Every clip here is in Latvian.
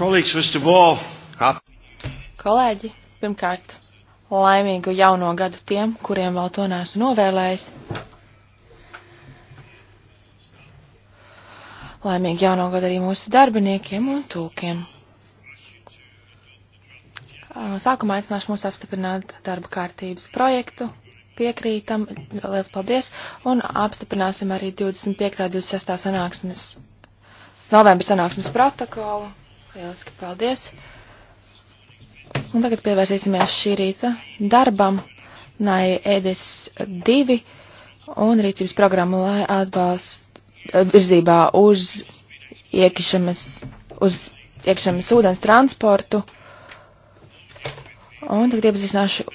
Kolēģis, first of all. Kolēģi, pirmkārt, laimīgu jauno gadu tiem, kuriem vēl to neesmu novēlējis. Laimīgi jauno gadu arī mūsu darbiniekiem un tūkiem. Sākumā aicināšu mūs apstiprināt darba kārtības projektu. Piekrītam, liels paldies, un apstiprināsim arī 25. un 26. sanāksmes, novembra sanāksmes protokolu. Lieliski, paldies. Un tagad pievērsīsimies šī rīta darbam. Nai ēdis divi un rīcības programma, lai atbalst eh, virzībā uz iekšemes, uz iekšemes ūdens transportu. Un tagad iepazīstināšu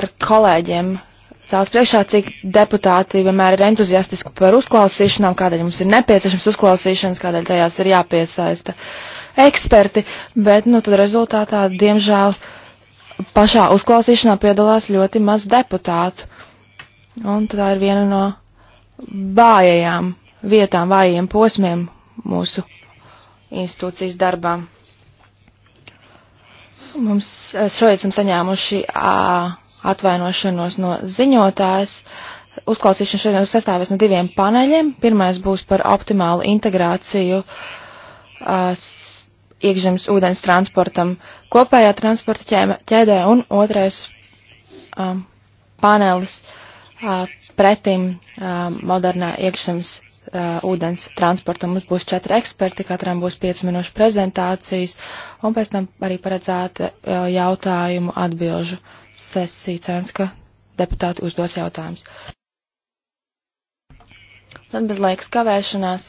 ar kolēģiem, cēlas priekšā, cik deputāti vienmēr ir entuziastiski par uzklausīšanām, kādēļ mums ir nepieciešams uzklausīšanas, kādēļ tajās ir jāpiesaista eksperti, bet, nu, tad rezultātā, diemžēl, pašā uzklausīšanā piedalās ļoti maz deputātu. Un tā ir viena no vājajām vietām, vājiem posmiem mūsu institūcijas darbām. Mums eh, šodien esam saņēmuši. Uh, atvainošanos no ziņotājas. Uzklausīšana šodien sastāvēs no diviem paneļiem. Pirmais būs par optimālu integrāciju uh, iekšzemes ūdens transportam kopējā transporta ķēma, ķēdē un otrais um, panelis uh, pretim um, modernā iekšzemes uh, ūdens transportu. Mums būs četri eksperti, katram būs 5 minūšu prezentācijas, un pēc tam arī paredzēta uh, jautājumu atbilžu sesija. Cerams, ka deputāti uzdos jautājumus. Tad bez laikas kavēšanās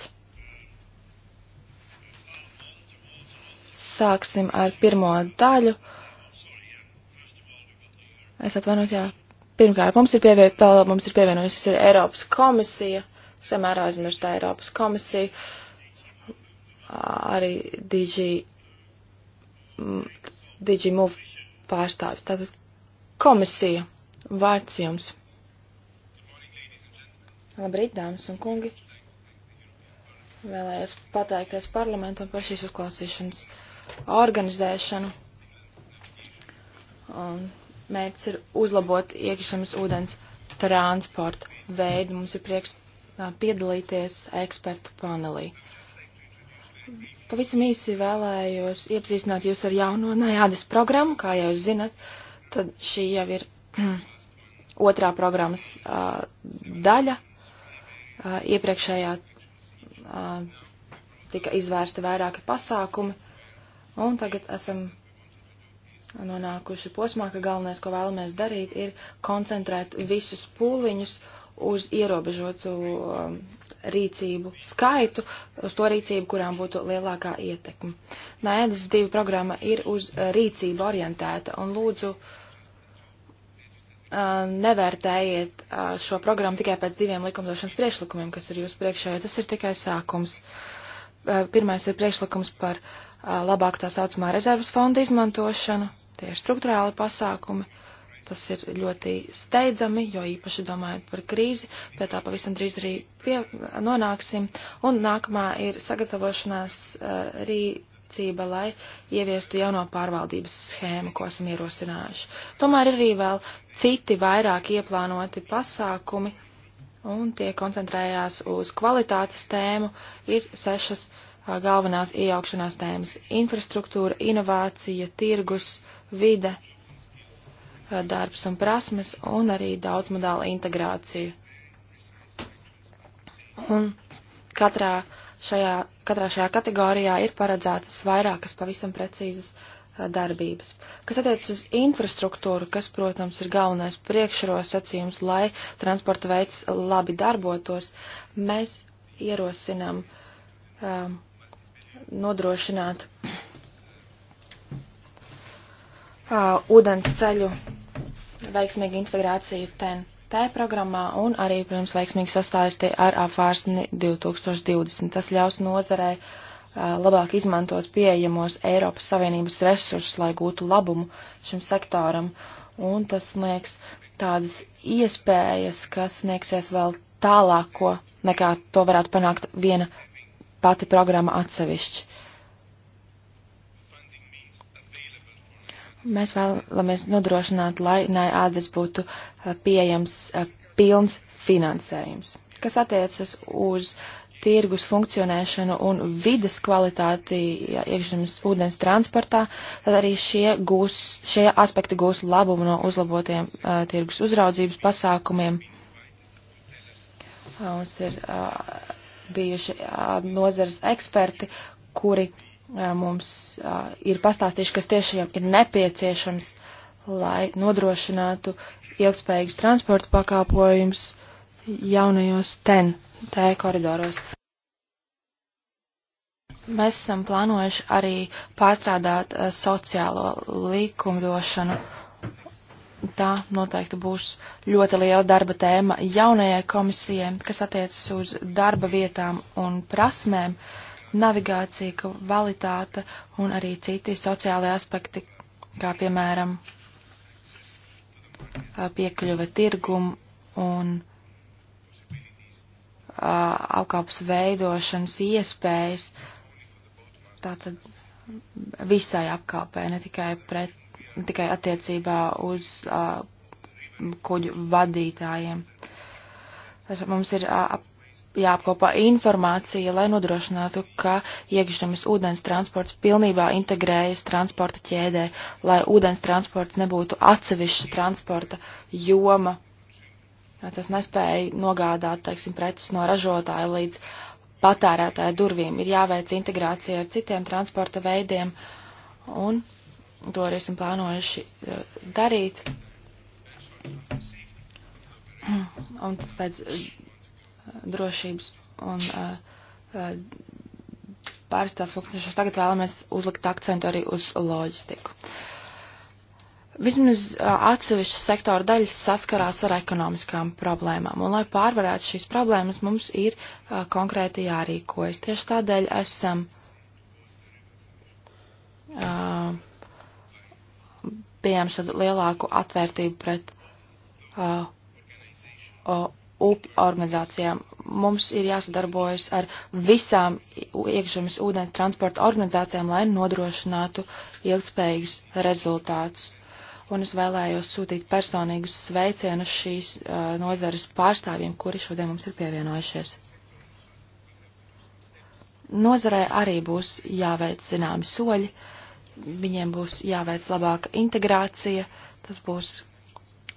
sāksim ar pirmo daļu. Es atvainojos, jā. Pirmkārt, mums ir, pievie, mums ir pievienojusies ir Eiropas komisija samērā aizmirstā Eiropas komisija, arī DG, DG Move pārstāvis. Tātad komisija, vārds jums. Labrīt, dāmas un kungi. Vēlējos pateikties parlamentam par šīs uzklausīšanas organizēšanu. Un mērķis ir uzlabot iekšzemes ūdens transportu veidu. Mums ir prieks piedalīties ekspertu panelī. Pavisam īsi vēlējos iepazīstināt jūs ar jauno najādas programmu, kā jau jūs zinat, tad šī jau ir otrā programmas uh, daļa. Uh, iepriekšējā uh, tika izvērsti vairāki pasākumi, un tagad esam nonākuši posmā, ka galvenais, ko vēlamies darīt, ir koncentrēt visus pūliņus uz ierobežotu um, rīcību skaitu, uz to rīcību, kurām būtu lielākā ietekme. Nēdas divi programma ir uz uh, rīcību orientēta un lūdzu uh, nevērtējiet uh, šo programmu tikai pēc diviem likumdošanas priekšlikumiem, kas ir jūsu priekšā, jo tas ir tikai sākums. Uh, pirmais ir priekšlikums par uh, labāku tā saucamā rezervas fonda izmantošanu, tie ir struktūrāli pasākumi Tas ir ļoti steidzami, jo īpaši domājot par krīzi, pie tā pavisam drīz arī pie, nonāksim. Un nākamā ir sagatavošanās uh, rīcība, lai ieviestu jauno pārvaldības schēmu, ko esam ierosinājuši. Tomēr ir arī vēl citi vairāk ieplānoti pasākumi, un tie koncentrējās uz kvalitātes tēmu. Ir sešas uh, galvenās iejaukšanās tēmas - infrastruktūra, inovācija, tirgus, vide darbs un prasmes, un arī daudzmodāla integrācija. Un katrā šajā, katrā šajā kategorijā ir paredzētas vairākas pavisam precīzas eh, darbības. Kas attiecas uz infrastruktūru, kas, protams, ir galvenais priekšrosacījums, lai transporta veids labi darbotos, mēs ierosinām um, eh, nodrošināt uh, ūdens ceļu veiksmīgu integrāciju TNT programmā un arī, protams, veiksmīgu sastājusti ar apvārsni 2020. Tas ļaus nozarei uh, labāk izmantot pieejamos Eiropas Savienības resursus, lai gūtu labumu šim sektoram, un tas sniegs tādas iespējas, kas sniegsies vēl tālāko, nekā to varētu panākt viena pati programma atsevišķi. Mēs vēlamies nodrošināt, lai ādas būtu pieejams pilns finansējums. Kas attiecas uz tirgus funkcionēšanu un vides kvalitāti iekšzemes ūdens transportā, tad arī šie, gūs, šie aspekti gūs labumu no uzlabotiem uh, tirgus uzraudzības pasākumiem. Uh, mums ir uh, bijuši uh, nozares eksperti, kuri uh, mums ir pastāstījuši, kas tiešām ir nepieciešams, lai nodrošinātu ilgspējīgus transporta pakāpojumus jaunajos TEN-T koridoros. Mēs esam plānojuši arī pārstrādāt sociālo likumdošanu. Tā noteikti būs ļoti liela darba tēma jaunajai komisijai, kas attiecas uz darba vietām un prasmēm. Uh, navigācija, kvalitāte un arī citi sociālai aspekti, kā piemēram piekļuve tirgumu un apkalpas veidošanas iespējas, tātad visai apkalpē, ne tikai, pret, ne tikai attiecībā uz uh, kuģu vadītājiem. Tas, mums ir uh, jāapkopā informācija, lai nodrošinātu, ka iekšzemes ūdens transports pilnībā integrējas transporta ķēdē, lai ūdens transports nebūtu atsevišķa transporta joma. Tas nespēja nogādāt, teiksim, preces no ražotāja līdz patērētāja durvīm. Ir jāveic integrācija ar citiem transporta veidiem, un to arī esam plānojuši eh, darīt. Un pēc drošības un eh, eh, pārstāvs funkcionēšanas. Tagad vēlamies uzlikt akcentu arī uz loģistiku. Vismaz eh, atsevišķas sektora daļas saskarās ar ekonomiskām problēmām, un lai pārvarētu šīs problēmas, mums ir konkrēti jārīkojas. Tieši tādēļ esam uh, pieņemšu lielāku atvērtību pret uh, upju organizācijām. Mums ir jāsadarbojas ar visām iekšzemes ūdens transporta organizācijām, lai nodrošinātu ilgspējīgus rezultātus. Un es vēlējos sūtīt personīgus sveicienus šīs uh, nozares pārstāvjiem, kuri šodien mums ir pievienojušies. Nozarē arī būs jāveic zināmi soļi, viņiem būs jāveic labāka integrācija, tas būs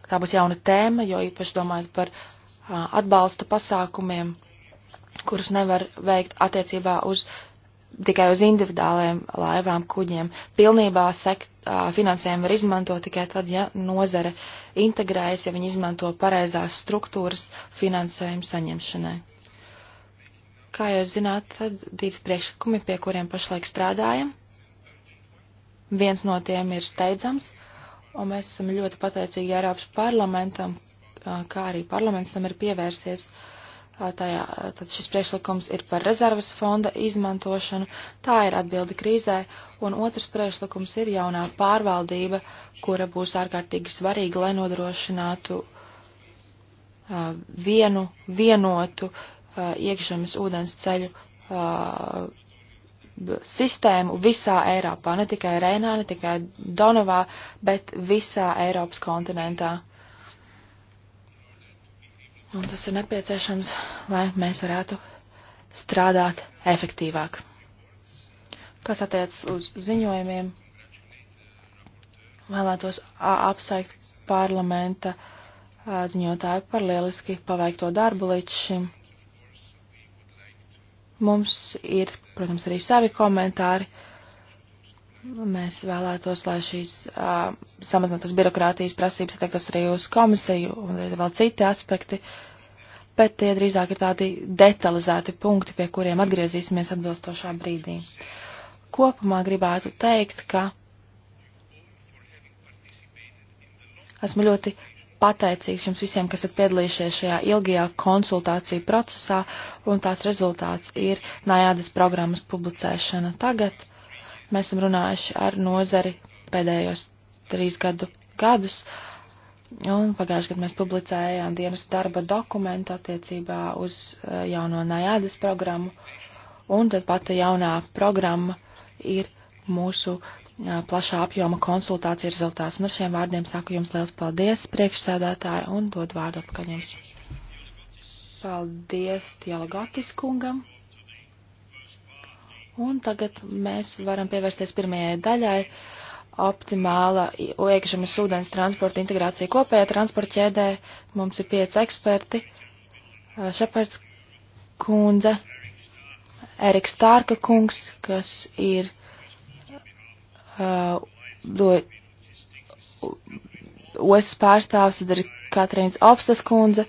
tā būs jauna tēma, jo īpaši domājot par atbalsta pasākumiem, kurus nevar veikt attiecībā uz tikai uz individuāliem laivām, kuģiem. Pilnībā sekt, finansējumu var izmantot tikai tad, ja nozare integrējas, ja viņi izmanto pareizās struktūras finansējumu saņemšanai. Kā jūs zināt, tad divi priekšlikumi, pie kuriem pašlaik strādājam. Viens no tiem ir steidzams, un mēs esam ļoti pateicīgi Eiropas parlamentam kā arī parlaments tam ir pievērsies. Tajā, tad šis priekšlikums ir par rezervas fonda izmantošanu, tā ir atbildi krīzē, un otrs priekšlikums ir jaunā pārvaldība, kura būs ārkārtīgi svarīga, lai nodrošinātu uh, vienu vienotu uh, iekšzemes ūdens ceļu uh, sistēmu visā Eiropā, ne tikai Reinā, ne tikai Donovā, bet visā Eiropas kontinentā. Uh, Un tas ir nepieciešams, lai mēs varētu strādāt efektīvāk. Kas attiecas uz ziņojumiem, vēlētos apsveikt parlamenta ziņotāju par lieliski paveikto darbu līdz šim. Mums ir, protams, arī savi komentāri. Uh, Mēs vēlētos, lai šīs uh, samazinātas birokrātijas prasības attiektos arī uz komisiju un ir vēl citi aspekti, bet tie drīzāk ir tādi detalizēti punkti, pie kuriem atgriezīsimies atbilstošā brīdī. Kopumā gribētu teikt, ka esmu ļoti pateicīgs jums visiem, kas esat piedalījušies šajā ilgajā konsultāciju procesā, un tās rezultāts ir Nājādas programmas publicēšana tagad Mēs esam runājuši ar nozari pēdējos trīs gadu gadus, un pagājušajā gadā mēs publicējām dienas darba dokumentu attiecībā uz eh, jauno Najādas programmu, un tad pati jaunā programma ir mūsu eh, plašā apjoma konsultācija rezultāts. Un ar šiem vārdiem saku jums liels paldies, priekšsēdētāji, un dod vārdu atpakaļ jums. Paldies Tielagatis kungam. Un tagad mēs varam pievērsties pirmajai daļai - optimāla iekšzemes ūdens transporta integrācija kopējā transporta ķēdē. Mums ir pieci eksperti - Šepards kundze, Eriks Stārka kungs, kas ir uh, do, ostas pārstāvs, tad ir Katrīnas Opstas kundze,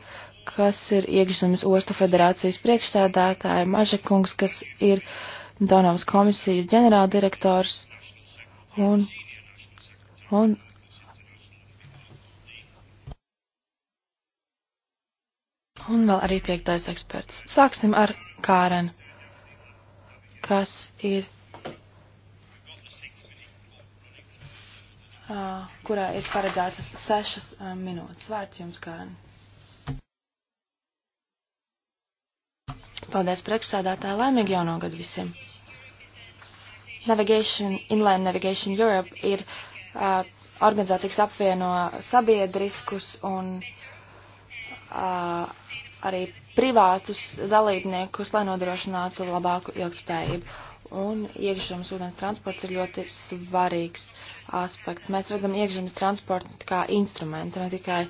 kas ir iekšzemes ostu federācijas priekšsēdētāja, Maža kungs, kas ir uh, Donavas komisijas ģenerāldirektors un, un Un vēl arī piektais eksperts. Sāksim ar Kārenu, kas ir. Uh, kurā ir paredzētas sešas uh, minūtes. Vārds jums, Kārena. Paldies priekšsādātāji, laimīgi jauno gadu visiem. Navigation, Inline Navigation Europe ir uh, organizācija, kas apvieno sabiedriskus un uh, arī privātus dalībniekus, lai nodrošinātu labāku ilgspējību. Un iekšzemes ūdens transports ir ļoti svarīgs aspekts. Mēs redzam iekšzemes transportu kā instrumentu, ne tikai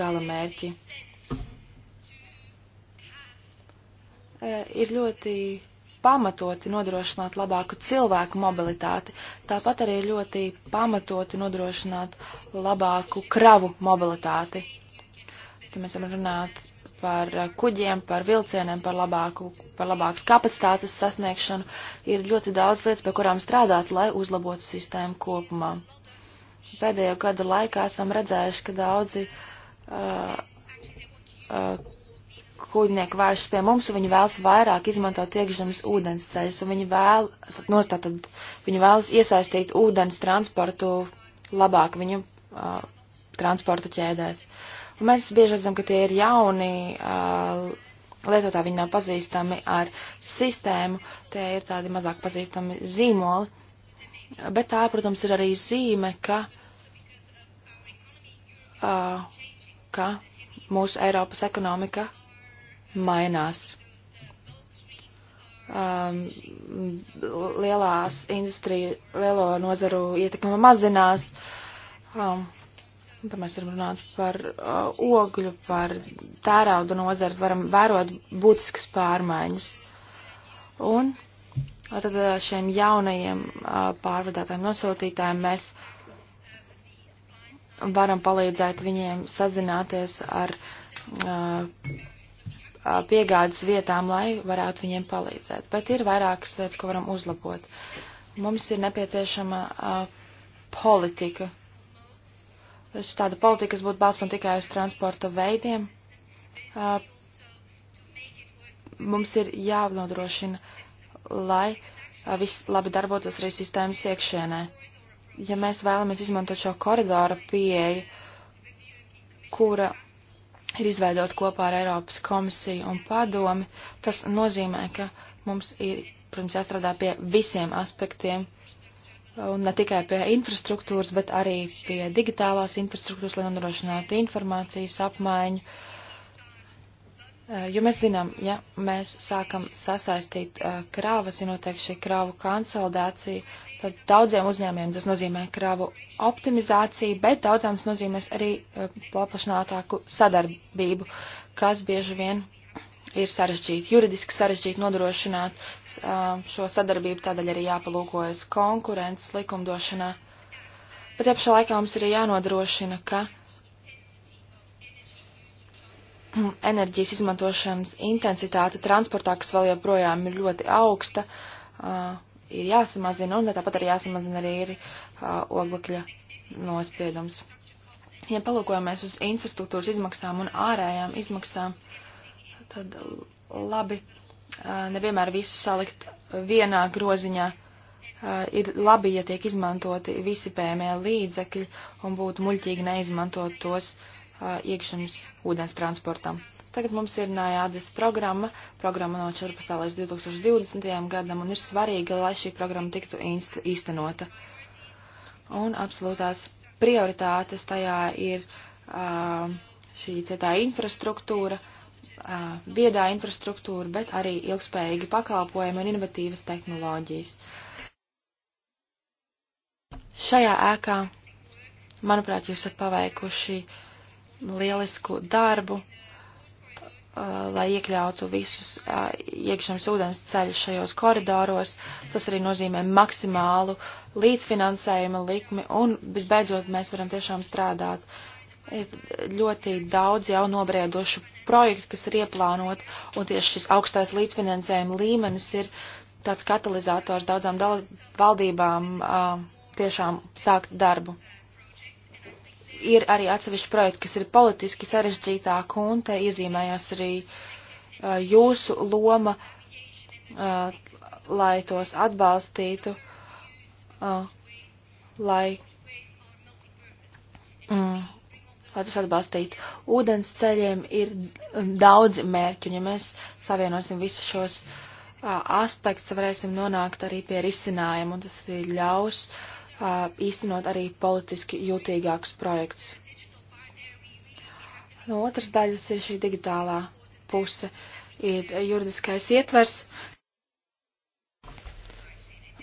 gala mērķi. Uh, E, ir ļoti pamatoti nodrošināt labāku cilvēku mobilitāti. Tāpat arī ir ļoti pamatoti nodrošināt labāku kravu mobilitāti. Te mēs varam runāt par kuģiem, par vilcieniem, par labāku, par labākas kapacitātes sasniegšanu. Ir ļoti daudz lietas, pie kurām strādāt, lai uzlabotu sistēmu kopumā. Pēdējo gadu laikā esam redzējuši, ka daudzi uh, uh, kuģnieki vēršas pie mums, un viņi vēlas vairāk izmantot iekšzemes ūdens ceļus, un viņi, vēl, nostātad, nu, viņi vēlas iesaistīt ūdens transportu labāk viņu uh, transporta ķēdēs. Un mēs bieži redzam, ka tie ir jauni uh, lietotāji, viņi nav pazīstami ar sistēmu, tie ir tādi mazāk pazīstami zīmoli, bet tā, protams, ir arī zīme, ka, uh, ka mūsu Eiropas ekonomika mainās. Um, lielās industrija, lielo nozaru ietekme mazinās. Um, Tad mēs varam runāt par uh, ogļu, par tērauda nozaru, varam vērot būtiskas pārmaiņas. Un uh, tad uh, šiem jaunajiem uh, pārvadātājiem nosūtītājiem mēs varam palīdzēt viņiem sazināties ar uh, piegādes vietām, lai varētu viņiem palīdzēt. Bet ir vairākas lietas, ko varam uzlabot. Mums ir nepieciešama politika. Tāda politika, kas būtu balstīta tikai uz transporta veidiem. Mums ir jānodrošina, lai viss labi darbotos arī sistēmas iekšēnē. Ja mēs vēlamies izmantot šo koridoru pieeju, kura ir izveidot kopā ar Eiropas komisiju un padomi. Tas nozīmē, ka mums ir, protams, jāstrādā pie visiem aspektiem, un ne tikai pie infrastruktūras, bet arī pie digitālās infrastruktūras, lai nodrošinātu informācijas apmaiņu, uh, Eh, jo mēs zinām, ja mēs sākam sasaistīt uh, krāvas, ja notiek šī krāvu konsolidācija, tad daudziem uzņēmiem tas nozīmē krāvu optimizāciju, bet daudzām tas nozīmēs arī uh, paplašinātāku sadarbību, kas bieži vien ir sarežģīti, juridiski sarežģīti nodrošināt uh, šo sadarbību, tādēļ arī jāpalūkojas konkurences likumdošanā. Bet apšā laikā mums ir jānodrošina, ka uh, enerģijas izmantošanas intensitāte transportā, kas vēl joprojām ir ļoti augsta, uh, ir jāsamazina, un tāpat arī jāsamazina arī ir uh, oglekļa nospiedums. Ja palūkojamies uz infrastruktūras izmaksām un ārējām izmaksām, tad labi uh, nevienmēr visu salikt vienā groziņā. Uh, ir labi, ja tiek izmantoti visi pēmē līdzekļi un būtu muļķīgi neizmantot tos uh, iekšzemes ūdens transportam. Tagad mums ir Nājādas programma, programma no 14. līdz 2020. gadam, un ir svarīgi, lai šī programma tiktu īstenota. Un absolūtās prioritātes tajā ir uh, šī cietā infrastruktūra, uh, viedā infrastruktūra, bet arī ilgspējīgi pakalpojumi un inovatīvas tehnoloģijas. Šajā ēkā, manuprāt, jūs esat paveikuši uh, lielisku darbu, uh, lai iekļautu visus uh, iekšzemes ūdens ceļus šajos koridoros. Tas arī nozīmē maksimālu līdzfinansējuma likmi un, visbeidzot, mēs varam tiešām strādāt. Ir ļoti daudz jau nobriedušu projektu, kas ir ieplānot, un tieši šis augstais līdzfinansējuma līmenis ir tāds katalizators daudzām valdībām uh, tiešām sākt darbu ir arī atsevišķi projekti, kas ir politiski sarežģītāki, un te iezīmējās arī uh, jūsu loma, uh, lai tos atbalstītu, uh, lai, mm, lai tos atbalstītu. Ūdens ceļiem ir daudz mērķu, un ja mēs savienosim visus šos aspektus, varēsim nonākt arī pie risinājumu, un tas ļaus uh, īstenot arī politiski jūtīgākus projektus. No otras daļas ir šī digitālā puse, ir juridiskais ietvers.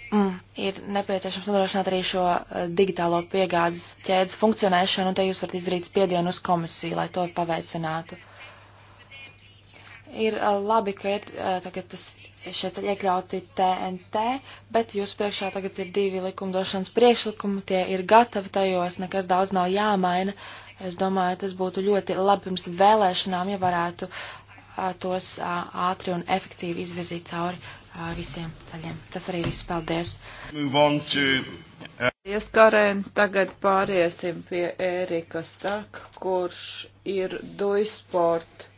Mm, ir nepieciešams nodrošināt arī šo digitālo piegādes ķēdes funkcionēšanu, un te jūs varat izdarīt spiedienu uz komisiju, lai to paveicinātu. Uh, Ir labi, ka ir tagad tas šeit iekļauti TNT, bet jūs priekšā tagad ir divi likumdošanas priekšlikumi, tie ir gatavi tajos, nekas daudz nav jāmaina. Es domāju, tas būtu ļoti labi pirms vēlēšanām, ja varētu tos ātri un efektīvi izvirzīt cauri visiem ceļiem. Tas arī viss paldies. Uh, paldies, Karen. Tagad pāriesim pie Ērika Stak, kurš ir Duisport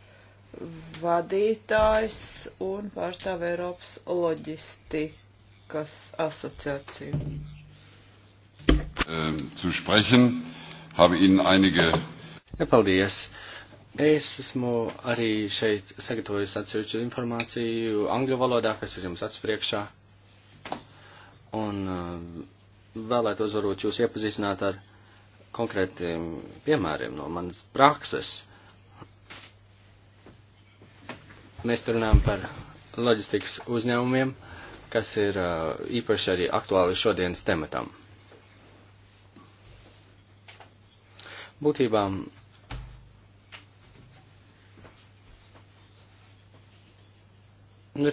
vadītājs un pārstāv Eiropas loģistikas asociāciju. Ähm, zu sprechen, habe Ihnen einige. Ja, paldies. Es esmu arī šeit sagatavojis atsevišķu informāciju angļu valodā, kas ir jums atspriekšā. Un eh, vēlētos varbūt jūs iepazīstināt ar konkrētiem piemēriem no manas prakses Mēs runājam par loģistikas uzņēmumiem, kas ir uh, īpaši arī aktuāli šodienas tematam. Būtībā nu,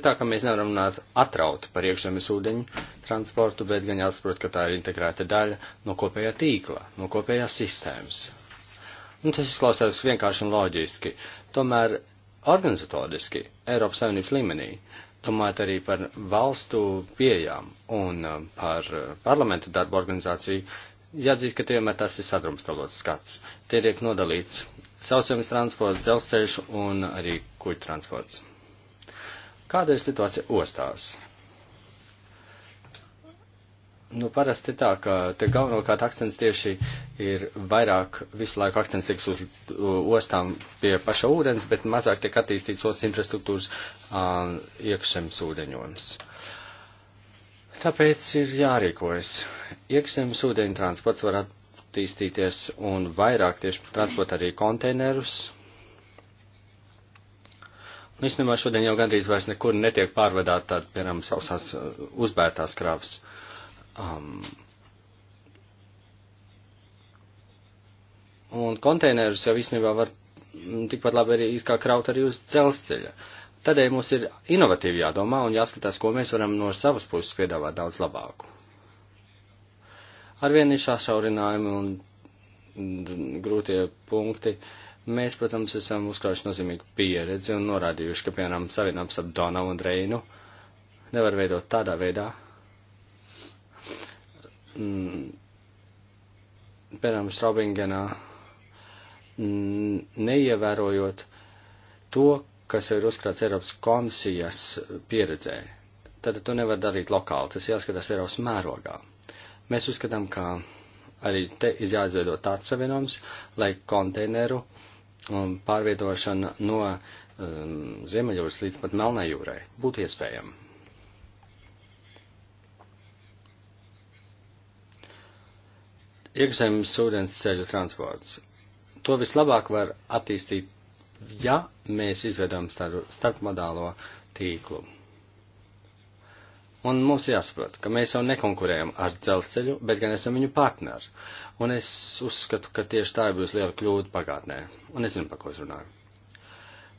tā, ka mēs nevaram runāt atraut par iekšzemes ūdeņu transportu, bet gan jāsaprot, ka tā ir integrēta daļa no kopējā tīkla, no kopējās sistēmas. Nu, tas izklausās vienkārši un loģiski. Tomēr organizatoriski Eiropas Savienības līmenī, domājot arī par valstu pieejām un eh, par eh, parlamentu darbu organizāciju, jāatzīst, ka tomēr tas ir sadrumstalots skats. Tie tiek nodalīts sauszemes transports, dzelzceļš un arī kuģu transports. Kāda ir situācija ostās? Nu, parasti tā, ka te galvenokārt akcents tieši ir vairāk visu laiku akcents tiks uz ostām pie paša ūdens, bet mazāk tiek attīstīts ostas infrastruktūras uh, iekšzemes ūdeņojums. Tāpēc ir jārīkojas. Iekšzemes ūdeņu transports var attīstīties un vairāk tieši transport arī konteinerus, Nu, īstenībā šodien jau gandrīz vairs nekur netiek pārvadāt tāda, piemēram, sausās uzbērtās krāvas. Uh, Um, un konteinerus jau īstenībā var mm, tikpat labi arī kā kraut arī uz dzelzceļa. Tādēļ mums ir inovatīvi jādomā un jāskatās, ko mēs varam no savas puses piedāvāt daudz labāku. Arvien ir šāšaurinājumi un grūtie punkti. Mēs, protams, esam uzkrājuši nozīmīgu pieredzi un norādījuši, ka, piemēram, savienojums ap Donavu un Reinu nevar veidot tādā veidā, mm, piemēram, Straubingenā, mm, neievērojot to, kas ir uzkrāts Eiropas komisijas pieredzē. Tad to nevar darīt lokāli, tas jāskatās Eiropas mērogā. Mēs uzskatām, ka arī te ir jāizveido tāds savienojums, lai konteineru um, pārvietošana no um, Ziemeļjūras līdz pat Melnajūrai būtu iespējama. iekšzemes ūdens ceļu transports. To vislabāk var attīstīt, ja mēs izvedam tādu starpmodālo tīklu. Un mums jāsaprot, ka mēs jau nekonkurējam ar dzelzceļu, bet gan esam viņu partneri. Un es uzskatu, ka tieši tā būs liela kļūda pagātnē. Un es zinu, pa ko es runāju.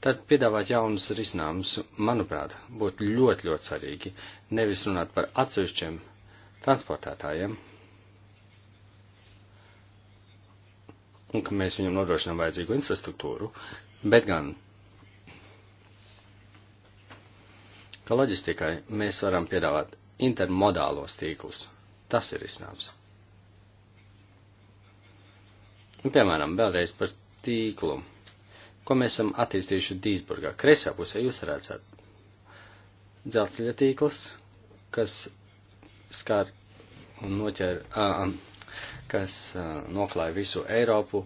Tad piedāvāt jaunus risinājumus, manuprāt, būtu ļoti, ļoti svarīgi. Nevis runāt par atsevišķiem transportētājiem, un ka mēs viņam nodrošinām vajadzīgo infrastruktūru, bet gan, ka loģistikai mēs varam piedāvāt intermodālos tīklus. Tas ir iznāms. Un, piemēram, vēlreiz par tīklu, ko mēs esam attīstījuši Dīsburgā. Kreisā pusē jūs redzat dzelzceļa tīkls, kas skar un noķer, uh, kas eh, noklāja visu Eiropu,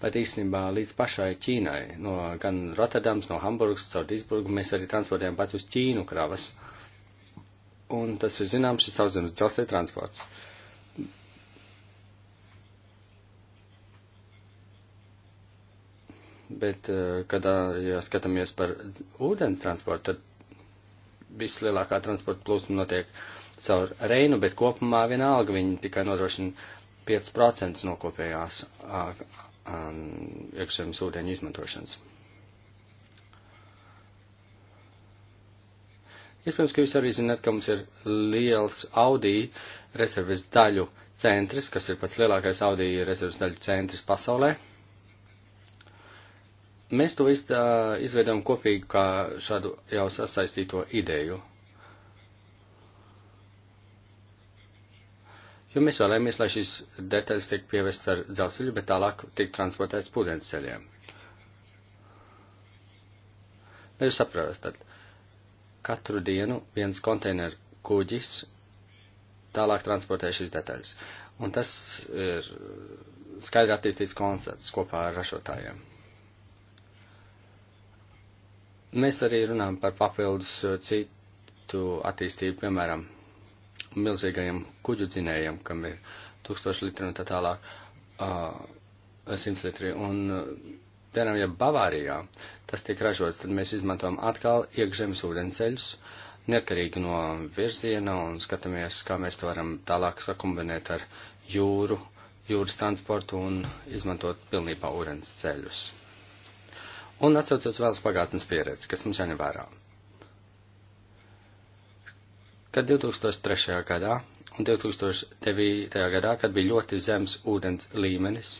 pat īstenībā līdz pašai Ķīnai. No gan Rotterdams, no Hamburgas, caur Dīsburgu mēs arī transportējam pat uz Ķīnu kravas. Un tas ir zināms, šis sauszemes dzelzceļa transports. Bet, eh, kad eh, ja skatāmies par ūdens transportu, tad vislielākā transporta plūsma notiek uh, caur Reinu, bet kopumā vienalga viņi tikai nodrošina 5% no kopējās iekšzemes ūdeņu izmantošanas. Iespējams, ka jūs arī zināt, ka mums ir liels Audi rezerves daļu centrs, kas ir pats lielākais Audi rezerves daļu centrs pasaulē. Mēs to izveidojam kopīgi kā šādu jau sasaistīto ideju. jo mēs vēlamies, lai šīs detaļas tiek pievestas ar dzelzceļu, bet tālāk tiek transportēts pūdens ceļiem. Lai jūs saprastat, katru dienu viens konteineru kuģis tālāk transportē šīs detaļas. Un tas ir skaidri attīstīts koncepts kopā ar ražotājiem. Mēs arī runājam par papildus eh, citu attīstību, piemēram, milzīgajiem kuģu dzinējiem, kam ir tūkstoši litri un tā tālāk, simts uh, litri. Un, piemēram, ja Bavārijā tas tiek ražots, tad mēs izmantojam atkal iekšzemes ūdenceļus, neatkarīgi no virziena un skatāmies, kā mēs to varam tālāk sakumbinēt ar jūru, jūras transportu un izmantot pilnībā ūdens ceļus. Un atsaucot vēl uz pagātnes pieredzi, kas mums jāņem vērā. Tad 2003. gadā un 2009. gadā, kad bija ļoti zems ūdens līmenis,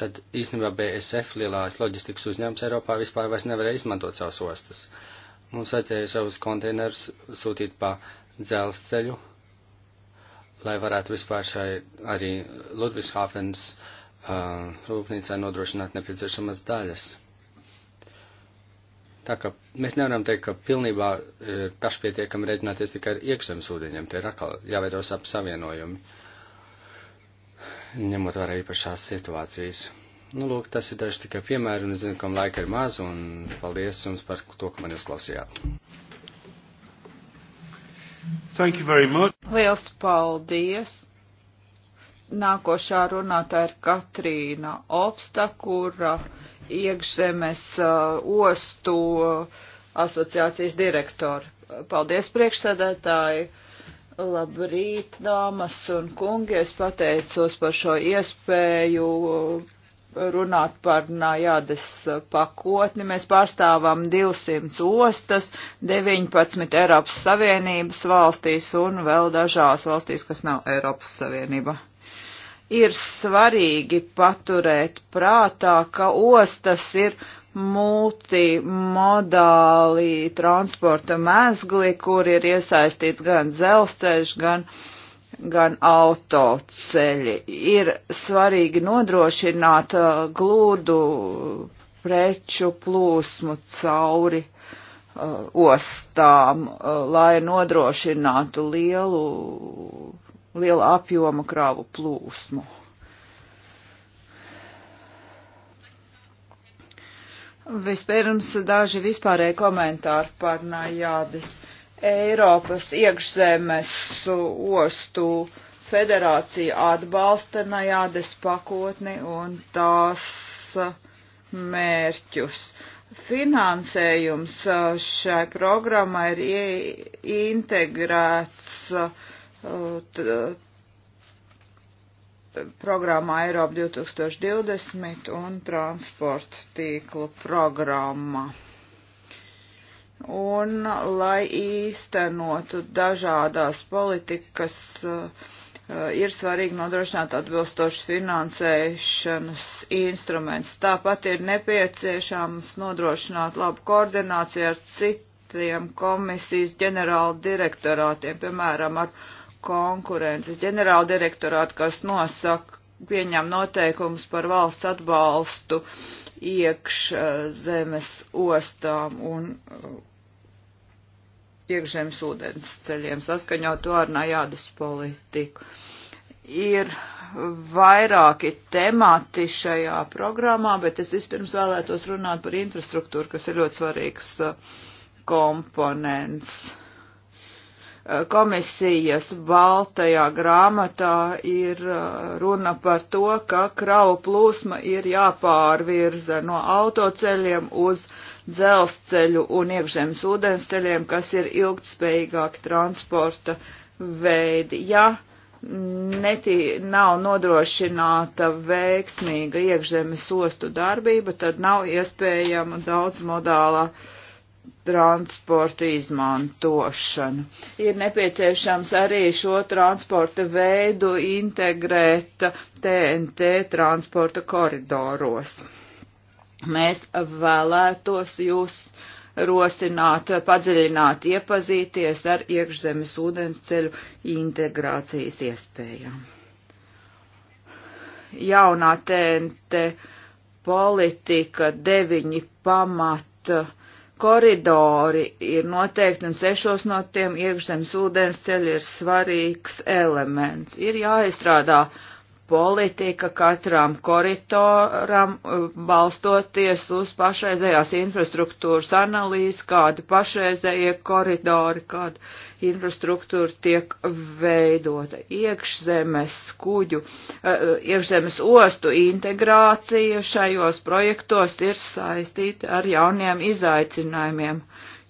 tad īstenībā BSF lielās loģistikas uzņēmums Eiropā vispār vairs nevarēja izmantot savas ostas. Mums vajadzēja savus konteinerus sūtīt pa dzelzceļu, lai varētu vispār šai arī Ludvishāfens uh, rūpnīcai nodrošināt nepieciešamas daļas. Tā kā mēs nevaram teikt, ka pilnībā ir e, pašpietiekami rēķināties tikai ar iekšzemes ūdeņiem, tie ir atkal jāveidos ap savienojumi, ņemot vērā īpašās situācijas. Nu, lūk, tas ir daži tikai piemēri, un es zinu, ka man laika ir maz, un paldies jums par to, ka man uzklausījāt. Thank you very much. Liels paldies! Nākošā runātā ir Katrīna Opsta, kura iekšzemes uh, ostu asociācijas direktori. Paldies priekšsēdētāji! Labrīt, dāmas un kungi! Es pateicos par šo iespēju runāt par Najādas pakotni. Mēs pārstāvam 200 ostas, 19 Eiropas Savienības valstīs un vēl dažās valstīs, kas nav Eiropas Savienība ir svarīgi paturēt prātā, ka ostas ir multimodāli transporta mēzgli, kur ir iesaistīts gan dzelzceļš, gan, gan autoceļi. Ir svarīgi nodrošināt uh, glūdu preču plūsmu cauri uh, ostām, uh, lai nodrošinātu lielu liela apjoma krāvu plūsmu. Vispirms daži vispārēji komentāri par Najādas Eiropas iekšzemes ostu federācija atbalsta Najādas pakotni un tās mērķus. Finansējums šai programmai ir integrēts uh, programmā Eiropa 2020 un transporta tīklu programma. Un, lai īstenotu dažādās politikas, eh, ir svarīgi nodrošināt atbilstošu finansēšanas instrumentus. Tāpat ir nepieciešams nodrošināt labu koordināciju ar citiem komisijas ģenerāla direktorātiem, piemēram, ar konkurences ģenerāla direktorāta, kas nosaka, pieņem noteikumus par valsts atbalstu iekš eh, zemes ostām un eh, iekšzemes ūdens ceļiem, saskaņot to ar najādas politiku. Ir vairāki temati šajā programmā, bet es vispirms vēlētos runāt par infrastruktūru, kas ir ļoti svarīgs eh, komponents komisijas baltajā grāmatā ir uh, runa par to, ka kravu plūsma ir jāpārvirza no autoceļiem uz dzelzceļu un iekšzemes ūdensceļiem, kas ir ilgtspējīgāki transporta veidi. Ja netī, nav nodrošināta veiksmīga iekšzemes ostu darbība, tad nav iespējama daudz modālā uh, transporta izmantošanu. Ir nepieciešams arī šo transporta veidu integrēt TNT transporta koridoros. Mēs vēlētos jūs rosināt, padziļināt, iepazīties ar iekšzemes ūdensceļu integrācijas iespējām. Jaunā TNT politika deviņi pamata koridori ir noteikti un sešos no tiem iekšzemes ūdens ceļi ir svarīgs elements. Ir jāizstrādā uh, politika katram koritoram eh, balstoties uz pašreizējās infrastruktūras analīzes, kādi pašreizējie koridori, kāda infrastruktūra tiek veidota. Iekšzemes kuģu, eh, iekšzemes ostu integrācija šajos projektos ir saistīta ar jauniem izaicinājumiem,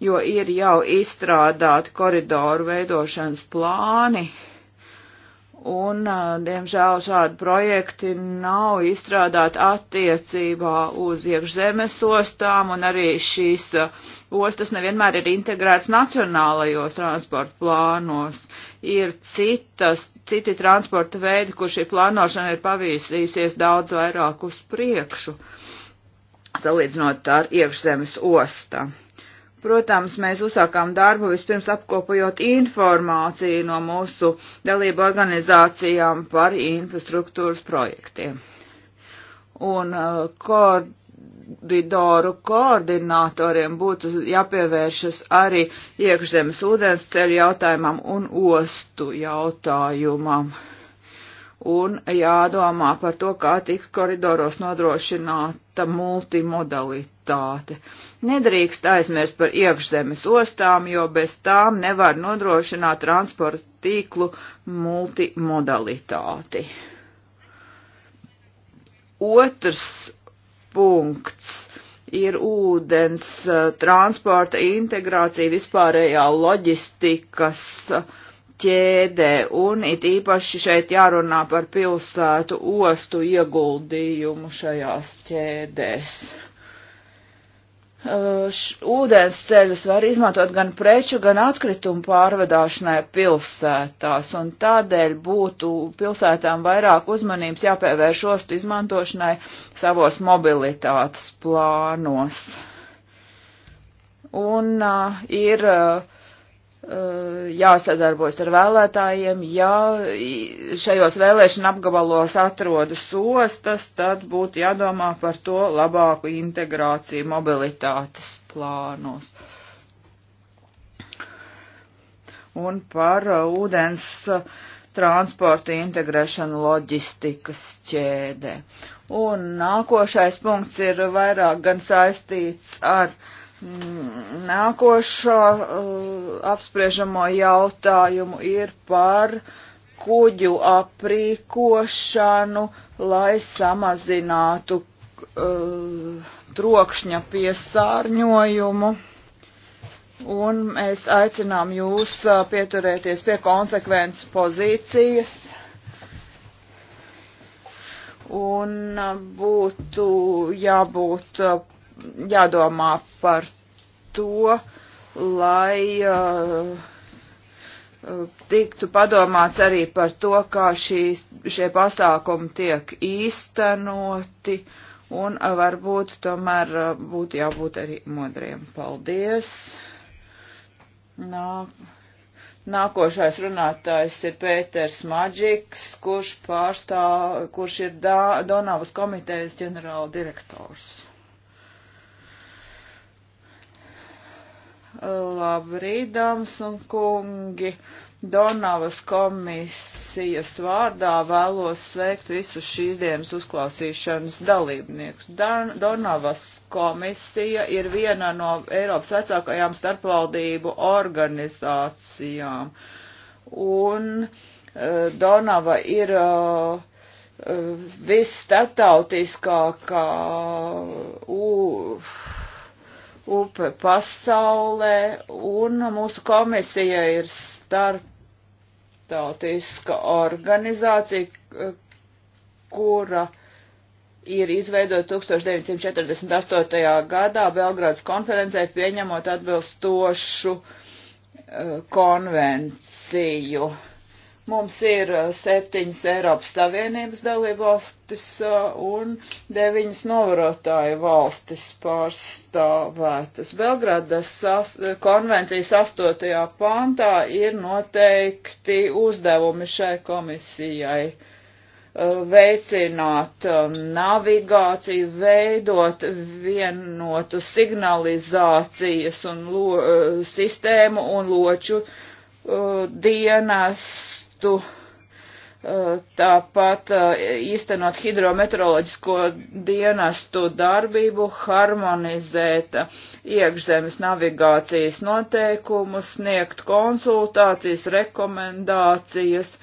jo ir jau izstrādāti koridoru veidošanas plāni Un, diemžēl, šādi projekti nav izstrādāti attiecībā uz iekšzemes ostām, un arī šīs ostas nevienmēr ir integrētas nacionālajos transporta plānos. Ir citas, citi transporta veidi, kur šī plānošana ir pavīsījusies daudz vairāk uz priekšu, salīdzinot ar iekšzemes ostām. Protams, mēs uzsākām darbu vispirms apkopojot informāciju no mūsu dalību organizācijām par infrastruktūras projektiem. Un uh, koridoru koordinatoriem būtu jāpievēršas arī iekšzemes ūdens ceļu jautājumam un ostu jautājumam un jādomā par to, kā tiks koridoros nodrošināta multimodalitāte. Nedrīkst aizmirst par iekšzemes ostām, jo bez tām nevar nodrošināt transporta tīklu multimodalitāti. Otrs punkts ir ūdens eh, transporta integrācija vispārējā loģistikas uh, ķēdē, un it īpaši šeit jārunā par pilsētu ostu ieguldījumu šajās ķēdēs. Uh, ūdens ceļus var izmantot gan preču, gan atkritumu pārvadāšanai pilsētās, un tādēļ būtu pilsētām vairāk uzmanības jāpievērš ostu izmantošanai savos mobilitātes plānos. Un uh, ir uh, Eh, jāsadarbojas ar vēlētājiem. Ja šajos vēlēšana apgabalos atrodas ostas, tad būtu jādomā par to labāku integrāciju mobilitātes plānos. Un par eh, ūdens eh, transporta integrēšanu loģistikas ķēdē. Un nākošais punkts ir vairāk gan saistīts ar uh, Nākošo uh, apspriežamo jautājumu ir par kuģu aprīkošanu, lai samazinātu uh, trokšņa piesārņojumu. Un mēs aicinām jūs uh, pieturēties pie konsekvences pozīcijas un uh, būtu jābūt uh, jādomā par to, lai uh, tiktu padomāts arī par to, kā šīs, šie pasākumi tiek īstenoti, un uh, varbūt tomēr uh, būtu jābūt arī modriem. Paldies! Nā, nākošais runātājs ir Pēters Maģiks, kurš pārstāv, kurš ir Donavas komitejas ģenerāla direktors. Labrīt, dāmas un kungi! Donavas komisijas vārdā vēlos sveikt visus šīs dienas uzklausīšanas dalībniekus. Dan Donavas komisija ir viena no Eiropas vecākajām starpvaldību organizācijām. Un uh, Donava ir uh, visstarptautiskākā uh, upe pasaulē, un mūsu komisija ir starptautiska organizācija, kura ir izveidota 1948. gadā Belgrādas konferencē pieņemot atbilstošu uh, konvenciju. Uh, Mums ir uh, septiņas Eiropas Savienības dalībvalstis uh, un deviņas novarotāju valstis pārstāvētas. Belgradas konvencijas astotajā pantā ir noteikti uzdevumi šai komisijai uh, veicināt navigāciju, veidot vienotu signalizācijas un lo, sistēmu un loču dienas varētu eh, tāpat eh, īstenot hidrometeoroloģisko dienestu darbību, harmonizēt eh, iekšzemes navigācijas noteikumus, sniegt konsultācijas, rekomendācijas,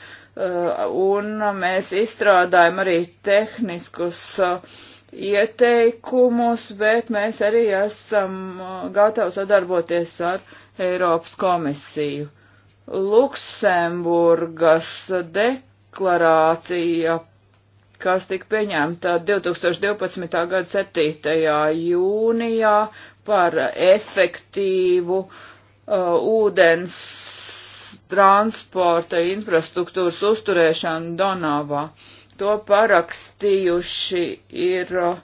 un mēs izstrādājam arī tehniskus ieteikumus, bet mēs arī esam gatavi sadarboties ar Eiropas komisiju Luksemburgas deklarācija, kas tika pieņemta 2012. gada 7. jūnijā par efektīvu uh, ūdens transporta infrastruktūras uzturēšanu Donavā. To parakstījuši ir uh,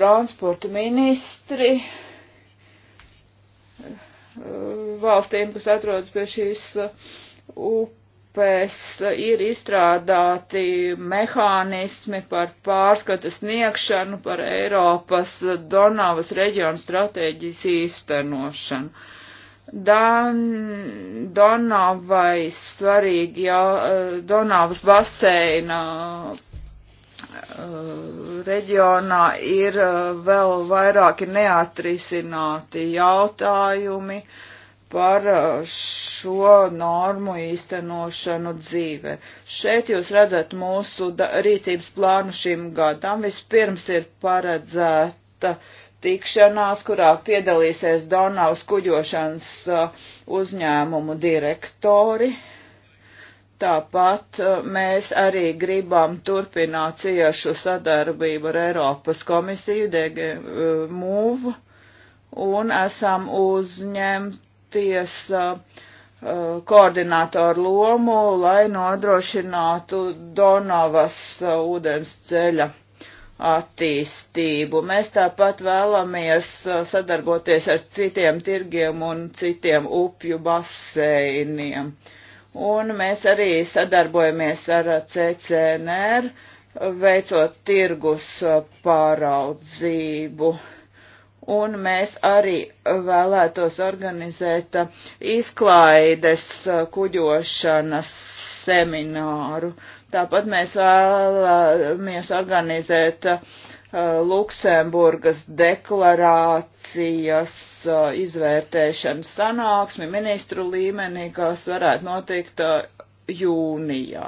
transporta ministri, Eh, valstīm, kas atrodas pie šīs eh, upes, eh, ir izstrādāti mehānismi par pārskata sniegšanu, par Eiropas Donavas reģionu stratēģijas īstenošanu. Dan, Donavai svarīgi, ja Donavas baseina Eh, reģionā ir eh, vēl vairāki neatrisināti jautājumi par eh, šo normu īstenošanu dzīvē. Šeit jūs redzat mūsu rīcības plānu šim gadam. Vispirms ir paredzēta tikšanās, kurā piedalīsies Donavas kuģošanas uzņēmumu direktori Tāpat eh, mēs arī gribam turpināt ciešu sadarbību ar Eiropas komisiju, DG eh, MUV, un esam uzņemties eh, koordinātoru lomu, lai nodrošinātu Donavas ūdens ceļa attīstību. Mēs tāpat vēlamies sadarboties ar citiem tirgiem un citiem upju baseiniem. Uh, un mēs arī sadarbojamies ar CCNR, veicot tirgus pāraudzību. Un mēs arī vēlētos organizēt izklaides kuģošanas semināru. Tāpat mēs vēlamies organizēt uh, Eh, Luksemburgas deklarācijas eh, izvērtēšanas sanāksmi ministru līmenī, kas varētu notikt eh, jūnijā.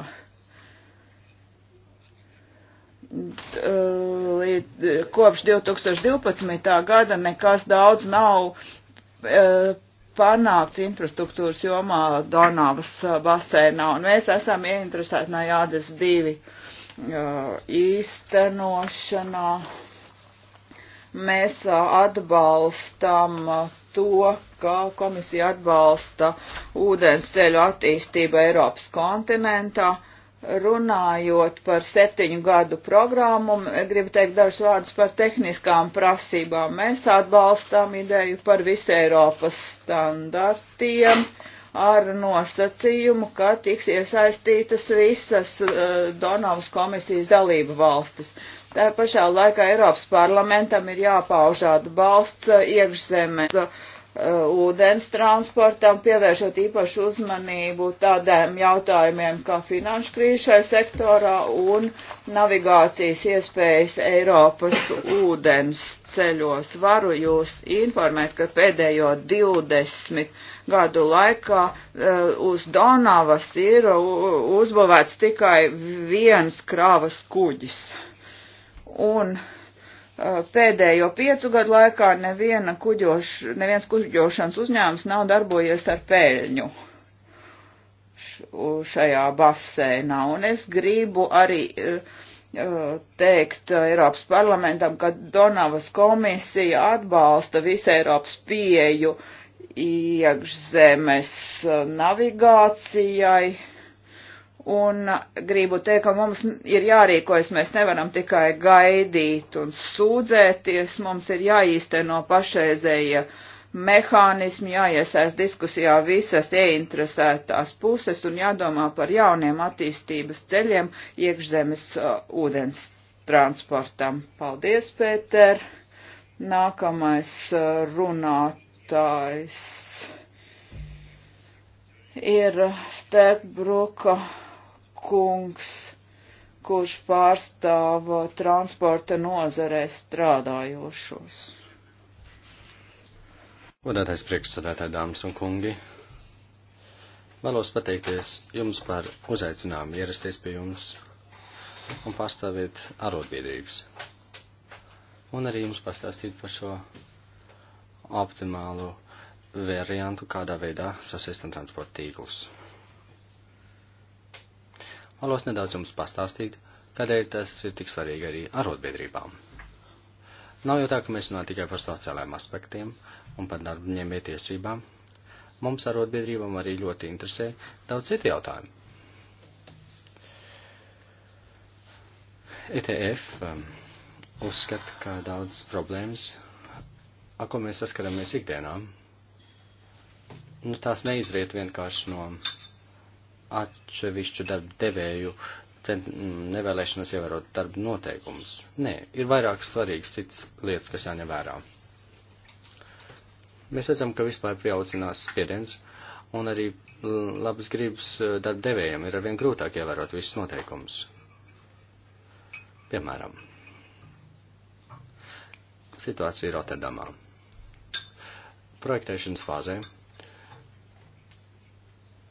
Kopš 2012. gada nekas daudz nav panākts infrastruktūras jomā Donavas basēnā, un mēs esam ieinteresēti no jādas divi. Uh, īstenošanā. Mēs atbalstam to, ka komisija atbalsta ūdens ceļu attīstību Eiropas kontinentā. Runājot par septiņu gadu programmu, gribu teikt dažus vārdus par tehniskām prasībām. Mēs atbalstām ideju par visu Eiropas standartiem ar nosacījumu, ka tiks iesaistītas visas uh, Donavas komisijas dalību valstis. Tā pašā laikā Eiropas parlamentam ir jāpauž atbalsts uh, iekšzemes uh, ūdens transportam, pievēršot īpašu uzmanību tādiem jautājumiem kā finanšu krīšai sektorā un navigācijas iespējas Eiropas ūdens ceļos. Varu jūs informēt, ka pēdējo 20 gadu laikā eh, uz Donavas ir uzbūvēts tikai viens krāvas kuģis. Un eh, pēdējo piecu gadu laikā neviena kuģoš, neviens kuģošanas uzņēmums nav darbojies ar pēļņu šajā basēnā. Un es gribu arī eh, teikt Eiropas parlamentam, ka Donavas komisija atbalsta visu Eiropas pieju iekšzemes navigācijai. Un gribu teikt, ka mums ir jārīkojas, mēs nevaram tikai gaidīt un sūdzēties, mums ir jāīsteno pašreizējie mehānismi, jāiesaist diskusijā visas ieinteresētās puses un jādomā par jauniem attīstības ceļiem iekšzemes uh, ūdens transportam. Paldies, Pēter! Nākamais uh, runāt jautājs ir Sterbruka kungs, kurš pārstāv transporta nozarē strādājošos. Godātais priekšsādātāji, dāmas un kungi, vēlos pateikties jums par uzaicinājumu ierasties pie jums un pastāvēt arotbiedrības. Un arī jums pastāstīt par šo optimālu variantu, kādā veidā sasistam transporta tīklus. Vēlos nedaudz jums pastāstīt, kādēļ tas ir tik svarīgi arī arotbiedrībām. Nav jau tā, ka mēs runājam tikai par sociālajiem aspektiem un par darbņiem ietiesībām. Mums arotbiedrībām arī ļoti interesē daudz citu jautājumu. ETF um, uzskata, ka daudz problēmas ar ko mēs saskaramies ikdienā, nu, tās neizriet vienkārši no atsevišķu darba devēju cent, nevēlēšanos ievērot darba noteikumus. Nē, ir vairākas svarīgas citas lietas, kas jāņem vērā. Mēs redzam, ka vispār pieaucinās spiediens, un arī labas gribas eh, darba devējiem ir arvien grūtāk ievērot visus noteikumus. Piemēram, situācija Rotterdamā projektēšanas fāzē,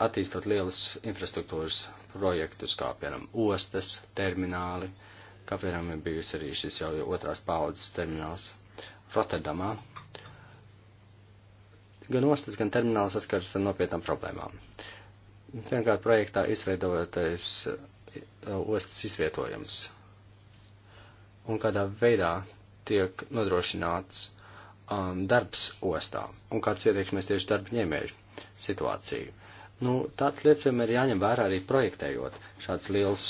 attīstot lielus infrastruktūras projektus, kā piemēram ostas, termināli, kā piemēram ir bijusi arī šis jau otrās paudzes termināls Rotterdamā. Gan ostas, gan termināls saskaras ar nopietnām problēmām. Pirmkārt, projektā izveidojoties uh, ostas izvietojums un kādā veidā tiek nodrošināts uh, um, darbs ostā un kāds ietekmēs tieši darba ņēmēju situāciju. Nu, tāds lietas vienmēr jāņem vērā arī projektējot šāds liels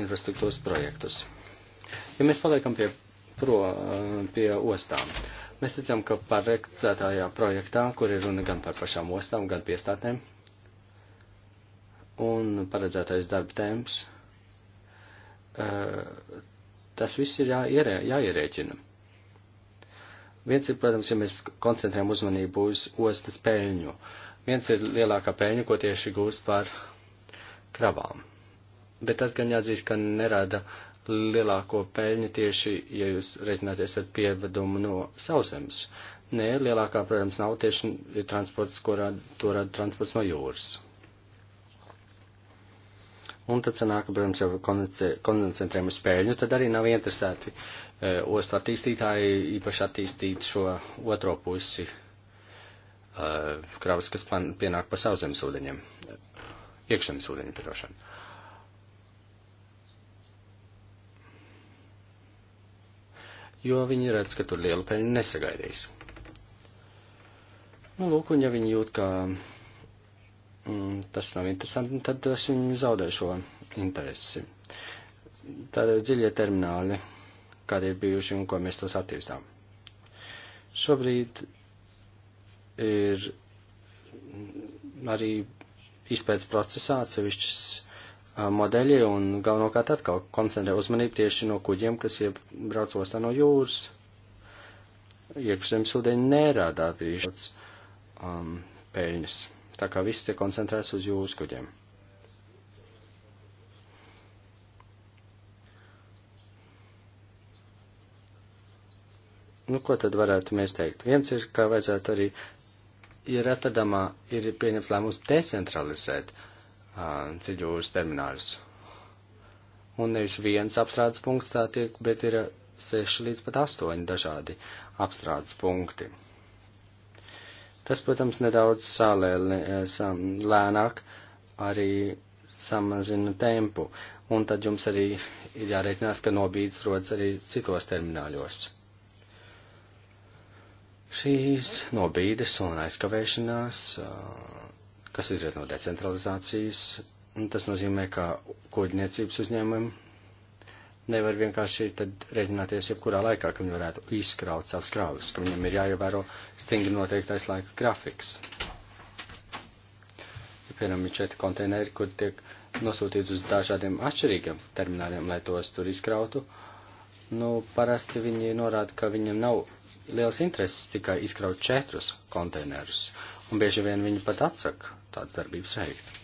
infrastruktūras projektus. Ja mēs paliekam pie, pro, uh, pie ostām, mēs redzam, ka paredzētajā projektā, kur ir runa gan par pašām ostām, gan piestātēm, un paredzētais darba tēms, uh, tas viss ir jāierē, jāierēķina. Viens ir, protams, ja mēs koncentrējam uzmanību uz ostas peļņu. Viens ir lielākā peļņa, ko tieši gūst par kravām. Bet tas gan jāatzīst, ka nerada lielāko peļņu tieši, ja jūs reiķināties ar pievedumu no sausemes. Nē, lielākā, protams, nav tieši transports, ko rada, to rada transports no jūras. Un tad sanāk, protams, jau koncentrējam uz spēļņu, tad arī nav interesēti Eh, ostu attīstītāji īpaši attīstīt šo otro pusi eh, kravas, kas pienāk pa sauszemes ūdeņiem, eh, iekšzemes ūdeņu pirošanu. Jo viņi redz, ka tur lielu peļņu nesagaidīs. Nu, lūk, un ja viņi jūt, ka mm, tas nav interesanti, tad es viņu zaudē šo interesi. Tāda dziļie termināli kādi ir bijuši un ko mēs tos attīstām. Šobrīd ir arī izpētes procesā atsevišķas modeļi un galvenokārt atkal koncentrē uzmanību tieši no kuģiem, kas iebrauc ostā no jūras. Iekšzemes ūdeņi nerādā drīz um, peļņas, tā kā viss tiek koncentrēts uz jūras kuģiem. Nu, ko tad varētu mēs teikt? Viens ir, kā vajadzētu arī, ja Rotterdamā ir pieņems lēmums decentralizēt uh, ceļūras terminālus. Un nevis viens apstrādes punkts tā tiek, bet ir seši līdz pat astoņi dažādi apstrādes punkti. Tas, protams, nedaudz sālē, lēnāk arī samazina tempu, un tad jums arī ir jārēķinās, ka nobīdes rodas arī citos termināļos. Šīs nobīdes un aizkavēšanās, kas izriet no decentralizācijas, tas nozīmē, ka kuģniecības uzņēmumi nevar vienkārši tad rēķināties jebkurā laikā, ka viņi varētu izkraut savus kravas, ka viņam ir jāievēro stingri noteiktais laika grafiks. Ja, piemēram, ir četri konteineri, kur tiek nosūtīts uz dažādiem atšķirīgiem termināliem, lai tos tur izkrautu. Nu, parasti viņi norāda, ka viņam nav liels intereses tikai izkraut četrus konteinerus, un bieži vien viņi pat atsaka tādas darbības veikt.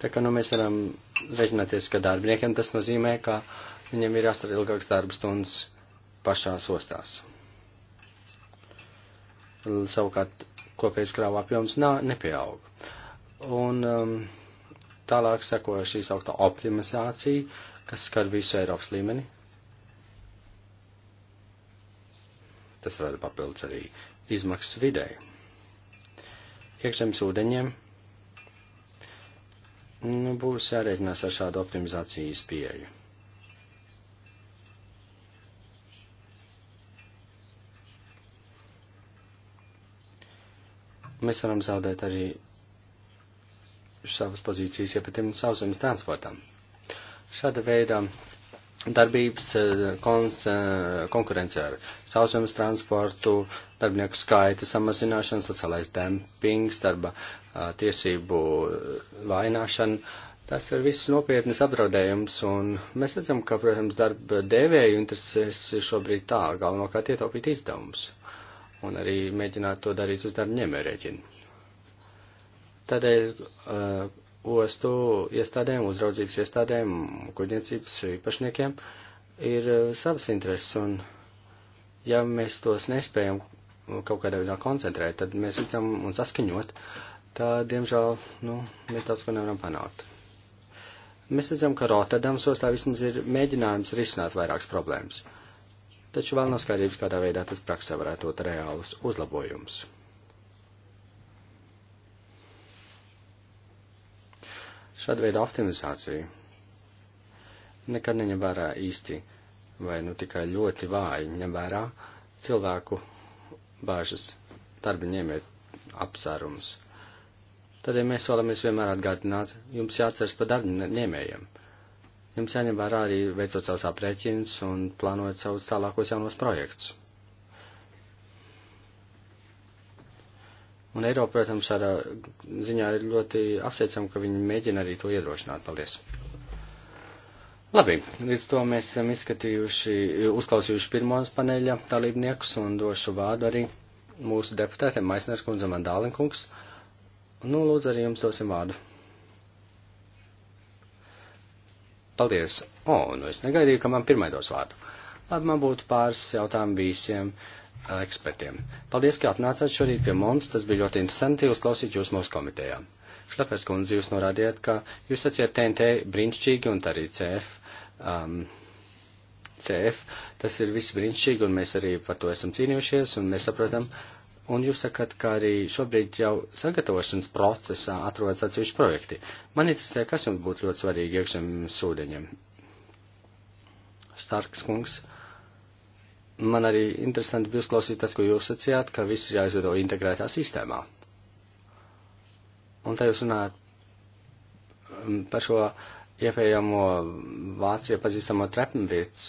Tā kā nu, mēs varam reiķināties, ka darbiniekiem tas nozīmē, ka viņiem ir jāstrādā ilgākas darba stundas pašās ostās. Savukārt kopējais krāvu apjoms nā, nepieaug. Un, um, Tālāk sekoja šī saukta optimizācija, kas skar visu Eiropas līmeni. Tas rada papildus arī izmaksas vidēji. Iekšzemes ūdeņiem nu, būs jārēķinās ar šādu optimizācijas pieeju. Mēs varam zaudēt arī savas pozīcijas iepatim sauszemes transportam. Šāda veida darbības eh, konc, eh, konkurence ar sauszemes transportu, darbinieku skaita samazināšana, sociālais dempings, darba eh, tiesību vaināšana. Tas ir viss nopietnas apdraudējums, un mēs redzam, ka, protams, darba devēju interesēs ir šobrīd tā, galvenokārt ietaupīt izdevumus, un arī mēģināt to darīt uz darba ņemē rēķinu. Tādēļ uh, ostu iestādēm, uzraudzības iestādēm, kuģniecības īpašniekiem ir uh, savas intereses, un ja mēs tos nespējam kaut kādā veidā koncentrēt, tad mēs redzam un saskaņot, tā, diemžēl, nu, mēs daudz ko nevaram panākt. Mēs redzam, ka Rotterdams ostā vismaz ir mēģinājums risināt vairākas problēmas, taču vēl nav skaidrības, kādā veidā tas praksē varētu dot reālus uzlabojumus. Šāda veida optimizācija nekad neņem vērā īsti vai nu tikai ļoti vāji ņem vērā cilvēku bāžas darba ņēmēt apsārums. Tad, ja mēs vēlamies vienmēr atgādināt, jums jāatceras par darba ņēmējiem. Jums jāņem vērā arī veicot savus aprēķinus un plānojot savus tālākos jaunos projektus. Un Eiropa, protams, šādā ziņā ir ļoti apsveicama, ka viņi mēģina arī to iedrošināt. Paldies! Labi, līdz to mēs esam izskatījuši, uzklausījuši pirmos paneļa dalībniekus un došu vārdu arī mūsu deputātiem Maisners kundze un Dālinkungs. Nu, lūdzu, arī jums dosim vārdu. Paldies! O, nu es negaidīju, ka man pirmai dos vārdu. Labi, man būtu pāris jautājumu visiem. Uh, Uh, ekspertiem. Paldies, ka atnācāt šorīt pie mums. Tas bija ļoti interesanti uzklausīt jūs mūsu komitejā. Šlepers kundze, jūs norādījāt, ka jūs sacījāt TNT brīnišķīgi un arī CF. Um, CF, tas ir viss brīnišķīgi, un mēs arī par to esam cīnījušies, un mēs saprotam, un jūs sakat, ka arī šobrīd jau sagatavošanas procesā atrodas atsevišķi projekti. Man interesē, kas jums būtu ļoti svarīgi iekšējiem sūdeņiem. Starks kungs. Uh, man arī interesanti bija uzklausīt tas, ko jūs sacījāt, ka viss ir jāizveido integrētā sistēmā. Un tā jūs runājat um, par šo iepējamo Vācijā pazīstamo trepnvīts.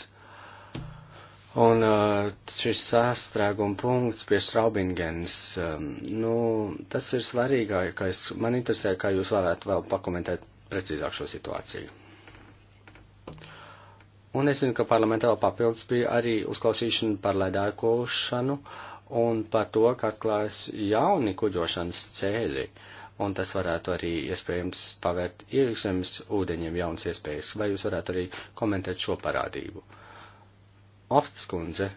Un uh, šis sastrēguma punkts pie Straubingens, um, nu, tas ir svarīgākais. Man interesē, kā jūs varētu vēl pakomentēt precīzāk šo situāciju. Un es zinu, ka parlamentā vēl papildus bija arī uzklausīšana par ledākošanu un par to, ka atklājas jauni kuģošanas ceļi. Un tas varētu arī iespējams pavērt iekšzemes ūdeņiem jaunas iespējas. Vai jūs varētu arī komentēt šo parādību? Opstas kundze.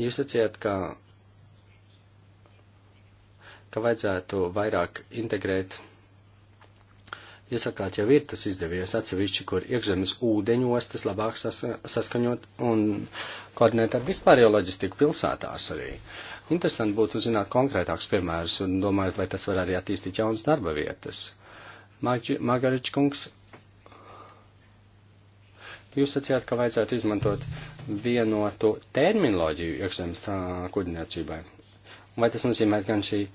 Jūs sacījāt, ka ka vajadzētu vairāk integrēt Jūs sakāt, jau ir tas izdevies atsevišķi, kur iekšzemes ūdeņos tas labāk sas, saskaņot un koordinēt ar vispārējo loģistiku pilsētās arī. Interesanti būtu uzzināt konkrētāks piemērs un domājot, vai tas var arī attīstīt jaunas darba vietas. Magarič kungs, jūs sacījāt, ka vajadzētu izmantot vienotu terminoloģiju iekšzemes koordinācijai. Vai tas nozīmē gan šī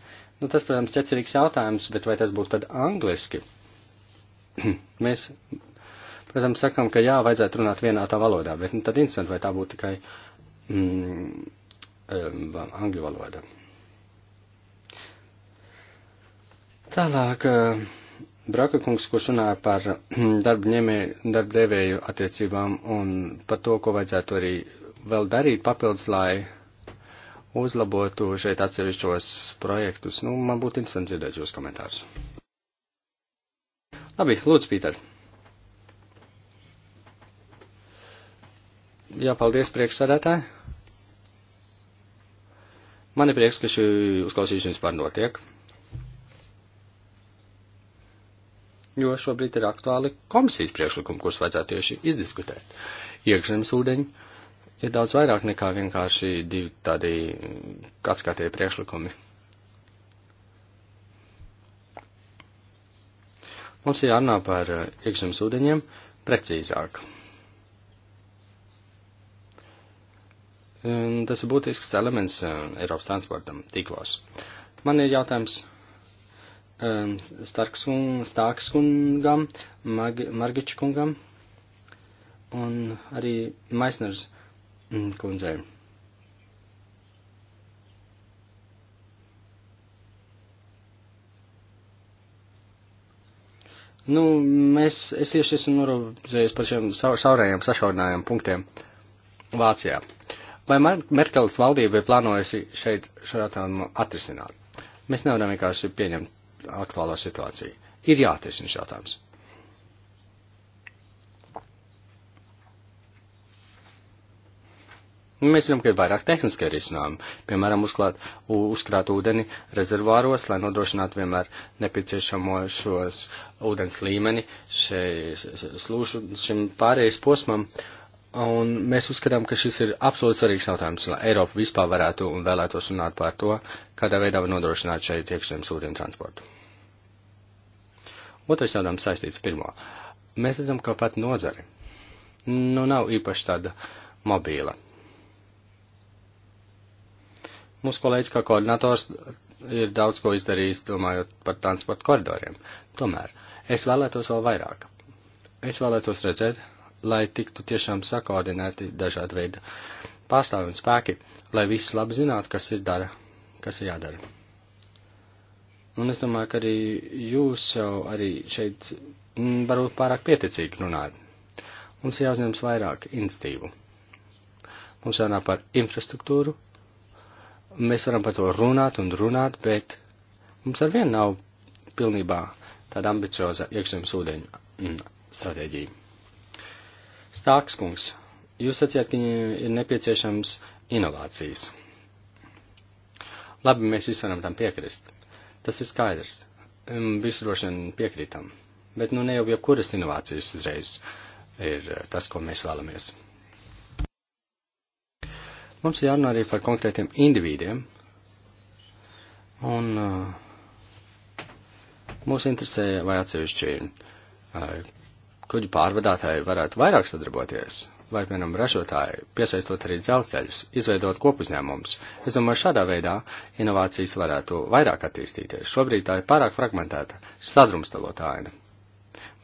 Nu, tas, protams, ķecerīgs jautājums, bet vai tas būtu tad angliski? mēs, protams, sakam, ka jā, vajadzētu runāt vienā tā valodā, bet nu, tad interesanti, vai tā būtu tikai mm, um, angļu valoda. Tālāk, uh, Braka kungs, kurš runāja par darba ņēmēju, darba devēju attiecībām un par to, ko vajadzētu arī vēl darīt papildus, lai uzlabotu šeit atsevišķos projektus. Nu, man būtu interesanti dzirdēt jūs komentārus. Labi, lūdzu, Pīter. Jā, paldies, priekšsēdētāji. Man ir prieks, ka šī uzklausīšana vispār notiek. Jo šobrīd ir aktuāli komisijas priekšlikumi, kurus vajadzētu tieši izdiskutēt. Iekšzemes ūdeņi ir daudz vairāk nekā vienkārši divi tādi atskatīja priekšlikumi Mums ir jārunā par eh, iekšzemes ūdeņiem precīzāk. Un tas ir būtisks elements eh, Eiropas transportam tīklos. Man ir jautājums eh, Starks un Stāks kungam, Mag, Margič kungam un arī Maisners mm, kundzei. Nu, mēs, es tieši esmu norūpējies par šiem saurējiem sašaurinājumiem punktiem Vācijā. Vai Merkeles valdība ir plānojusi šeit šo jautājumu atrisināt? Mēs nevaram vienkārši pieņemt aktuālo situāciju. Ir jāatrisina šis jautājums. Nu, mēs zinām, ka ir vairāk tehniskie risinājumi, piemēram, uzklāt, uzkrāt ūdeni rezervāros, lai nodrošinātu vienmēr nepieciešamo šos ūdens līmeni šai slūšu, šim pārējais posmam. Un mēs uzskatām, ka šis ir absolūti svarīgs jautājums, lai Eiropa vispār varētu un vēlētos runāt par to, kādā veidā var nodrošināt šeit iekšzemes ūdeni transportu. Otrais jautājums saistīts pirmo. Mēs redzam, ka pat nozare nu nav īpaši tāda mobīla Mūsu kolēģis kā koordinators ir daudz ko izdarījis, domājot par transporta koridoriem. Tomēr es vēlētos vēl vairāk. Es vēlētos redzēt, lai tiktu tiešām sakoordinēti dažādi veidi pārstāvi un spēki, lai visi labi zinātu, kas ir dara, kas ir jādara. Un es domāju, ka arī jūs jau arī šeit m, mm, varbūt pārāk pieticīgi runājat. Mums ir jāuzņems vairāk institīvu. Mums jārunā par infrastruktūru, Mēs varam par to runāt un runāt, bet mums ar vienu nav pilnībā tāda ambicioza iekšzemes ūdeņu mm, stratēģija. Stāks kungs, jūs sacījāt, ka ir nepieciešams inovācijas. Labi, mēs visi varam tam piekrist. Tas ir skaidrs. Visu droši vien piekrītam. Bet nu ne jau jebkuras inovācijas uzreiz ir tas, ko mēs vēlamies. Mums jārunā arī par konkrētiem individiem. Un uh, mūs interesē, vai atsevišķi uh, kuģu pārvadātāji varētu vairāk sadarboties, vai, piemēram, ražotāji, piesaistot arī dzelzceļus, izveidot kopuzņēmumus. Es domāju, šādā veidā inovācijas varētu vairāk attīstīties. Šobrīd tā ir pārāk fragmentēta, sadrumstalota aina.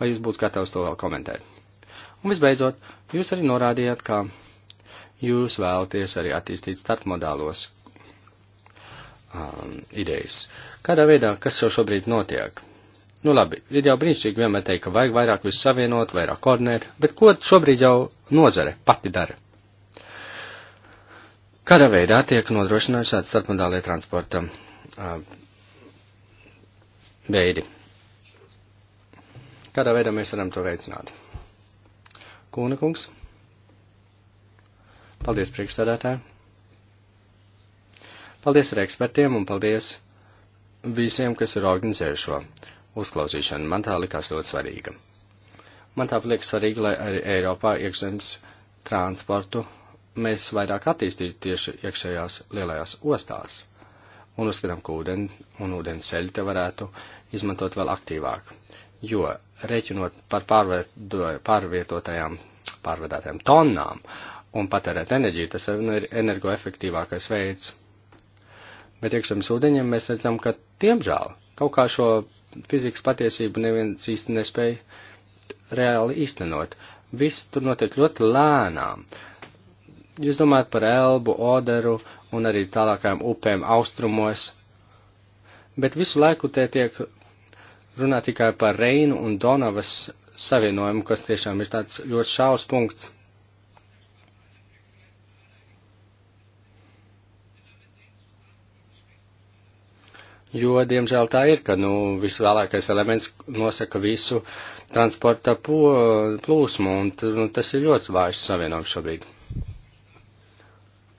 Vai jūs būtu gatavs to vēl komentēt? Un visbeidzot, jūs arī norādījāt, ka jūs vēlaties arī attīstīt starpmodālos um, idejas. Kādā veidā, kas jau šobrīd notiek? Nu labi, ir jau brīnišķīgi vienmēr teikt, ka vajag vairāk visu savienot, vairāk koordinēt, bet ko šobrīd jau nozare pati dara? Kādā veidā tiek nodrošināts šāds starpmodālie transporta uh, veidi? Kādā veidā mēs varam to veicināt? Kūna kungs? Paldies, priekšsēdētāji! Paldies arī ekspertiem un paldies visiem, kas ir organizējuši šo uzklausīšanu. Man tā likās ļoti svarīga. Man tā liekas svarīgi, lai arī Eiropā iekšzemes transportu mēs vairāk attīstītu tieši iekšējās lielajās ostās. Un uzskatām, ka ūdeni un ūdens ceļi te varētu izmantot vēl aktīvāk. Jo rēķinot par pārvietotajām, pārvedētajām tonnām, un patērēt enerģiju. Tas ir energoefektīvākais veids. Bet iekšzemes ūdeņiem mēs redzam, ka tiemžēl kaut kā šo fizikas patiesību neviens īsti nespēja reāli īstenot. Viss tur notiek ļoti lēnām. Jūs domājat par Elbu, Oderu un arī tālākajām upēm austrumos, bet visu laiku te tiek runā tikai par Reinu un Donavas savienojumu, kas tiešām ir tāds ļoti šaus punkts. Jo, diemžēl, tā ir, ka, nu, visvēlākais elements nosaka visu transporta plūsmu, un nu, tas ir ļoti vājš savienojums šobrīd.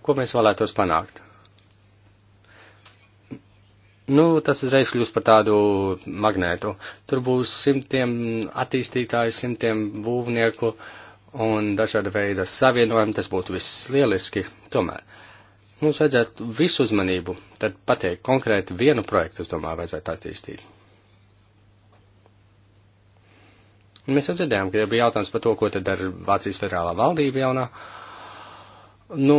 Ko mēs vēlētos panākt? Nu, tas uzreiz kļūst par tādu magnētu. Tur būs simtiem attīstītāju, simtiem būvnieku un dažāda veida savienojumi. Tas būtu viss lieliski. Tomēr mums vajadzētu visu uzmanību, tad pateikt konkrēti vienu projektu, es domāju, vajadzētu attīstīt. Un mēs jau dzirdējām, ka jau bija jautājums par to, ko tad ar Vācijas federālā valdība jaunā. Nu,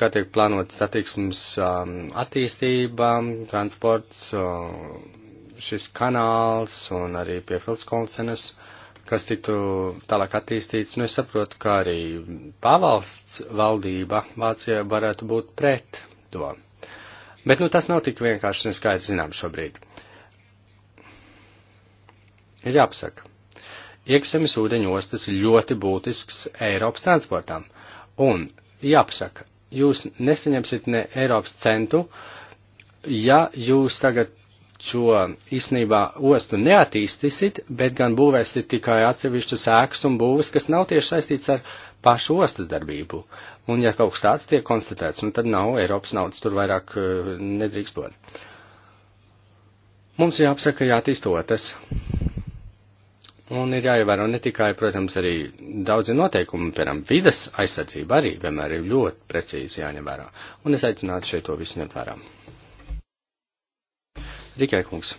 kā tiek plānot satiksmes um, attīstība, transports, um, šis kanāls un arī pie Filskolcenes. Uh, kas tiktu tālāk attīstīts. Nu, es saprotu, ka arī pavalsts valdība Vācijā varētu būt pret to. Bet, nu, tas nav tik vienkārši un skaidrs zinām šobrīd. Ir jāpasaka. Iekšzemes ūdeņu ostas ir ļoti būtisks Eiropas transportām. Un jāpasaka, jūs nesaņemsiet ne Eiropas centu, ja jūs tagad šo īstenībā ostu neattīstīsit, bet gan būvēsit tikai atsevišķas ēkas un būvis, kas nav tieši saistīts ar pašu ostas darbību. Un ja kaut kas tāds tiek konstatēts, nu tad nav Eiropas naudas tur vairāk e, nedrīkst dot. Mums jāapsaka jātīst otas. Un ir jāievēro ne tikai, protams, arī daudzi noteikumi, piemēram, vidas aizsardzība arī vienmēr ir ļoti precīzi jāņem vērā. Un es aicinātu šeit to visu ņemt vērā. Rikai kungs.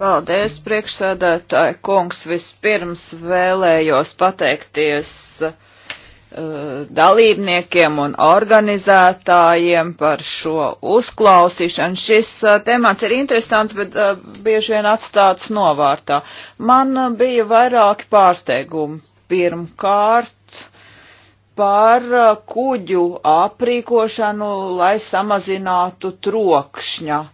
Paldies, priekšsēdētāji kungs. Vispirms vēlējos pateikties uh, dalībniekiem un organizētājiem par šo uzklausīšanu. Šis uh, temats ir interesants, bet uh, bieži vien atstāts novārtā. Man bija vairāki pārsteigumi. Pirmkārt, par kuģu aprīkošanu, lai samazinātu trokšņa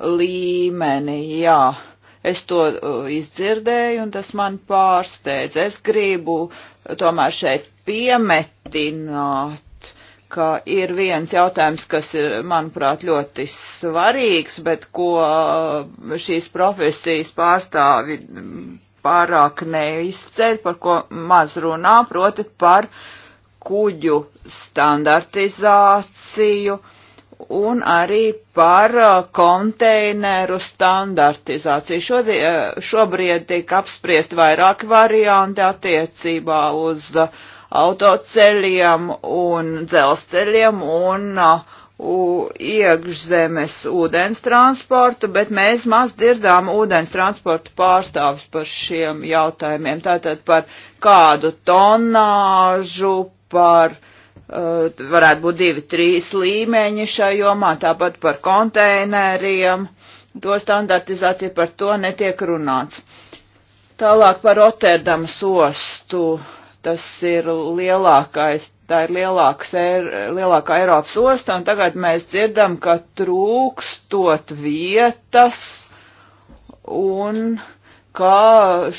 līmeni, jā. Es to uh, izdzirdēju un tas man pārsteidz. Es gribu tomēr šeit piemetināt ka ir viens jautājums, kas ir, manuprāt, ļoti svarīgs, bet ko uh, šīs profesijas pārstāvi pārāk neizceļ, par ko maz runā, proti par kuģu standartizāciju. Uh, un arī par uh, konteineru standartizāciju. Šodien, uh, šobrīd tiek apspriest vairāki varianti attiecībā uz uh, autoceļiem un dzelzceļiem un iekšzemes ūdens transportu, bet mēs maz dzirdām ūdens transportu pārstāvis par šiem jautājumiem. Tātad par kādu tonāžu, par uh, Eh, varētu būt divi, trīs līmeņi šajā jomā, tāpat par konteineriem, to standartizāciju par to netiek runāts. Tālāk par Rotterdamas ostu, tas ir lielākais, tā ir lielāks, lielākā Eiropas osta, un tagad mēs dzirdam, ka trūkstot vietas un kā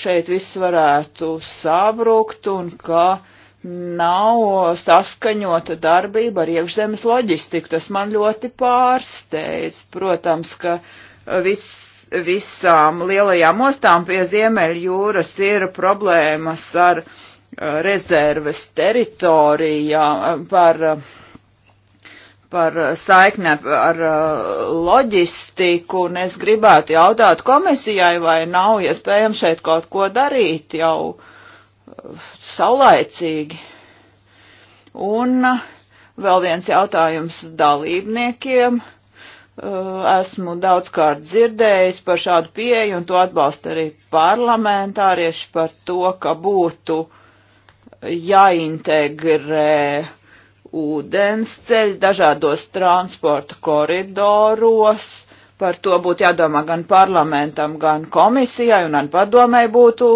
šeit viss varētu sabrukt un kā uh, nav saskaņota darbība ar iekšzemes loģistiku. Tas man ļoti pārsteidz. Protams, ka vis, visām lielajām ostām pie Ziemeļa jūras ir problēmas ar eh, rezerves teritorijām, eh, par, par saikni ar eh, loģistiku, un es gribētu jautāt komisijai, vai nav iespējams šeit kaut ko darīt jau saulaicīgi. Un uh, vēl viens jautājums dalībniekiem. Uh, esmu daudzkārt dzirdējis par šādu pieeju, un to atbalsta arī parlamentārieši par to, ka būtu jāintegrē ūdens ceļi dažādos transporta koridoros, par to būtu jādomā gan parlamentam, gan komisijai un gan padomai būtu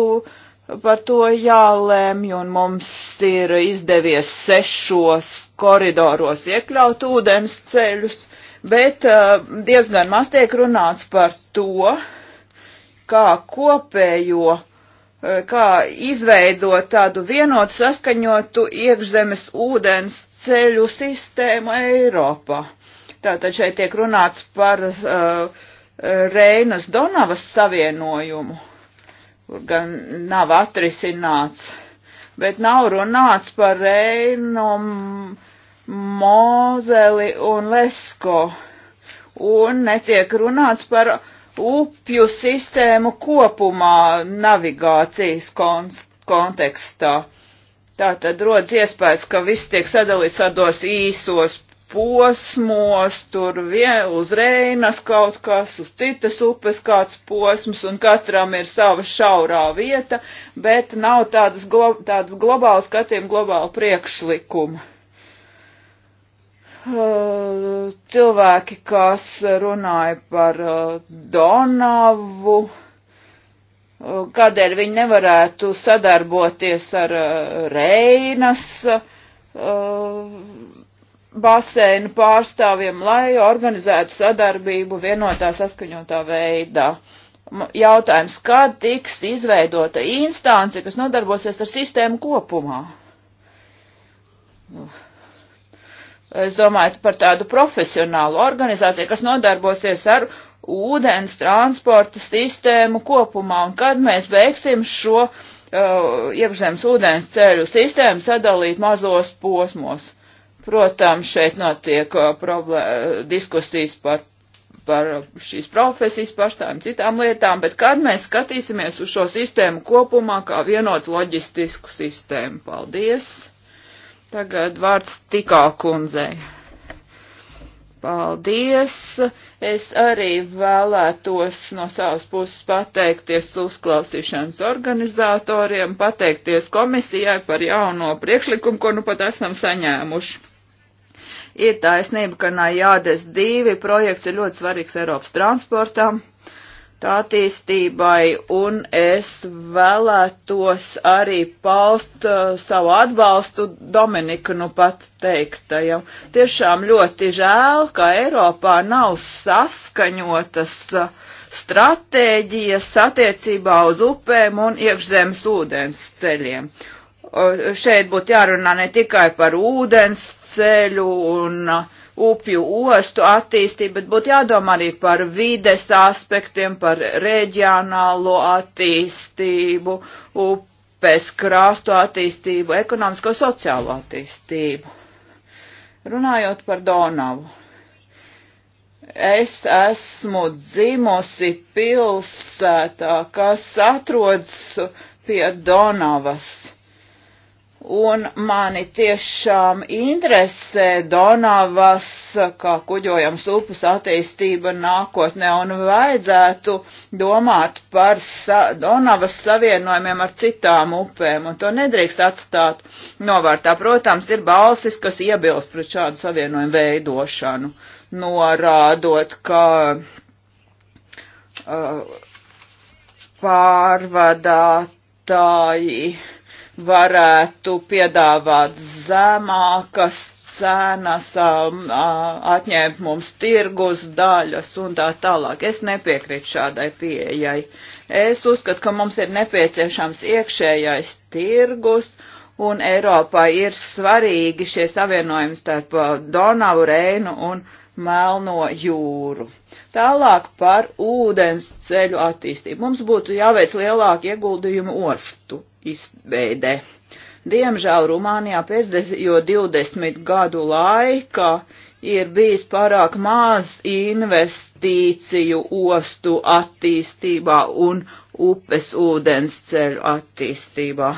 par to jālēmj, un mums ir izdevies sešos koridoros iekļaut ūdens ceļus, bet eh, diezgan maz tiek runāts par to, kā kopējo, eh, kā izveidot tādu vienotu saskaņotu iekšzemes ūdens ceļu sistēmu Eiropā. Tātad šeit tiek runāts par uh, Reinas Donavas savienojumu gan nav atrisināts, bet nav runāts par Reinu, Mozeli un Lesko, un netiek runāts par upju sistēmu kopumā navigācijas kontekstā. Tā tad rodas iespējas, ka viss tiek sadalīts tādos īsos posmos, tur vien, uz Reinas kaut kas, uz citas upes kāds posms, un katram ir sava šaurā vieta, bet nav tādas, glo tādas globāla skatījuma, globāla priekšlikuma. Uh, cilvēki, kas runāja par uh, Donavu, uh, kādēļ viņi nevarētu sadarboties ar Reinas baseinu pārstāvjiem, lai organizētu sadarbību vienotā saskaņotā veidā. Jautājums, kad tiks izveidota instance, kas nodarbosies ar sistēmu kopumā? Es domāju par tādu profesionālu organizāciju, kas nodarbosies ar ūdens transporta sistēmu kopumā, un kad mēs beigsim šo uh, iekšzemes ūdens ceļu sistēmu sadalīt mazos posmos. Uh, Protams, šeit notiek uh, problē, uh, diskusijas par, par šīs profesijas pārstāvjiem, citām lietām, bet kad mēs skatīsimies uz šo sistēmu kopumā kā vienotu loģistisku sistēmu? Paldies! Tagad vārds tikā kundzei. Paldies! Es arī vēlētos no savas puses pateikties uzklausīšanas organizatoriem, pateikties komisijai par jauno priekšlikumu, ko nu pat esam saņēmuši Ir taisnība, ka Najādes divi projekts ir ļoti svarīgs Eiropas transportam, tā attīstībai, un es vēlētos arī paust uh, savu atbalstu Dominika nu pat teiktajam. Tiešām ļoti žēl, ka Eiropā nav saskaņotas uh, stratēģijas attiecībā uz upēm un iekšzemes ūdens ceļiem šeit būtu jārunā ne tikai par ūdens ceļu un uh, upju ostu attīstību, bet būtu jādomā arī par vides aspektiem, par reģionālo attīstību, upes krāstu attīstību, ekonomisko sociālo attīstību. Runājot par Donavu. Es esmu dzimusi pilsētā, kas atrodas pie Donavas Un mani tiešām interesē Donavas, kā kuģojams upes attīstība nākotnē, un vajadzētu domāt par sa Donavas savienojumiem ar citām upēm, un to nedrīkst atstāt novārtā. Protams, ir balsis, kas iebilst pret šādu savienojumu veidošanu, norādot, ka uh, pārvadātāji varētu piedāvāt zemākas cenas, um, atņemt mums tirgus daļas un tā tālāk. Es nepiekrītu šādai pieejai. Es uzskatu, ka mums ir nepieciešams iekšējais tirgus un Eiropā ir svarīgi šie savienojumi starp Donavu, Reinu un Melno jūru. Tālāk par ūdens ceļu attīstību. Mums būtu jāveic lielāki ieguldījumi ostu izveidē. Diemžēl Rumānijā pēdējo 20 gadu laikā ir bijis pārāk maz investīciju ostu attīstībā un upes ūdens ceļu attīstībā.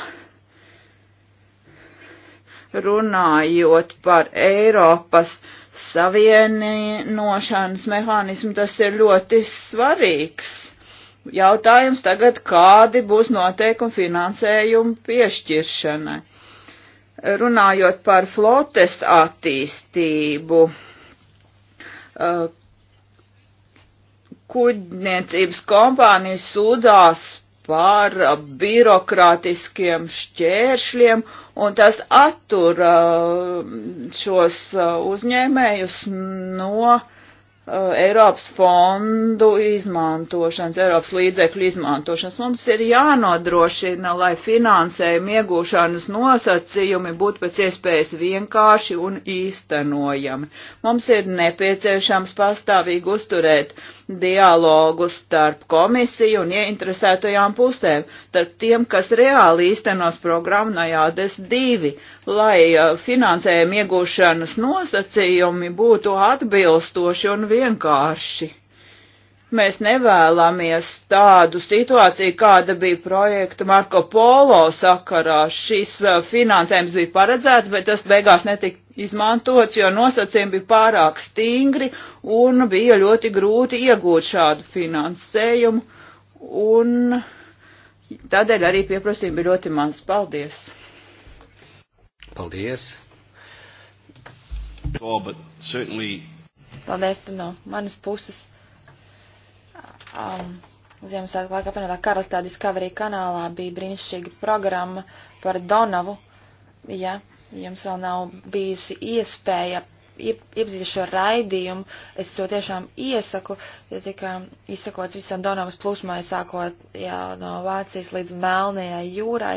Runājot par Eiropas savienošanas mehānismu, tas ir ļoti svarīgs Jautājums tagad, kādi būs noteikumi finansējumu piešķiršanai. Runājot par flotes attīstību, eh, kuģniecības kompānijas sūdzās par birokrātiskiem šķēršļiem, un tas attur eh, šos eh, uzņēmējus no uh, Uh, Eiropas fondu izmantošanas, Eiropas līdzekļu izmantošanas. Mums ir jānodrošina, lai finansējuma iegūšanas nosacījumi būtu pēc iespējas vienkārši un īstenojami. Mums ir nepieciešams pastāvīgi uzturēt uh, dialogu starp komisiju un ieinteresētajām pusēm, starp tiem, kas reāli īstenos programmu Najādes divi, lai uh, finansējuma iegūšanas nosacījumi būtu atbilstoši un vienkārši. Mēs nevēlamies tādu situāciju, kāda bija projekta Marko Polo sakarā. Šis uh, finansējums bija paredzēts, bet tas beigās netika izmantots, jo nosacījumi bija pārāk stingri un bija ļoti grūti iegūt šādu finansējumu. Un tādēļ arī pieprasījumi bija ļoti maz. Paldies! Paldies! Paldies no manas puses! Um, Ziemassvētku laikā apvienotā karalistā Discovery kanālā bija brīnišķīga programma par Donavu. Ja jums vēl nav bijusi iespēja iepazīties šo raidījumu, es to tiešām iesaku, jo tika izsakots visam Donavas plūsmai, sākot jā, no Vācijas līdz Melnajai jūrai.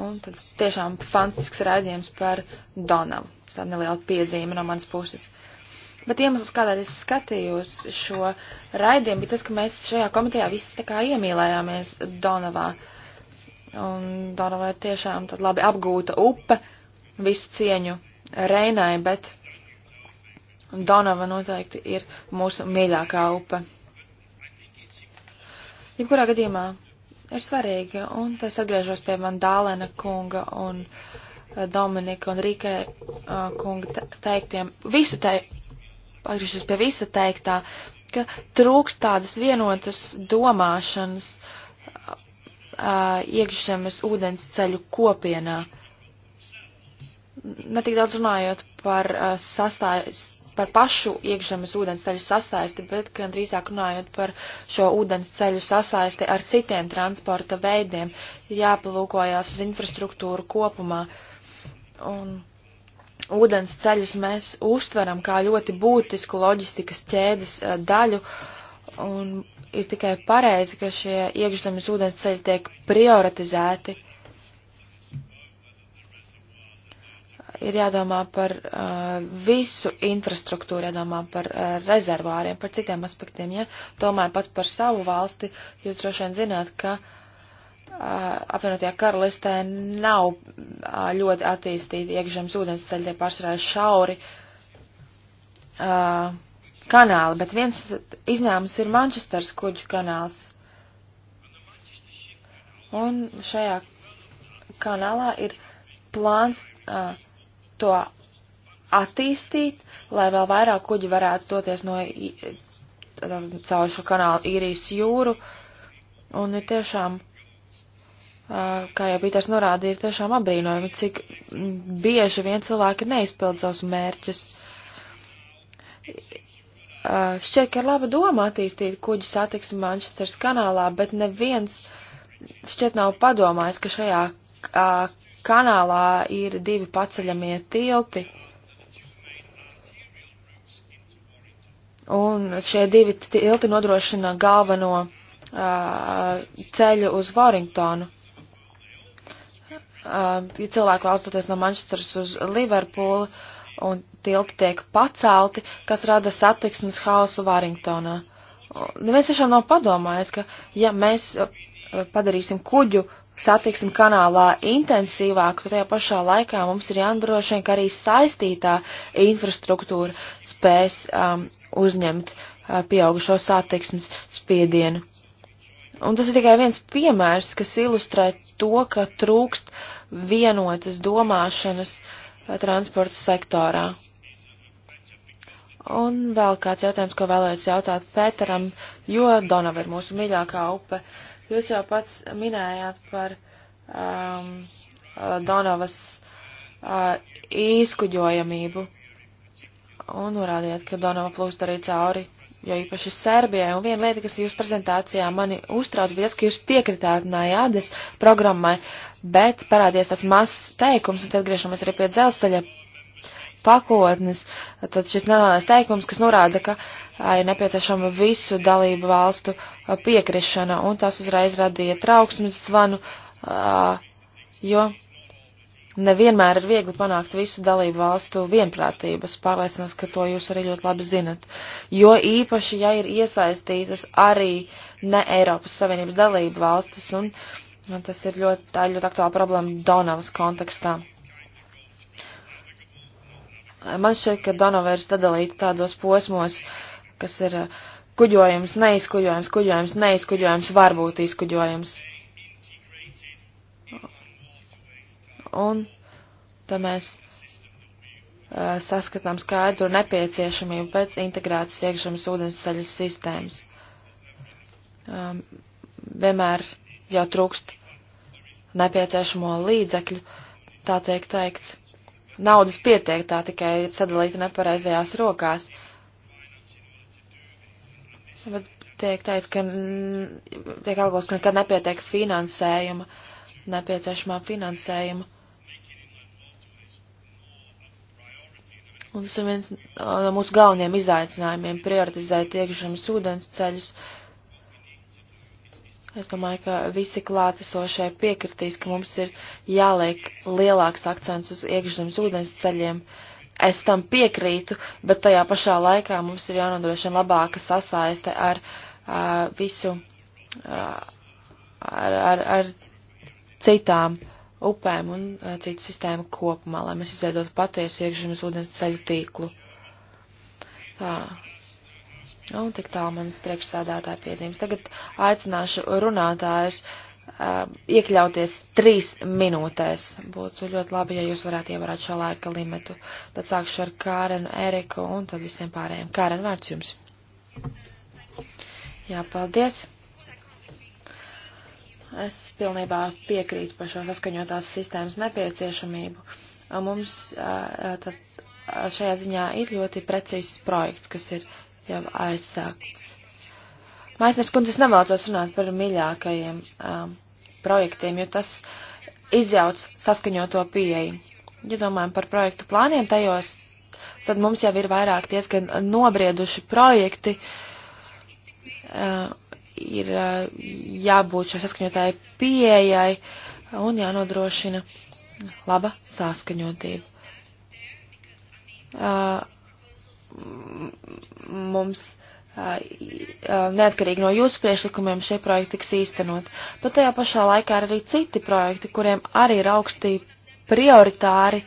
Un tad tiešām fantastisks raidījums par Donavu. Tas tāda neliela piezīme no manas puses. Bet iemesls, kādēļ es skatījos šo raidījumu, bija tas, ka mēs šajā komitejā visi tā kā iemīlējāmies Donavā. Un Donavā ir tiešām tad labi apgūta upe, visu cieņu Reinai, bet Donava noteikti ir mūsu mīļākā upe. Jebkurā gadījumā ir svarīgi, un es atgriežos pie man Dālena kunga un Dominika un Rīkē kunga teiktiem. Visu te pagriežos pie visa teiktā, ka trūkst tādas vienotas domāšanas iekšzemes ūdens ceļu kopienā. Netik daudz runājot par, sastājas, par pašu iekšzemes ūdens ceļu sasaisti, bet gan drīzāk runājot par šo ūdens ceļu sasaisti ar citiem transporta veidiem, jāpalūkojās uz infrastruktūru kopumā. Un ūdens ceļus mēs uztveram kā ļoti būtisku loģistikas ķēdes daļu, un ir tikai pareizi, ka šie iekšzemes ūdens ceļi tiek prioritizēti. Ir jādomā par uh, visu infrastruktūru, jādomā par uh, rezervāriem, par citiem aspektiem. Ja? Tomēr pats par savu valsti jūs droši vien zināt, ka uh, Eh, apvienotajā karalistē nav eh, ļoti attīstīti iekšzemes ūdensceļi, tie pārsvarā ir šauri uh, kanāli, bet viens izņēmums ir Manchesters kuģu kanāls. Un šajā kanālā ir plāns uh, to attīstīt, lai vēl vairāk kuģi varētu doties no caur šo kanālu īrijas jūru. Un ir tiešām kā jau Pīters norādīja, ir tiešām apbrīnojami, cik bieži vien cilvēki neizpild savus mērķus. Šķiet, ka ir laba doma attīstīt kuģu satiksmi Manchesteras kanālā, bet neviens šķiet nav padomājis, ka šajā kanālā ir divi paceļamie tilti. Un šie divi tilti nodrošina galveno ceļu uz Warringtonu. Uh, ja cilvēku valstoties no Manchesteras uz Liverpoolu un tilti tiek pacelti, kas rada satiksmes hausu Varingtonā. Uh, Neviens nu, tiešām nav padomājis, ka ja mēs uh, padarīsim kuģu satiksmi kanālā intensīvāku, tad tajā pašā laikā mums ir jānodrošina, ka arī saistītā infrastruktūra spēs um, uzņemt uh, pieaugušo satiksmes spiedienu. Un tas ir tikai viens piemērs, kas ilustrē to, ka trūkst uh, vienotas domāšanas eh, transporta sektorā. Un vēl kāds jautājums, ko vēlējos jautāt Pēteram, jo Donava ir mūsu mīļākā upe. Jūs jau pats minējāt par um, Donavas uh, eh, izkuģojamību un norādījāt, ka Donava plūst arī cauri, jo īpaši Serbijai. Un viena lieta, kas jūsu prezentācijā mani uztrauc, bija tas, ka jūs piekritāt Nājādes programmai. Uh, bet parādījās tāds mazs teikums, un tad griežamies arī pie dzelzceļa pakotnes, tad šis nelielais teikums, kas norāda, ka ir nepieciešama visu dalību valstu piekrišana, un tas uzreiz radīja trauksmes zvanu, jo nevienmēr ir viegli panākt visu dalību valstu vienprātības, pārliecinās, ka to jūs arī ļoti labi zinat. Jo īpaši, ja ir iesaistītas arī ne Eiropas Savienības dalību valstis, un uh, Un nu, tas ir ļoti, tā ir ļoti aktuāla problēma Donavas kontekstā. Man šķiet, ka Donava ir sadalīta tādos posmos, kas ir uh, kuģojums, neizkuģojums, kuģojums, neizkuģojums, varbūt izkuģojums. Un tā mēs uh, saskatām skaidru nepieciešamību pēc integrētas iekšzemes ūdens ceļu sistēmas. Um, vienmēr jo trūkst nepieciešamo līdzekļu, tā tiek teikts. Naudas pietiek, tā tikai ir sadalīta nepareizajās rokās. Bet tiek teikts, ka tiek algos, ka nekad nepietiek finansējuma, nepieciešamā finansējuma. Un tas ir viens no mūsu galvenajiem izaicinājumiem - prioritizēt iekšzemes ūdens ceļus. Uh, Es domāju, ka visi klātesošie piekritīs, ka mums ir jāliek lielāks akcents uz iekšzemes ūdens ceļiem. Es tam piekrītu, bet tajā pašā laikā mums ir jānodrošina labāka sasaiste ar uh, visu, uh, ar, ar, ar citām upēm un uh, citu sistēmu kopumā, lai mēs izveidotu patiesu iekšzemes ūdens ceļu tīklu. Tā, Un tik tālu manas priekšsādātāja piezīmes. Tagad aicināšu runātājus uh, iekļauties trīs minūtēs. Būtu ļoti labi, ja jūs varētu ievērāt šo laika limitu. Tad sākšu ar Kārenu, Eriku un tad visiem pārējiem. Kāren, vārds jums. Jā, paldies. Es pilnībā piekrītu par šo saskaņotās sistēmas nepieciešamību. Mums uh, uh tad uh, šajā ziņā ir ļoti precīzs projekts, kas ir jau aizsākts. Maisnes kundzes nevēlētos runāt par mīļākajiem um, projektiem, jo tas izjauc saskaņoto pieeju. Ja domājam par projektu plāniem tajos, tad mums jau ir vairāk diezgan nobrieduši projekti. Uh, ir uh, jābūt šai saskaņotāji pieejai un jānodrošina laba saskaņotība. Uh, mums neatkarīgi no jūsu priešlikumiem šie projekti tiks īstenot. Pat tajā pašā laikā ir arī citi projekti, kuriem arī ir augstī prioritāri,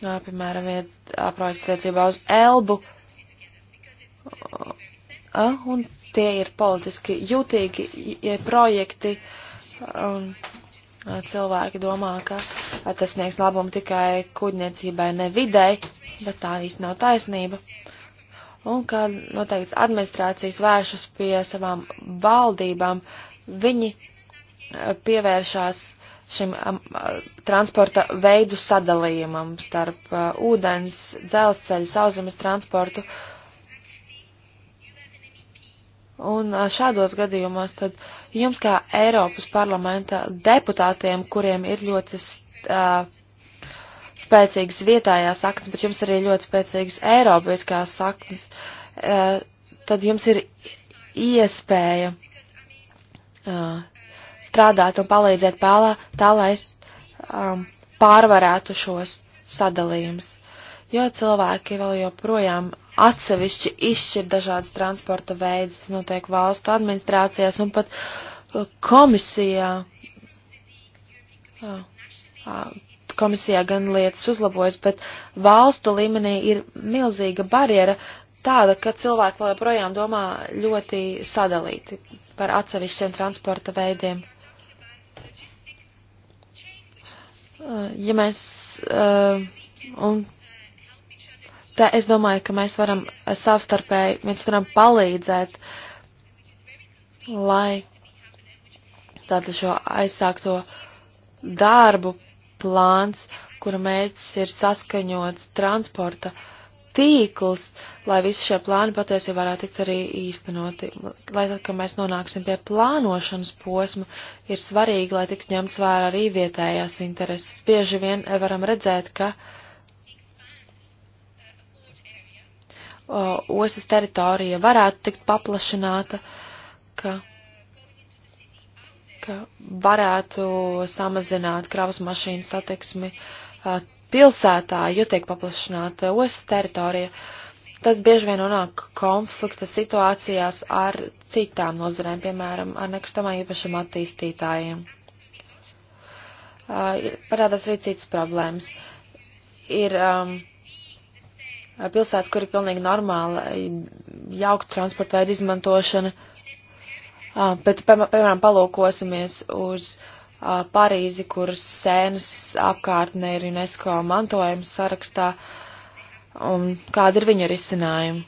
piemēram, projekts liecībā uz Elbu, un tie ir politiski jūtīgi projekti, un cilvēki domā, ka tas sniegs labumu tikai kuģniecībai, ne videi, bet tā īsti nav taisnība. Un kā noteikts administrācijas vēršas pie savām valdībām, viņi eh, pievēršās šim um, transporta veidu sadalījumam starp uh, ūdens, dzelzceļa, sauszemes transportu Un šādos gadījumos tad jums kā Eiropas parlamenta deputātiem, kuriem ir ļoti uh, spēcīgas vietējās saknes, bet jums arī ļoti spēcīgas Eiropiskās saknes, uh, tad jums ir iespēja uh, strādāt un palīdzēt pēlā tā, lai um, pārvarētu šos sadalījumus jo cilvēki vēl joprojām atsevišķi izšķir dažādas transporta veidus, tas notiek valstu administrācijās un pat uh, komisijā. Uh, uh, komisijā gan lietas uzlabojas, bet valstu līmenī ir milzīga barjera tāda, ka cilvēki vēl joprojām domā ļoti sadalīti par atsevišķiem transporta veidiem. ja mēs, uh, un Te es domāju, ka mēs varam savstarpēji, mēs varam palīdzēt, lai tātad šo aizsākto darbu plāns, kura mērķis ir saskaņots transporta tīkls, lai visi šie plāni patiesībā varētu tikt arī īstenoti. Lai tad, kad mēs nonāksim pie plānošanas posma, ir svarīgi, lai tiktu ņemts vērā arī vietējās intereses. Bieži vien varam redzēt, ka uh, ostas teritorija varētu tikt paplašināta, ka, ka varētu samazināt kravas mašīnu satiksmi pilsētā, jo tiek paplašināta ostas teritorija. Tas bieži vien nonāk konflikta situācijās ar citām nozarēm, piemēram, ar nekustamā īpašuma attīstītājiem. Uh, parādās arī citas problēmas. Ir um, pilsētas, kur ir pilnīgi normāla jauka transporta veida izmantošana. Ah, bet, piemēram, palūkosimies uz ah, Parīzi, kur sēnas apkārtnē ir UNESCO mantojuma sarakstā, un kāda ir viņa risinājuma.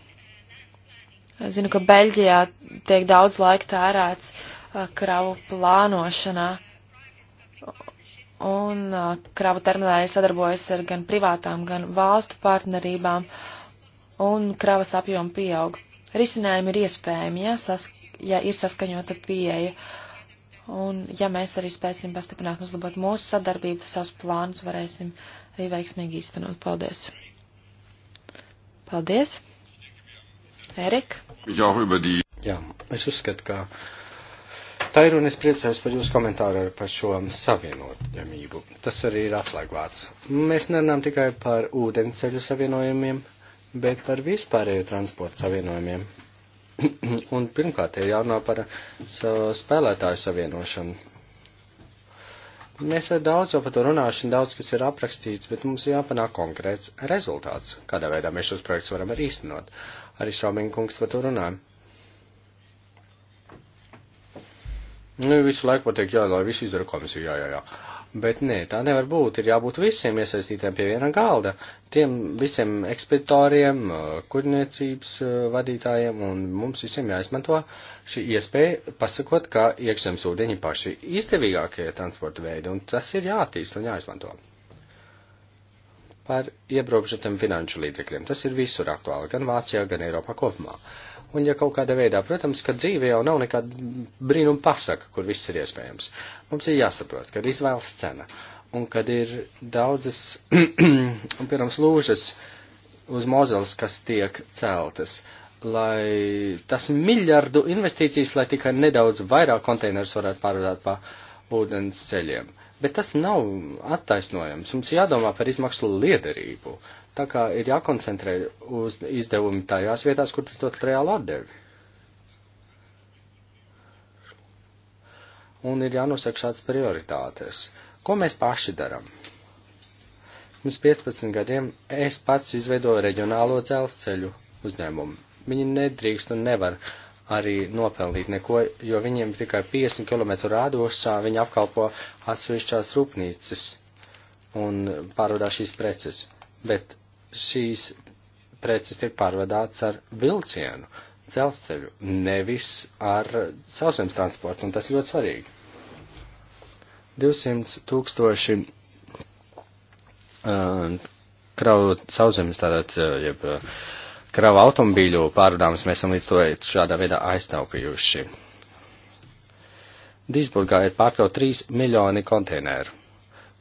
Es zinu, ka Beļģijā tiek daudz laika tērēts ah, kravu plānošanā Un kravu terminālē sadarbojas ar gan privātām, gan valstu partnerībām, un kravas apjoma pieaug. Risinājumi ir iespējami, ja, sask ja ir saskaņota pieeja. Un ja mēs arī spēsim pastiprināt un uzlabot mūsu sadarbību, savus plānus varēsim arī veiksmīgi īstenot. Paldies! Paldies! Erika! Jā, Jā, es uzskatu, ka Tā ir un es priecājos par jūsu komentāru par šo savienojamību. Tas arī ir atslēgvārds. Mēs nerunājam tikai par ūdenceļu savienojumiem, bet par vispārējo transportu savienojumiem. un pirmkārt ir jārunā par spēlētāju savienošanu. Mēs ar daudz jau par to runāšanu, daudz kas ir aprakstīts, bet mums jāpanāk konkrēts rezultāts, kādā veidā mēs šos projektus varam arī īstenot. Arī Šaumiņa kungs par to runāja. Nu, visu laiku var teikt, jā, lai visu izdara komisija, jā, jā, jā. Bet nē, tā nevar būt. Ir jābūt visiem iesaistītiem pie viena galda. Tiem visiem ekspeditoriem, kurniecības vadītājiem un mums visiem jāizmanto šī iespēja pasakot, ka iekšzemes ūdeņi paši izdevīgākie transporta veidi, un tas ir jātīst un jāizmanto. Par iebrokšatiem finanšu līdzekļiem. Tas ir visur aktuāli, gan Vācijā, gan Eiropā kopumā. Uh, un ja kaut kādā veidā, protams, ka dzīve jau nav nekāda brīnuma pasaka, kur viss ir iespējams. Mums ir jāsaprot, ka ir izvēles cena, un kad ir daudzas, un pirms lūžas uz mozeles, kas tiek celtas, lai tas miljardu investīcijas, lai tikai nedaudz vairāk konteinerus varētu pārvadāt pa ūdens ceļiem. Bet tas nav attaisnojams. Mums jādomā par izmaksu liederību. Uh, Tā kā ir jākoncentrē uz izdevumi tajās vietās, kur tas dot reālu atdevi. Un ir jānosaka šāds prioritātes. Ko mēs paši darām? Pirms 15 gadiem es pats izveidoju reģionālo dzelzceļu uzņēmumu. Viņi nedrīkst un nevar arī nopelnīt neko, jo viņiem tikai 50 km rādošā viņi apkalpo atsevišķās rūpnīcas un pārvadā šīs preces. Bet šīs preces tiek pārvadāts ar vilcienu, dzelzceļu, nevis ar sauszemes transportu, un tas ļoti svarīgi. 200 tūkstoši uh, kravu sauszemes, tātad, uh, jeb uh, kravu automobīļu pārvadājumus mēs esam līdz to šādā veidā aiztaupījuši. Dīsburgā ir pārkļaut 3 miljoni konteineru.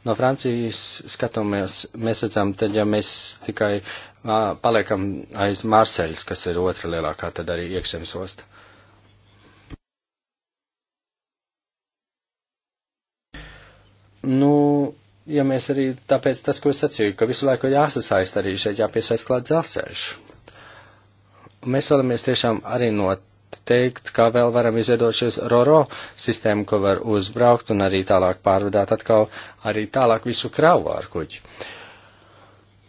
No Francijas skatāmies, mēs redzam, tad ja mēs tikai mā, paliekam aiz Marseļas, kas ir otra lielākā, tad arī iekšzemes osta. Nu, ja mēs arī tāpēc tas, ko es sacīju, ka visu laiku ir jāsasaist arī šeit, jāpiesaist klāt dzelzceļš. Mēs vēlamies tiešām arī no teikt, kā vēl varam izveidot šis RORO sistēmu, ko var uzbraukt un arī tālāk pārvadāt atkal arī tālāk visu kravu ar kuģi.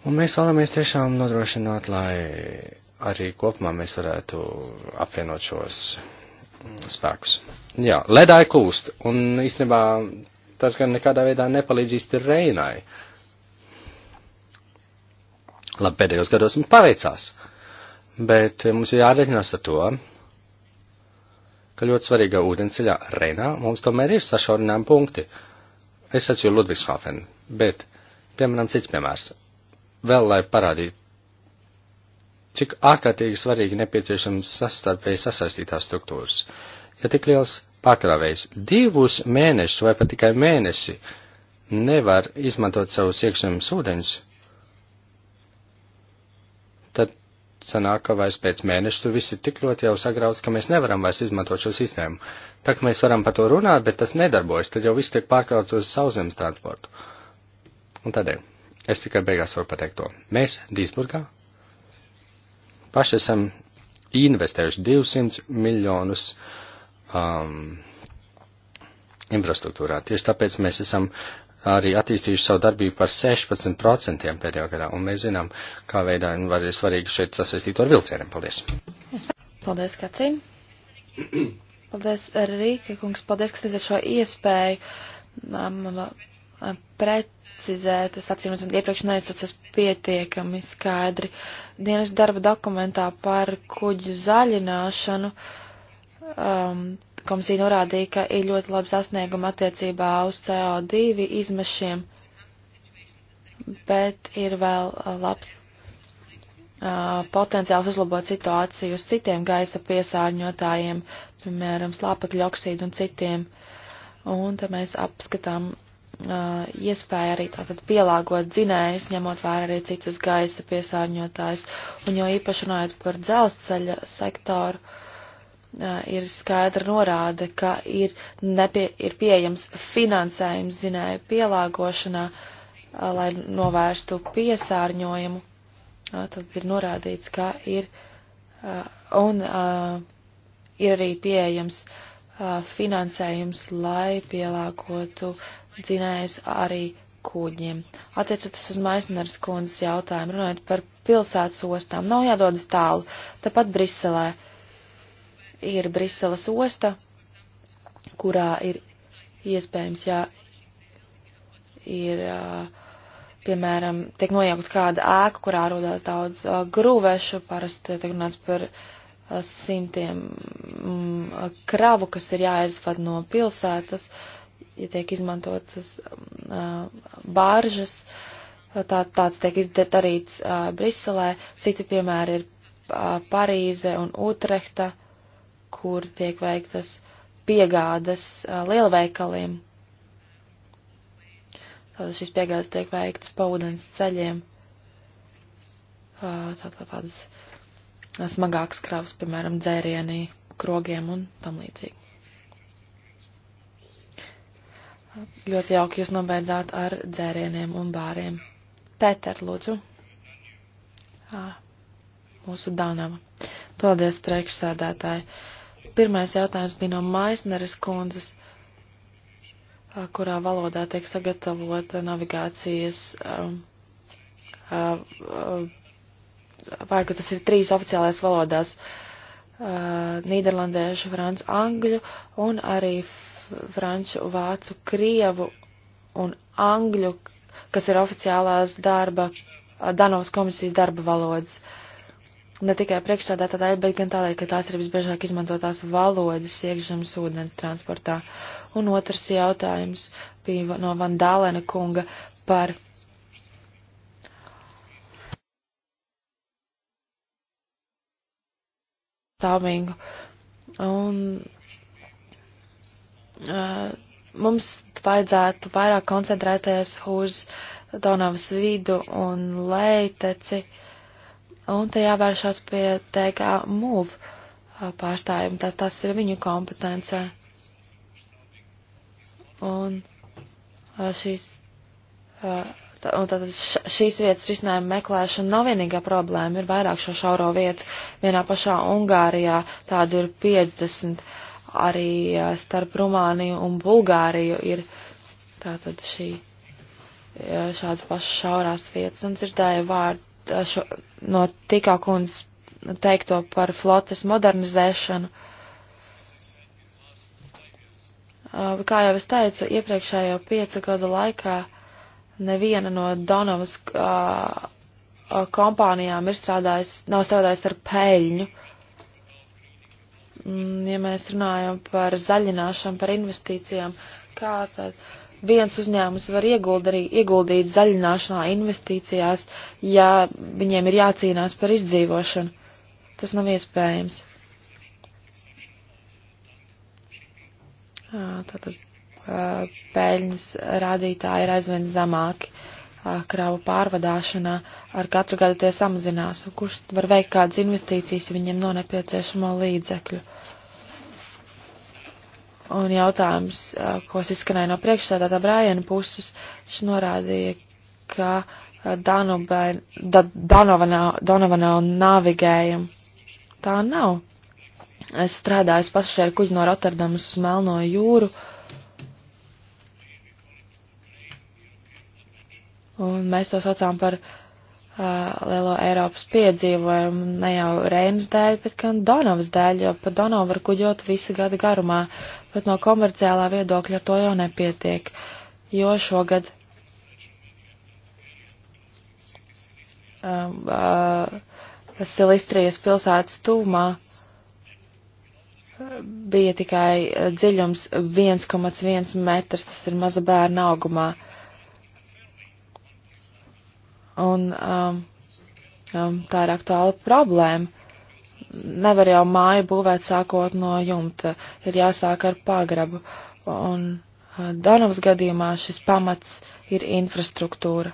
Un mēs vēlamies tiešām nodrošināt, lai arī kopumā mēs varētu apvienot šos spēkus. Jā, ledāji kūst, un īstenībā tas gan nekādā veidā nepalīdzīs Reinai. Labi, pēdējos gados viņa paveicās, bet mums ir jārēķinās ar to, ka ļoti svarīga ūdenceļā Renā mums tomēr ir sašaurinājumi punkti. Es atceru Ludvigshāfenu, bet, piemēram, cits piemērs. Vēl, lai parādītu, cik ārkārtīgi svarīgi nepieciešams sastarpēji sasaistītās struktūras. Ja tik liels pakrāvējs divus mēnešus vai pat tikai mēnesi nevar izmantot savus iekšzemes ūdeņus, sanāk, ka vairs pēc mēneša tur viss ir tik ļoti jau sagrauts, ka mēs nevaram vairs izmantot šo sistēmu. Tā kā mēs varam par to runāt, bet tas nedarbojas, tad jau viss tiek pārkrauts uz sauszemes transportu. Un tādēļ es tikai beigās varu pateikt to. Mēs Dīsburgā paši esam investējuši 200 miljonus um, infrastruktūrā. Tieši tāpēc mēs esam arī attīstījuši savu darbību par 16% pēdējā gadā, un mēs zinām, kā veidā nu, var ir svarīgi šeit sasaistīt to ar vilcieniem. Paldies! Paldies, Katrīna! Paldies, Rīka kungs, paldies, ka sniedzat šo iespēju um, um, precizēt, es atceros, un iepriekš neiztucas pietiekami skaidri. Dienas darba dokumentā par kuģu zaļināšanu um, Komisija norādīja, ka ir ļoti labi sasniegumi attiecībā uz CO2 izmešiem, bet ir vēl uh, labs uh, potenciāls uzlabot situāciju uz citiem gaisa piesārņotājiem, piemēram, slāpekļa oksīdu un citiem. Un te mēs apskatām uh, iespēju arī tātad pielāgot dzinējus, ņemot vērā arī citus gaisa piesārņotājus, un jau īpaši runājot par dzelzceļa sektoru. Uh, ir skaidra norāde, ka ir, nepie, ir pieejams finansējums zinēju pielāgošanā, lai novērstu piesārņojumu. Tad ir norādīts, ka ir un ir arī pieejams finansējums, lai pielāgotu dzinējus arī kuģiem. Attiecoties uz Maisneras kundzes jautājumu, runājot par pilsētas ostām, nav jādodas tālu, tāpat Briselē. Uh, ir Briseles osta, kurā ir iespējams, ja ir, piemēram, tiek nojaukt kāda ēka, kurā rodās daudz grūvešu, parasti tiek runāts par simtiem mm, kravu, kas ir jāaizvad no pilsētas, ja tiek izmantotas bāržas. Tā, tāds tiek darīts Briselē, citi piemēri ir Parīze un Utrehta. Uh, kur tiek veiktas piegādas lielveikaliem. Tātad šīs piegādes tiek veiktas pa ūdens ceļiem. Tātad tādas smagākas kravas, piemēram, dzērienī, krogiem un tam līdzīgi. Ļoti jauki jūs nobeidzāt ar dzērieniem un bāriem. Pēter, lūdzu. À, mūsu Danava. Paldies, priekšsēdētāji. Uh, Pirmais jautājums bija no Maisneres kundzes, kurā valodā tiek sagatavota navigācijas. Um, um, Vārgu tas ir trīs oficiālās valodās - nīderlandiešu, franču, angļu un arī franču, vācu, krievu un angļu, kas ir oficiālās darba, Danovas komisijas darba valodas. Uh, ne tikai priekšsādātādai, bet gan tādai, ka tās ir visbiežāk izmantotās valodas iekšzemes ūdens transportā. Un otrs jautājums bija no Vandālēna kunga par. Tāmīgu. Un uh, mums vajadzētu vairāk koncentrēties uz Donavas vidu un leiteci. Uh, un tajā vēršās pie TK MUV pārstājuma, tā tas ir viņu kompetence. Un šīs, un tātad šīs vietas risinājuma meklēšana nav vienīgā problēma, ir vairāk šo šauro vietu. Vienā pašā Ungārijā tādu ir 50, arī starp Rumāniju un Bulgāriju ir tātad šī šādas pašas šaurās vietas un dzirdēju vārdu Uh, šo, no tikā kundzes teikto par flotes modernizēšanu. Uh, kā jau es teicu, iepriekšējo piecu gadu laikā neviena no Donovas uh, kompānijām ir strādājis, nav strādājis ar peļņu. Mm, ja mēs runājam par zaļināšanu, par investīcijām, kā tad viens uzņēmums var ieguld arī, ieguldīt zaļināšanā, investīcijās, ja viņiem ir jācīnās par izdzīvošanu. Tas nav iespējams. Tātad pēļņas rādītāji ir aizvien zamāki kravu pārvadāšanā, ar katru gadu tie samazinās, un kurš var veikt kādas investīcijas, ja viņiem nav nepieciešamo līdzekļu. Uh, Un jautājums, ko es izskanēju no priekšsēdētā Brājana puses, viņš norādīja, ka Danubai, da, Danovanā, Danovanā un navigējam. Tā nav. Es strādāju es pasažieru kuģi no Rotterdamas uz Melno jūru. Un mēs to saucām par uh, Uh, lielo Eiropas piedzīvojumu ne jau Reinas dēļ, bet gan Donavas dēļ, jo pa Donavu var kuģot visu gadu garumā, bet no komerciālā viedokļa ar to jau nepietiek, jo šogad um, uh, Silistrijas pilsētas tūmā uh, bija tikai uh, dziļums 1,1 metrs, tas ir maza bērna augumā. Uh, Un um, um, tā ir aktuāla problēma. Nevar jau māju būvēt sākot no jumta, ir jāsāk ar pagrabu. Un uh, Donovas gadījumā šis pamats ir infrastruktūra.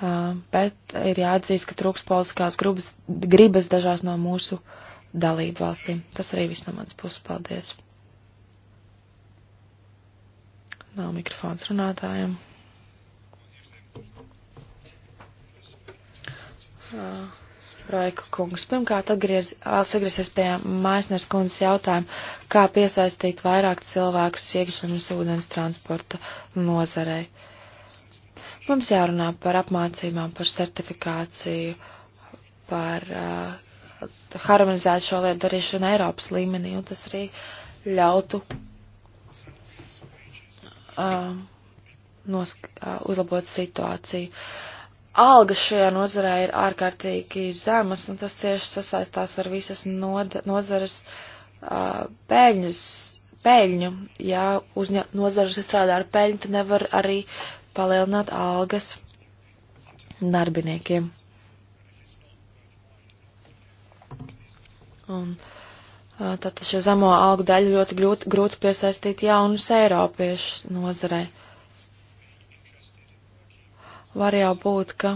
Uh, bet ir jāatzīst, ka trūks politiskās grubas, gribas dažās no mūsu dalību valstīm. Tas arī viss no mans puses. Paldies! Nav mikrofons runātājiem. Uh, Raika kungs, pirmkārt atgriez, atgriezies pie Maisners kundzes jautājuma, kā piesaistīt vairāk cilvēkus iekšzemes ūdens transporta nozarei. Mums jārunā par apmācībām, par certifikāciju, par uh, harmonizētu šo lietu darīšanu Eiropas līmenī, un tas arī ļautu uh, nosk, uh, uzlabot situāciju. Uh, algas šajā nozarē ir ārkārtīgi zemas, un tas cieši sasaistās ar visas nozares uh, peļņas, peļņu. Ja uzņa, nozares strādā ar peļņu, tad nevar arī palielināt algas darbiniekiem. Un, uh, tātad šo zemo algu daļu ļoti grūti, grūti piesaistīt jaunus Eiropiešus nozarei. Uh, var jau būt, ka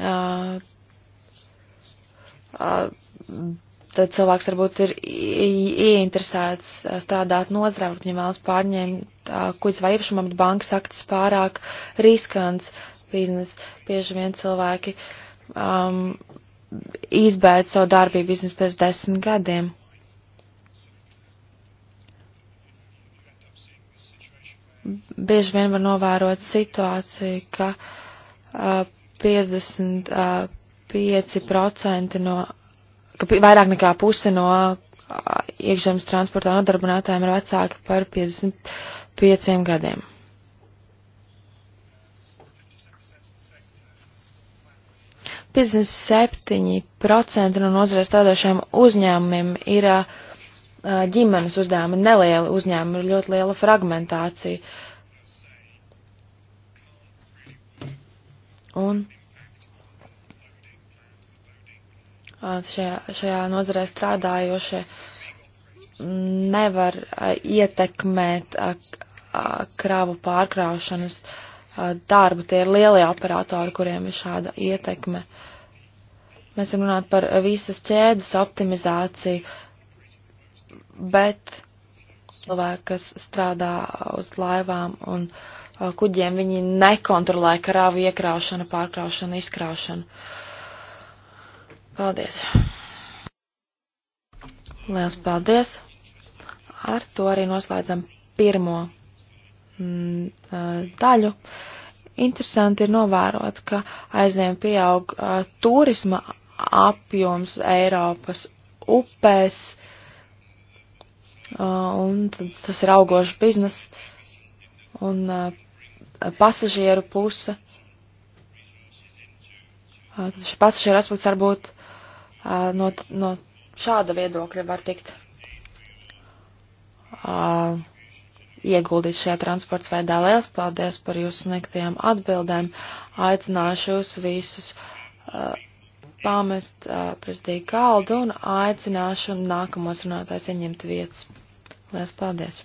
uh, uh, tad cilvēks varbūt ir ieinteresēts strādāt nozarē, varbūt viņam vēlas pārņemt uh, kuģis vai īpašumam, bet banka saka, tas pārāk riskants biznes. Bieži vien cilvēki um, izbēdz savu darbību biznesu pēc desmit gadiem. bieži vien var novērot situāciju, ka uh, 55% uh, no, ka vairāk nekā puse no uh, iekšzemes transportā nodarbinātājiem ir vecāki par 55 gadiem. Piecdesmit septiņi procenti no nozarē strādājušiem uzņēmumiem ir uh, ģimenes uzņēmumi, nelieli uzņēmumi, ir ļoti liela fragmentācija. Un šajā, šajā nozarē strādājošie nevar ietekmēt kravu pārkraušanas darbu. Tie ir lielie operatori, kuriem ir šāda ietekme. Mēs runājam par visas ķēdes optimizāciju, bet cilvēki, kas strādā uz laivām un uh, kuģiem, viņi nekontrolē karāvu iekraušanu, pārkraušanu, izkraušanu. Paldies! Liels paldies! Ar to arī noslēdzam pirmo mm, uh, daļu. Interesanti ir novērot, ka aizvien pieaug uh, turisma apjoms Eiropas upēs Uh, un tas ir augošs biznes un uh, pasažieru puse. Uh, šis pasažieru aspekts varbūt no, no šāda viedokļa var tikt ieguldīt šajā transporta veidā. Lielas paldies par jūsu sniegtajām atbildēm. Aicināšu jūs visus uh, pamest uh, prezidiju galdu un aicināšu nākamos runātājs ieņemt vietas. Lielas paldies!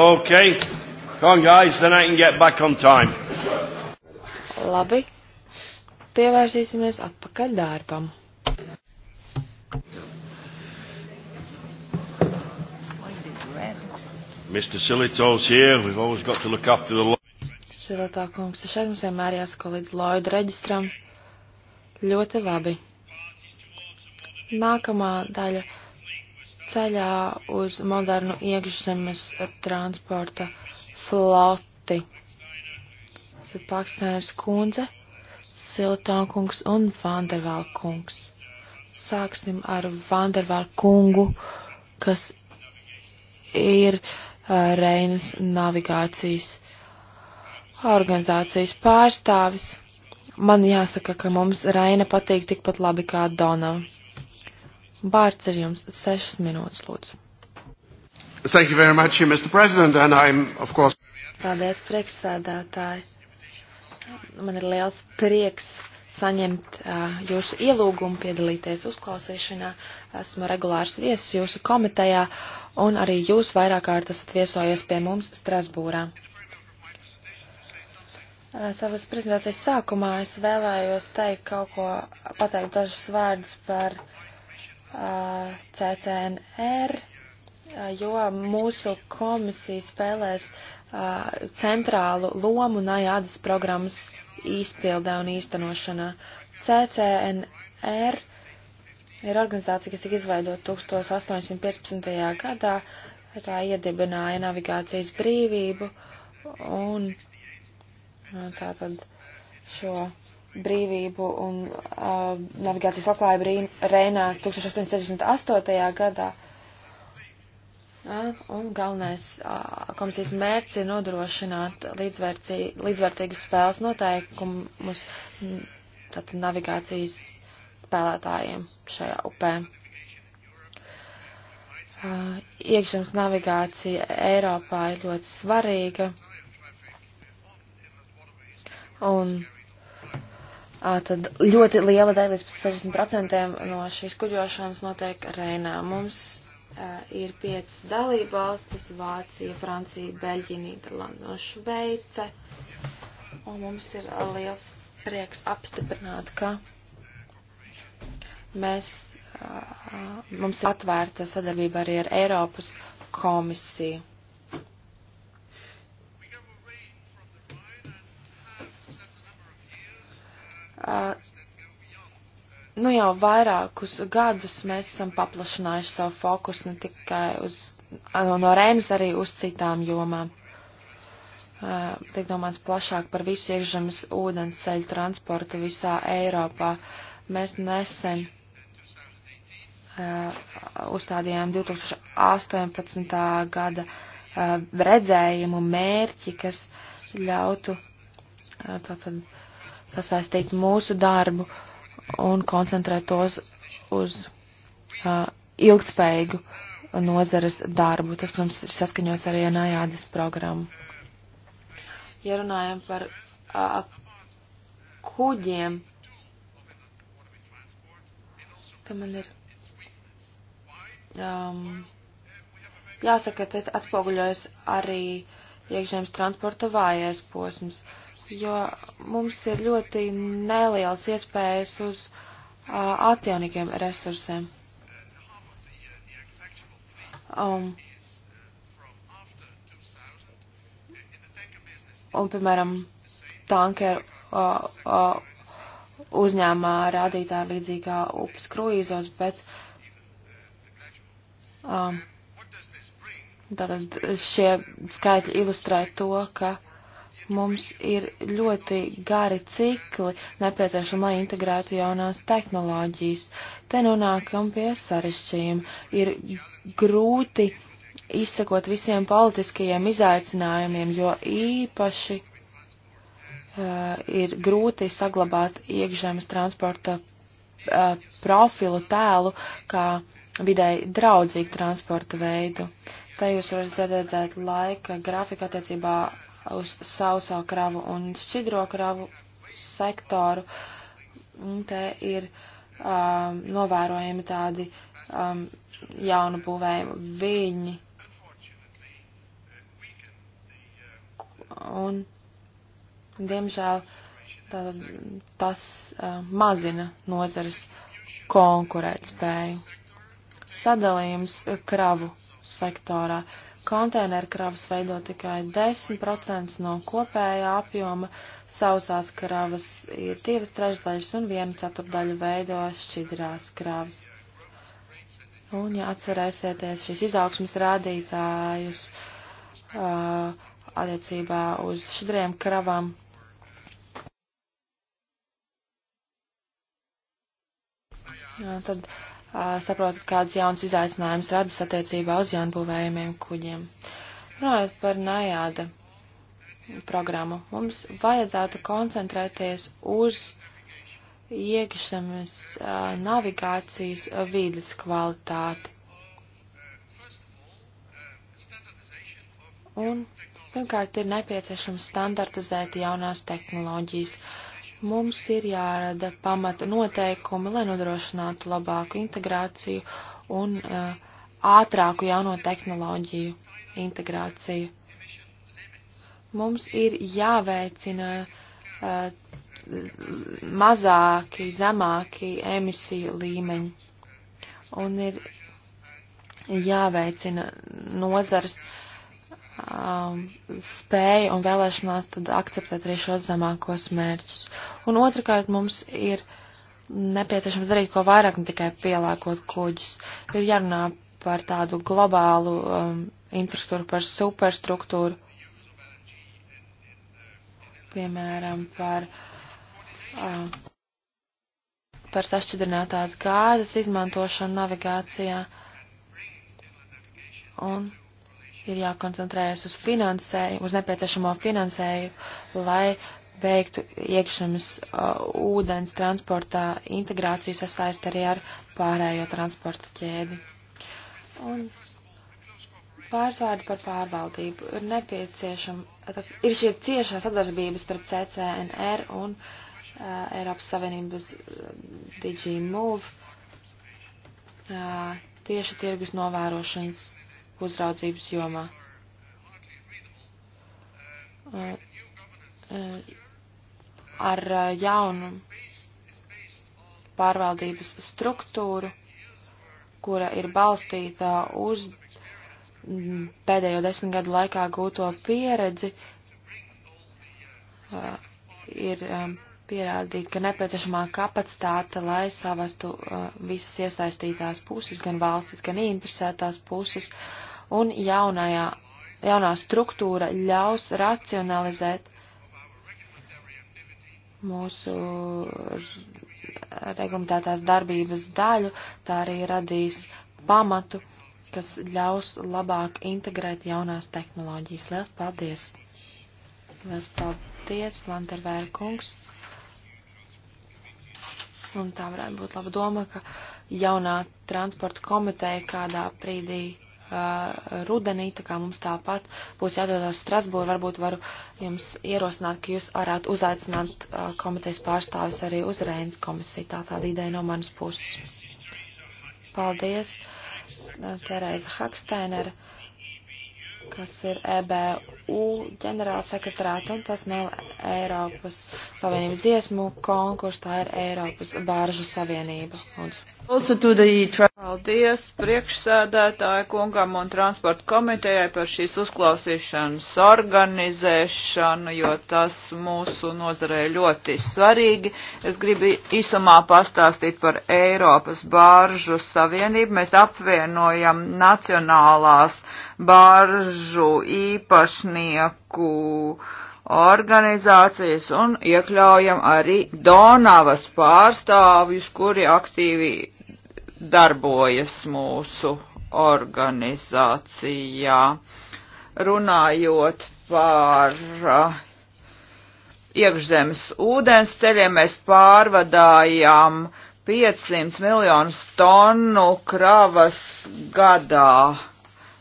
Okay. Come on, guys, then I can get back on time. Labi. Pievērsīsimies atpakaļ darbam. Mr. Silito's here. We've always got to look after the Lloyd. Silitā kungs, šeit mums vienmēr jāsako līdz Lloyd reģistram. Ļoti labi. Nākamā daļa ceļā uz modernu iekšzemes transporta floti. Tas ir Pakstainas kundze, Siltonkungs un Vandervalkungs. Sāksim ar Vandervalkungu, kas ir uh, Reinas navigācijas organizācijas pārstāvis. Man jāsaka, ka mums Reina patīk tikpat labi kā Donava. Bārts ir jums sešas minūtes, lūdzu. Thank you very much, Mr. President, and I'm, of course. Paldies, priekšsēdētāji. Man ir liels prieks saņemt uh, jūsu ielūgumu piedalīties uzklausīšanā. Esmu regulārs viesis jūsu komitejā, un arī jūs vairāk kārt esat viesojies pie mums Strasbūrā. Uh, savas prezentācijas sākumā es vēlējos teikt kaut ko, pateikt dažus vārdus par uh, CCNR, jo mūsu komisija spēlēs centrālu lomu najādas programmas izpildē un īstenošanā. CCNR ir organizācija, kas tika izveidota 1815. gadā. Tā iedibināja navigācijas brīvību un tātad šo brīvību un uh, navigācijas labklājību Reinā 1868. gadā. Uh, un galvenais uh, komisijas mērķis ir nodrošināt līdzvērtīgus spēles noteikumus tātad navigācijas spēlētājiem šajā upē. Uh, iekšzemes navigācija Eiropā ir ļoti svarīga. Un Tad ļoti liela daļa līdz 60% no šīs kuģošanas notiek Reinā. Mums uh, ir piecas dalība valstis - Vācija, Francija, Beļģija, Nīderlanda un Šveice. Un mums ir liels prieks apstiprināt, ka mēs, uh, mums ir atvērta sadarbība arī ar Eiropas komisiju. nu jau vairākus gadus mēs esam paplašinājuši savu fokusu ne tikai uz, no Rēnas arī uz citām jomām. Uh, tiek domāts plašāk par visu iekšzemes ūdens ceļu transportu visā Eiropā. Mēs nesen uh, uzstādījām 2018. gada uh, redzējumu mērķi, kas ļautu tātad sasaistīt mūsu darbu uh, un koncentrētos uz uh, ilgtspējīgu nozares darbu. Tas, protams, ir saskaņots arī ar Nājādas programmu. Ja runājam par uh, kuģiem, tad man ir um, jāsaka, ka te atspoguļojas arī iekšzemes transporta vājais posms. Uh, jo mums ir ļoti nelielas iespējas uz uh, atjaunīgiem resursiem. Um, un, piemēram, tankeru uh, uh, uzņēmā rādītāji līdzīgā upes kruīzos, bet um, tātad šie skaitļi ilustrē to, ka Mums ir ļoti gari cikli nepieciešamai integrētu jaunās tehnoloģijas. Te nonākam pie sarešķījuma. Ir grūti izsekot visiem politiskajiem izaicinājumiem, jo īpaši uh, ir grūti saglabāt iekšzemes transporta uh, profilu tēlu kā vidēji draudzīgu transporta veidu. Te jūs varat redzēt laika grafiku attiecībā uz sausā kravu un šķidro kravu sektoru. Un te ir um, novērojami tādi um, jaunu būvējumu viļņi. Un, diemžēl, tā, tas uh, mazina nozares konkurētspēju. Sadalījums kravu sektorā uh, konteinerkravas veido tikai 10% no kopējā apjoma, sausās kravas ir divas trešdaļas un viena ceturdaļa veido šķidrās kravas. Un, ja atcerēsieties šīs izaugsmas rādītājus uh, attiecībā uz šķidriem kravām, tad saprotat, kādas jaunas izaicinājumas radas attiecībā uz jaunbūvējumiem kuģiem. Runājot par najāda programmu, mums vajadzētu koncentrēties uz iekšzemes navigācijas vīdes kvalitāti. Un pirmkārt ir nepieciešams standartizēt jaunās tehnoloģijas. Uh, Mums ir jārada pamata noteikumi, lai nodrošinātu labāku integrāciju un uh, ātrāku jauno tehnoloģiju integrāciju. Mums ir jāveicina uh, mazāki, zemāki emisiju līmeņi un ir jāveicina nozars uh, um, spēja un vēlēšanās tad akceptēt arī šos zemākos mērķus. Un otrkārt mums ir nepieciešams darīt ko vairāk, ne tikai pielāgot kuģus. Ir jārunā par tādu globālu um, infrastruktūru, par superstruktūru, piemēram, par, um, par sašķidrinātās gāzes izmantošanu navigācijā. Un ir jākoncentrējas uz finansēju, uz nepieciešamo finansēju, lai veiktu iekšzemes uh, ūdens transportā integrāciju sasaist arī ar pārējo transporta ķēdi. Un pāris vārdi par pārvaldību. Ir nepieciešama, ir šī ciešā sadarbība starp CCNR un uh, Eiropas Savienības uh, DG Move. Uh, tieši tirgus novērošanas banku uzraudzības jomā. Uh, uh, ar uh, jaunu pārvaldības struktūru, kura ir balstīta uz mm, pēdējo desmit gadu laikā gūto pieredzi, ir um, pierādīt, ka nepieciešamā kapacitāte, lai savastu uh, visas iesaistītās puses, gan valstis, gan interesētās puses, un jaunajā, jaunā struktūra ļaus racionalizēt mūsu reglamentētās darbības daļu, tā arī radīs pamatu, kas ļaus labāk integrēt jaunās tehnoloģijas. Lielas paldies! Lielas paldies, Vantervēra kungs! Un tā varētu būt laba doma, ka jaunā transporta komiteja kādā brīdī Uh, rudenī, tā kā mums tāpat būs jādodas Strasbūru, varbūt varu jums ierosināt, ka jūs varētu uzaicināt uh, komitejas pārstāvis arī uz Reinas komisiju. Tā tāda ideja no manas puses. Paldies, uh, Tereza Haksteiner, kas ir EBU ģenerālsekretārāta, un tas nav Eiropas Savienības dziesmu konkurss, tā ir Eiropas bāržu savienība. Lūdzu. Paldies priekšsēdētāju kungam un transporta komitejai par šīs uzklausīšanas organizēšanu, jo tas mūsu nozarē ļoti svarīgi. Es gribu īsumā pastāstīt par Eiropas bāržu savienību. Mēs apvienojam nacionālās bāržu īpašnieku organizācijas un iekļaujam arī Donavas pārstāvjus, kuri aktīvi darbojas mūsu organizācijā. Runājot par uh, iekšzemes ūdens ceļiem, mēs pārvadājām 500 miljonus tonu kravas gadā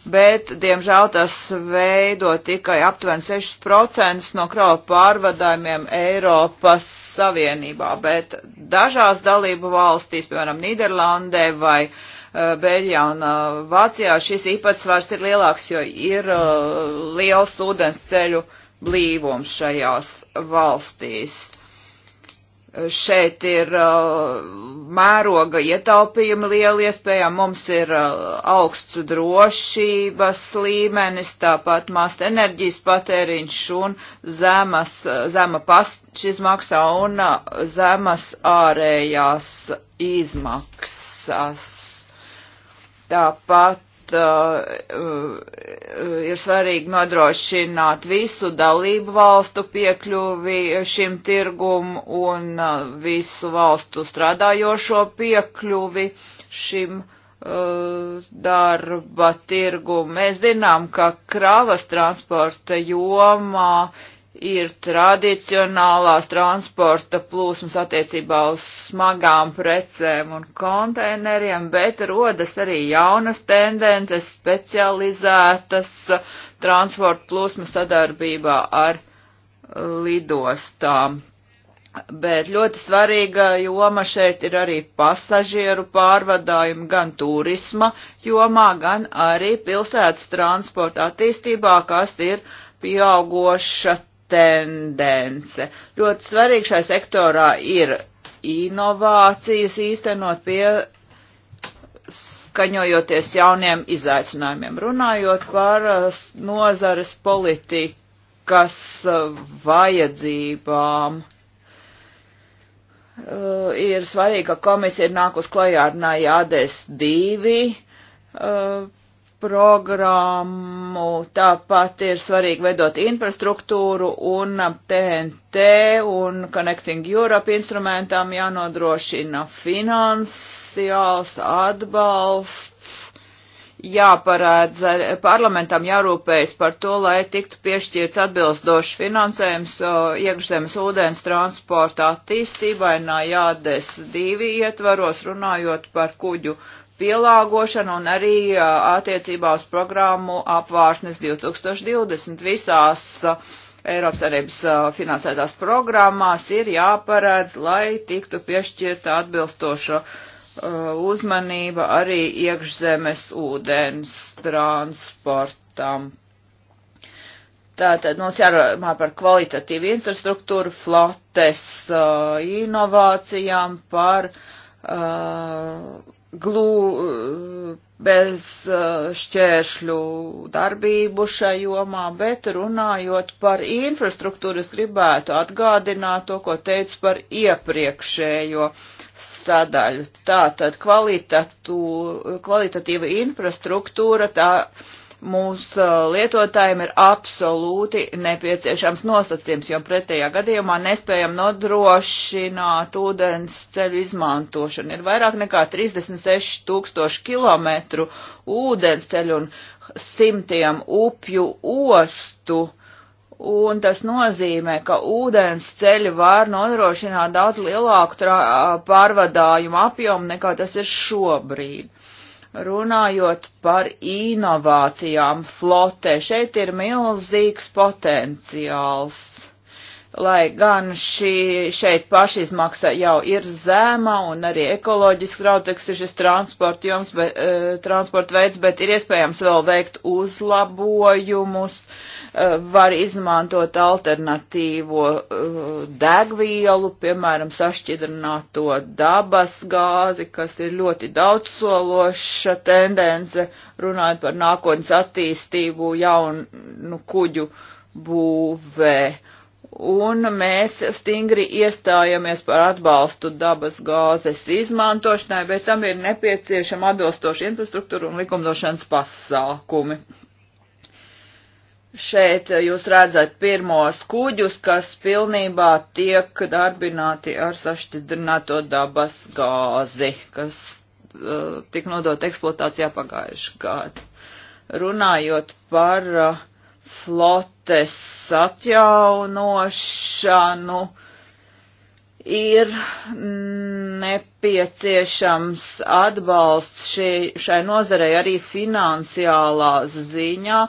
bet, diemžēl, tas veido tikai aptuveni 6% no kravu pārvadājumiem Eiropas Savienībā, bet dažās dalību valstīs, piemēram, Nīderlandē vai uh, Beļģijā un uh, Vācijā, šis īpatsvars ir lielāks, jo ir uh, liels ūdens ceļu blīvums šajās valstīs. Šeit ir uh, mēroga ietaupījumi lieli iespējām, mums ir uh, augsts drošības līmenis, tāpat mās enerģijas patēriņš un zemas, zema pašizmaksā un uh, zemas ārējās izmaksas. Tāpat Uh, uh, ir svarīgi nodrošināt visu dalību valstu piekļuvi šim tirgumu un uh, visu valstu strādājošo piekļuvi šim uh, darba tirgumu. Mēs zinām, ka kravas transporta jomā uh, ir tradicionālās transporta plūsmas attiecībā uz smagām precēm un konteineriem, bet rodas arī jaunas tendences, specializētas transporta plūsmas sadarbībā ar lidostām. Bet ļoti svarīga joma šeit ir arī pasažieru pārvadājumi gan turisma jomā, gan arī pilsētas transporta attīstībā, kas ir pieaugoša tendence. Ļoti svarīgi šai sektorā ir inovācijas īstenot pie skaņojoties jauniem izaicinājumiem, runājot par eh, nozares politikas eh, vajadzībām. Eh, ir svarīgi, ka komisija ir nākus klajā ar NAJADES 2 programmu, tāpat ir svarīgi veidot infrastruktūru un TNT un Connecting Europe instrumentām jānodrošina finansiāls atbalsts, jāparādz parlamentam jārūpējas par to, lai tiktu piešķirts atbilstošs finansējums iekšzemes ūdens transporta attīstībai, nājādes divi ietvaros runājot par kuģu pielāgošanu un arī attiecībā uz programmu apvāršanas 2020 visās Eiropas Savienības finansētās programmās ir jāparēdz, lai tiktu piešķirta atbilstoša uzmanība arī iekšzemes ūdens transportam. Tātad mums jārunā par kvalitatīvu infrastruktūru, flotes inovācijām, par uh, glū, bez eh, šķēršļu darbību šai jomā, bet runājot par infrastruktūru, es gribētu atgādināt to, ko teicu par iepriekšējo sadaļu. Tātad kvalitatīva infrastruktūra, tā mūsu uh, lietotājiem ir absolūti nepieciešams nosacījums, jo pretējā gadījumā nespējam nodrošināt ūdens ceļu izmantošanu. Ir vairāk nekā 36 tūkstoši kilometru ūdens ceļu un simtiem upju ostu. Un tas nozīmē, ka ūdens ceļi var nodrošināt daudz lielāku pārvadājumu apjomu nekā tas ir šobrīd runājot par inovācijām flotē. Šeit ir milzīgs potenciāls lai gan šī šeit pašizmaksa jau ir zēma un arī ekoloģiski grauds ir šis transporta jums, bet, e, transporta veids, bet ir iespējams vēl veikt uzlabojumus, e, var izmantot alternatīvo e, degvielu, piemēram, sašķidrināto dabas gāzi, kas ir ļoti daudzsološa tendence, runājot par nākotnes attīstību jaunu kuģu būvē un mēs stingri iestājamies par atbalstu dabas gāzes izmantošanai, bet tam ir nepieciešama atbilstoša infrastruktūra un likumdošanas pasākumi. Šeit jūs redzat pirmos kuģus, kas pilnībā tiek darbināti ar sašķidrināto dabas gāzi, kas uh, tik nodot eksploatācijā pagājuši gadu. Runājot par uh, flotes atjaunošanu ir nepieciešams atbalsts šī, šai nozarei arī finansiālā ziņā.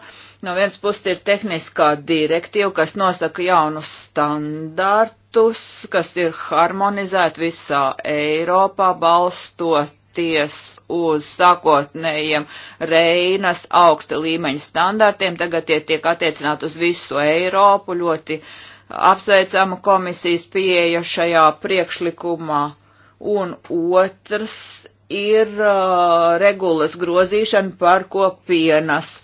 No vienas puses ir tehniskā direktīva, kas nosaka jaunus standartus, kas ir harmonizēti visā Eiropā, balstot balstoties uz sākotnējiem Reinas augsta līmeņa standartiem. Tagad tie tiek attiecināti uz visu Eiropu. Ļoti apsveicama komisijas pieeja šajā priekšlikumā. Un otrs ir uh, regulas grozīšana par kopienas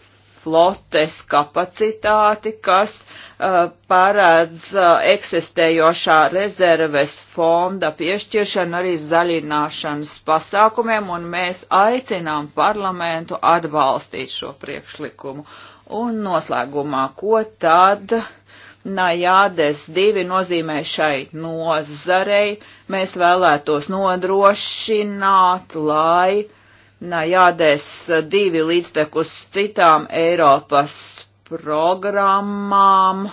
flotes kapacitāti, kas uh, paredz uh, eksistējošā rezerves fonda piešķiršanu arī zaļināšanas pasākumiem, un mēs aicinām parlamentu atbalstīt šo priekšlikumu. Un noslēgumā, ko tad Najādes divi nozīmē šai nozarei, mēs vēlētos nodrošināt, lai uh, Najādēs eh, divi līdztekus citām Eiropas programmām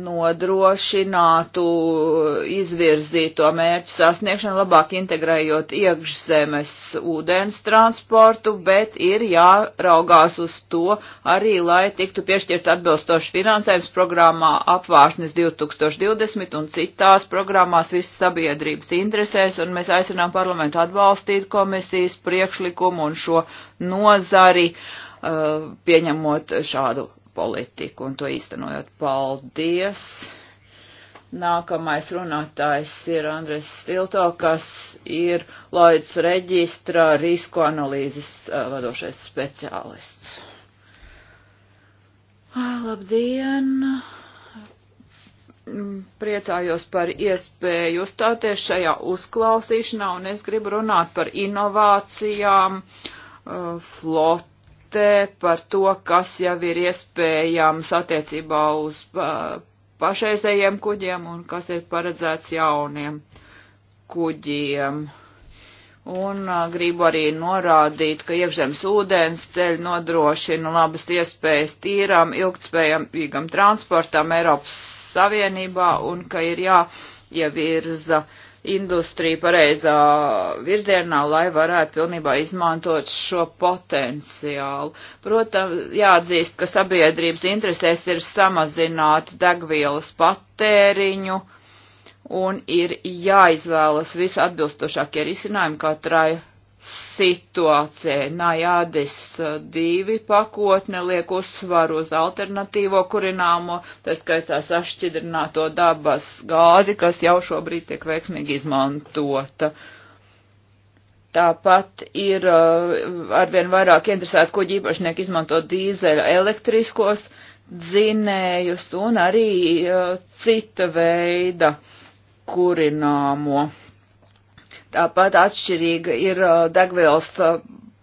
nodrošinātu izvirzīto mērķu sasniegšanu, labāk integrējot iekšzemes ūdens transportu, bet ir jāraugās uz to arī, lai tiktu piešķirts atbilstoši finansējums programmā apvārsnes 2020 un citās programmās visas sabiedrības interesēs, un mēs aicinām parlamentu atbalstīt komisijas priekšlikumu un šo nozari, uh, pieņemot šādu politiku un to īstenojot. Paldies! Nākamais runātājs ir Andres Stilto, kas ir Lloyds reģistrā risku analīzes vadošais speciālists. Labdien! Mm, priecājos par iespēju uzstāties šajā uzklausīšanā un es gribu runāt par inovācijām, flot debatē par to, kas jau ir iespējams attiecībā uz pašreizējiem kuģiem un kas ir paredzēts jauniem kuģiem. Un a, gribu arī norādīt, ka iekšzemes ūdens ceļi nodrošina labas iespējas tīram, ilgtspējamīgam transportam Eiropas Savienībā un ka ir jāievirza. Ja industriju pareizā virzienā, lai varētu pilnībā izmantot šo potenciālu. Protams, jāatzīst, ka sabiedrības interesēs ir samazināt degvielas patēriņu un ir jāizvēlas visatbilstošākie risinājumi katrai situācijai. Najādis uh, divi pakotne liek uzsvaru uz alternatīvo kurināmo, tā skaitā sašķidrināto dabas gāzi, kas jau šobrīd tiek veiksmīgi izmantota. Tāpat ir uh, arvien vairāk interesēti, ko ģīpašnieki izmanto dīzeļa elektriskos dzinējus un arī uh, cita veida kurināmo. Tāpat atšķirīga ir uh, degvielas uh,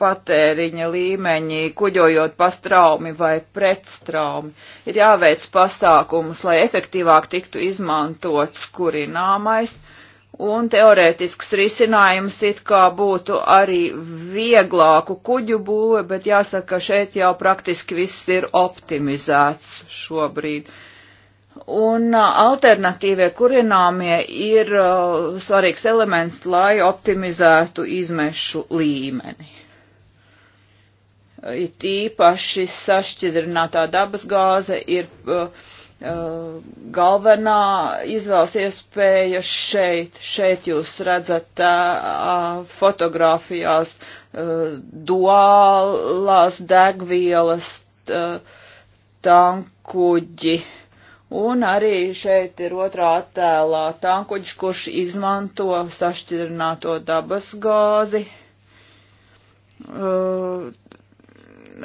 patēriņa līmeņi, kuģojot pa straumi vai pretstraumi. Ir jāveic pasākumus, lai efektīvāk tiktu izmantots kurināmais, un teorētisks risinājums it kā būtu arī vieglāku kuģu būve, bet jāsaka, šeit jau praktiski viss ir optimizēts šobrīd. Uh, Un uh, alternatīvie kurināmie ir uh, svarīgs elements, lai optimizētu izmešu līmeni. Uh, it īpaši sašķidrinātā dabas gāze ir uh, uh, galvenā izvēles iespēja šeit. Šeit jūs redzat uh, fotografijās duālās degvielas tankuģi Un arī šeit ir otrā attēlā tankuģis, kurš izmanto sašķirināto dabas gāzi. Uh,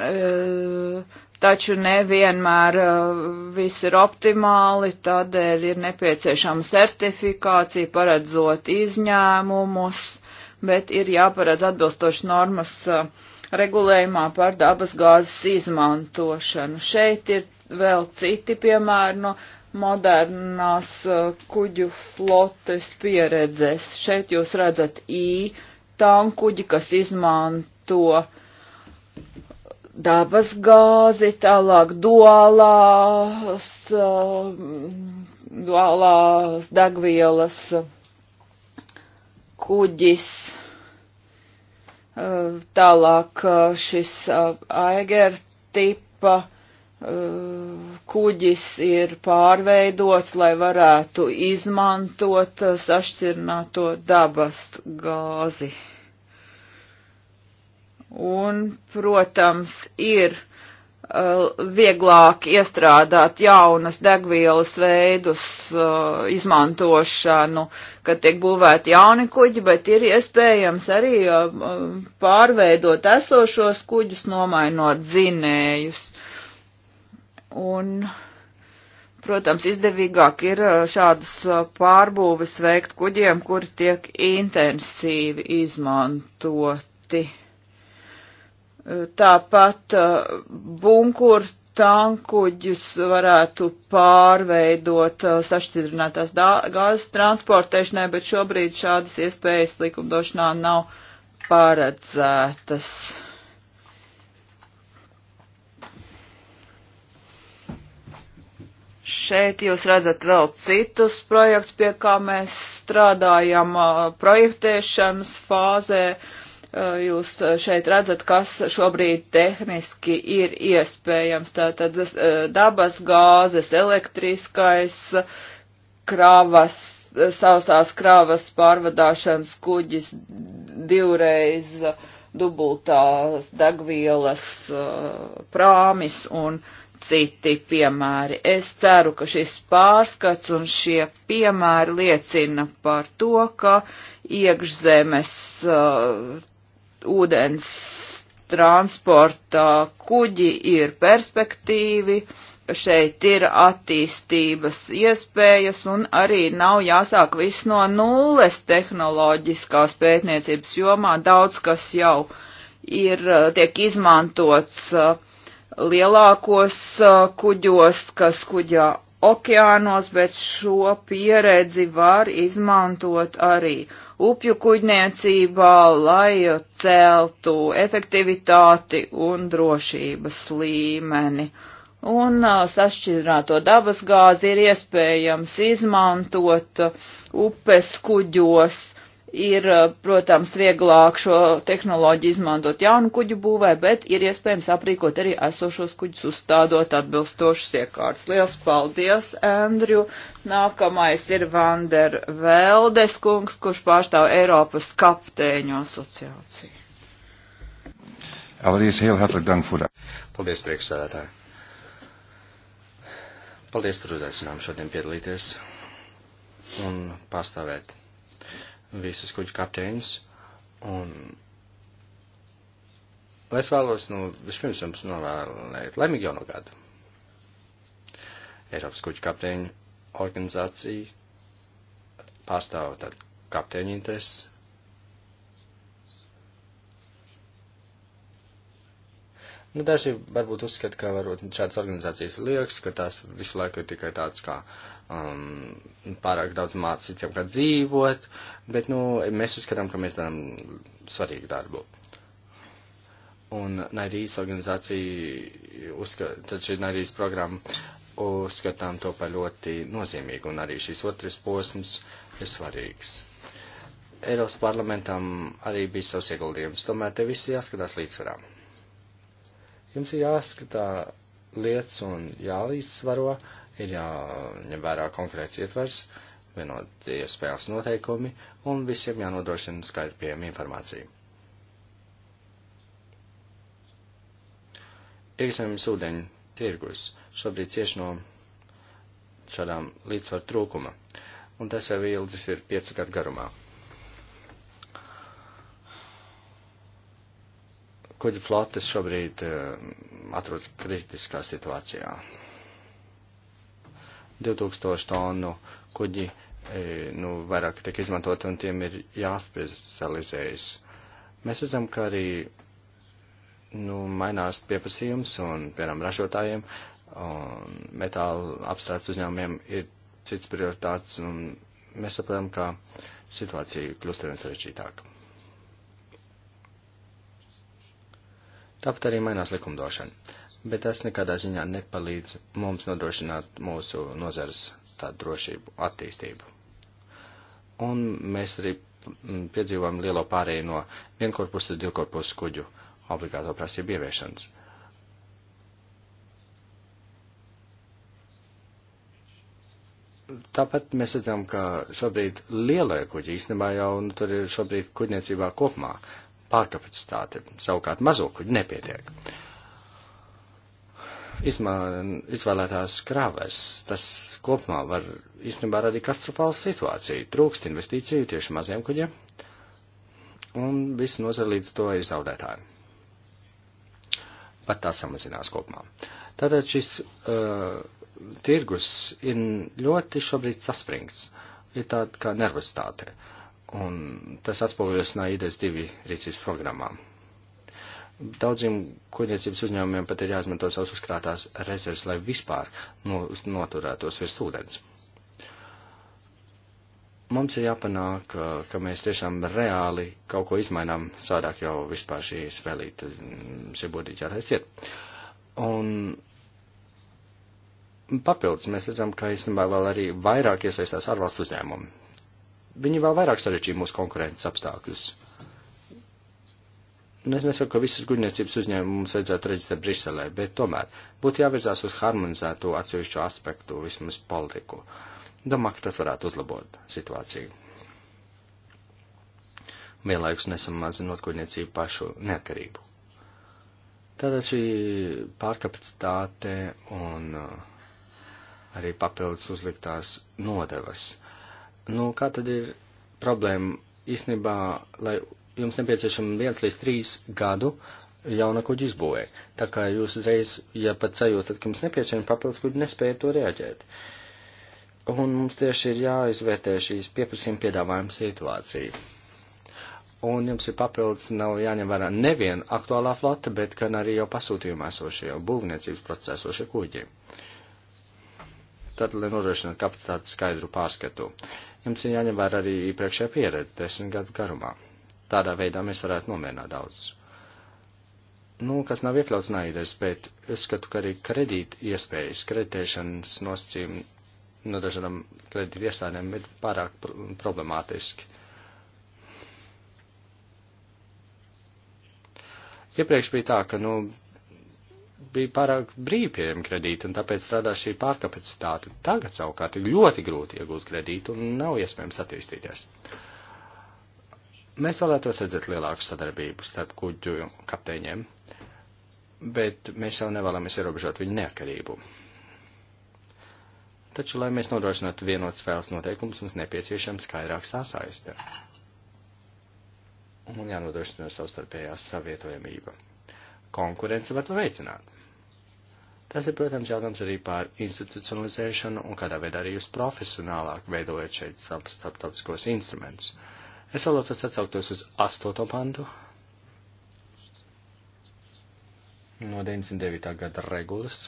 uh, taču nevienmēr uh, viss ir optimāli, tādēļ ir nepieciešama certifikācija, paredzot izņēmumus, bet ir jāparedz atbilstošas normas uh, regulējumā par dabas gāzes izmantošanu. Šeit ir vēl citi piemēri no modernās uh, kuģu flotes pieredzes. Šeit jūs redzat I tankuģi, kas izmanto dabas gāzi, tālāk duālās, uh, duālās degvielas kuģis Eh, tālāk eh, šis eh, Aiger tipa kuģis ir pārveidots, lai varētu izmantot sašķirnāto dabas gāzi. Un, protams, ir Uh, vieglāk iestrādāt jaunas degvielas veidus, uh, izmantošanu, kad tiek būvēti jauni kuģi, bet ir iespējams arī uh, pārveidot esošos kuģus, nomainot zinējus. Un, protams, izdevīgāk ir šādas pārbūves veikt kuģiem, kuri tiek intensīvi izmantoti. Tāpat uh, bunkur tankuģus varētu pārveidot uh, sašķidrinātās gāzes transportēšanai, bet šobrīd šādas iespējas likumdošanā nav paredzētas. Šeit jūs redzat vēl citus projekts, pie kā mēs strādājam uh, projektēšanas fāzē. Uh, Eh, jūs eh, šeit redzat, kas šobrīd tehniski ir iespējams. Tātad eh, dabas gāzes, elektriskais kravas, sausās kravas pārvadāšanas kuģis divreiz dubultās degvielas prāmis un citi piemēri. Es ceru, ka šis pārskats un šie piemēri liecina par to, ka iekšzemes uh, ūdens transportā kuģi ir perspektīvi, šeit ir attīstības iespējas un arī nav jāsāk viss no nulles tehnoloģiskās pētniecības jomā. Daudz kas jau ir, tiek izmantots uh, lielākos uh, kuģos, kas kuģā okeānos, bet šo pieredzi var izmantot arī upju kuģniecībā, lai celtu efektivitāti un drošības līmeni. Un sašķirināto dabas gāzi ir iespējams izmantot upes kuģos, Ir, eh, protams, vieglāk šo tehnoloģiju izmantot jaunu kuģu būvē, bet ir iespējams aprīkot arī esošos kuģus, uzstādot atbilstošas iekārtas. Liels paldies, Andriu! Nākamais ir Vander Veldes kungs, kurš pārstāv Eiropas kapteiņu asociāciju. Allereerst heel hartelijk dank voor dat. Paldies, priekšsēdētāji. Paldies par uzaicinājumu šodien piedalīties un pastāvēt visus kuģu kapteiņus. Un lai es vēlos, nu, vispirms jums novēlēt laimīgu jauno gadu. Eiropas kuģu kapteiņu organizācija pārstāv tad kapteiņu intereses Nu, daži varbūt uzskata, ka varbūt šādas organizācijas liekas, ka tās visu laiku ir tikai tāds kā um, pārāk daudz mācītiem, kā dzīvot, bet, nu, mēs uzskatām, ka mēs darām svarīgu darbu. Un Nairijas organizācija, uzskat, tad šī Nairijas programma uzskatām to par ļoti nozīmīgu, un arī šīs otrs posms ir svarīgs. Eiropas parlamentam arī bija savs ieguldījums, tomēr te viss jāskatās līdzsvarām. Jums ir jāskatā lietas un jālīdzsvaro, ir jāņem vērā konkrēts ietvers, vienotie spēles noteikumi un visiem jānodrošina skaidri pieejama informācija. Iekasējums ūdeņu tirgus šobrīd cieši no šādām līdzsvaru trūkuma, un tas jau ilgas ir piecu gadu garumā. kuģu flotes šobrīd eh, atrodas kritiskā situācijā. 2000 tonu kuģi eh, nu, vairāk tiek izmantot un tiem ir jāspecializējas. Mēs redzam, ka arī nu, mainās pieprasījums un, piemēram, ražotājiem un metāla apstrādes uzņēmumiem ir cits prioritāts un mēs saprotam, ka situācija kļūst ar vien sarežģītāka. Tāpat arī mainās likumdošana, bet tas nekādā ziņā nepalīdz mums nodrošināt mūsu nozares tādu drošību, attīstību. Un mēs arī mm, piedzīvojam lielo pārēju no vienkorpusa uz divkorpusa kuģu obligāto prasību ieviešanas. Tāpat mēs redzam, ka šobrīd lielie kuģi īstenībā jau nu, tur ir šobrīd kuģniecībā kopumā pārkapacitāte, savukārt mazo kuģi nepietiek. Izmā, izvēlētās krāvēs tas kopumā var īstenībā radīt katastrofālu situāciju. Trūkst investīciju tieši maziem kuģiem, un visi nozara līdz to ir zaudētāji. Pat tā samazinās kopumā. Tātad šis uh, tirgus ir ļoti šobrīd saspringts, ir tāda kā nervozitāte. Uh, un tas atspoguļos no IDS divi rīcības programmām. Daudziem kuģniecības uzņēmumiem pat ir jāizmanto savas uzkrātās rezerves, lai vispār no, noturētos virs ūdens. Mums ir jāpanāk, ka mēs tiešām reāli kaut ko izmainām, sādāk jau vispār šīs vēlītas, mm, šie būdīķi jātaisiet. Un papildus mēs redzam, ka īstenībā vēl arī vairāk iesaistās ārvalstu uzņēmumi viņi vēl vairāk sarežģīja mūsu konkurences apstākļus. Un nu, es nesaku, ka visas guļniecības uzņēmumus vajadzētu reģistrēt Briselē, bet tomēr būtu jāvirzās uz harmonizēto atsevišķo aspektu, vismaz politiku. Domāju, ka tas varētu uzlabot situāciju. Vienlaikus nesamazinot guļniecību pašu neatkarību. Tātad šī pārkapacitāte un uh, arī papildus uzliktās nodevas Nu, kā tad ir problēma? Īstenībā, lai jums nepieciešama viens līdz trīs gadu jauna kuģa izbūvē. Tā kā jūs uzreiz, ja pat sajūtat, ka jums nepieciešama papildus kuģa, nespēja to reaģēt. Un mums tieši ir jāizvērtē šīs pieprasījuma piedāvājuma situācija un jums ir papildus nav jāņem vērā nevien aktuālā flota, bet gan arī jau pasūtījumā esošie, jau būvniecības procesā esošie kuģi. Tad, lai nodrošinātu kapacitātes skaidru pārskatu jums ir jāņem vērā arī iepriekšējā pieredze desmit gadu garumā. Tādā veidā mēs varētu nomierināt daudzus. Nu, kas nav iekļauts naides, bet es skatu, ka arī kredīt iespējas, kreditēšanas nosacījumi no dažādām kredīt iestādēm ir pārāk pr problemātiski. Iepriekš bija tā, ka, nu, bija pārāk brīvi pieejami kredīti, un tāpēc strādā šī pārkapacitāte. Tagad savukārt ir ļoti grūti iegūt kredītu un nav iespējams attīstīties. Mēs vēlētos redzēt lielāku sadarbību starp kuģu kapteiņiem, bet mēs jau nevēlamies ierobežot viņu neatkarību. Taču, lai mēs nodrošinātu vienotas spēles noteikumus, mums nepieciešams skaidrāks tā saiste. Un jānodrošina savstarpējā savietojamība konkurence var to veicināt. Tas ir, protams, jautājums arī par institucionalizēšanu un kādā veidā arī jūs profesionālāk veidojat šeit starptautiskos instrumentus. Es vēlētos atsauktos uz 8. pantu no 99. gada regulas.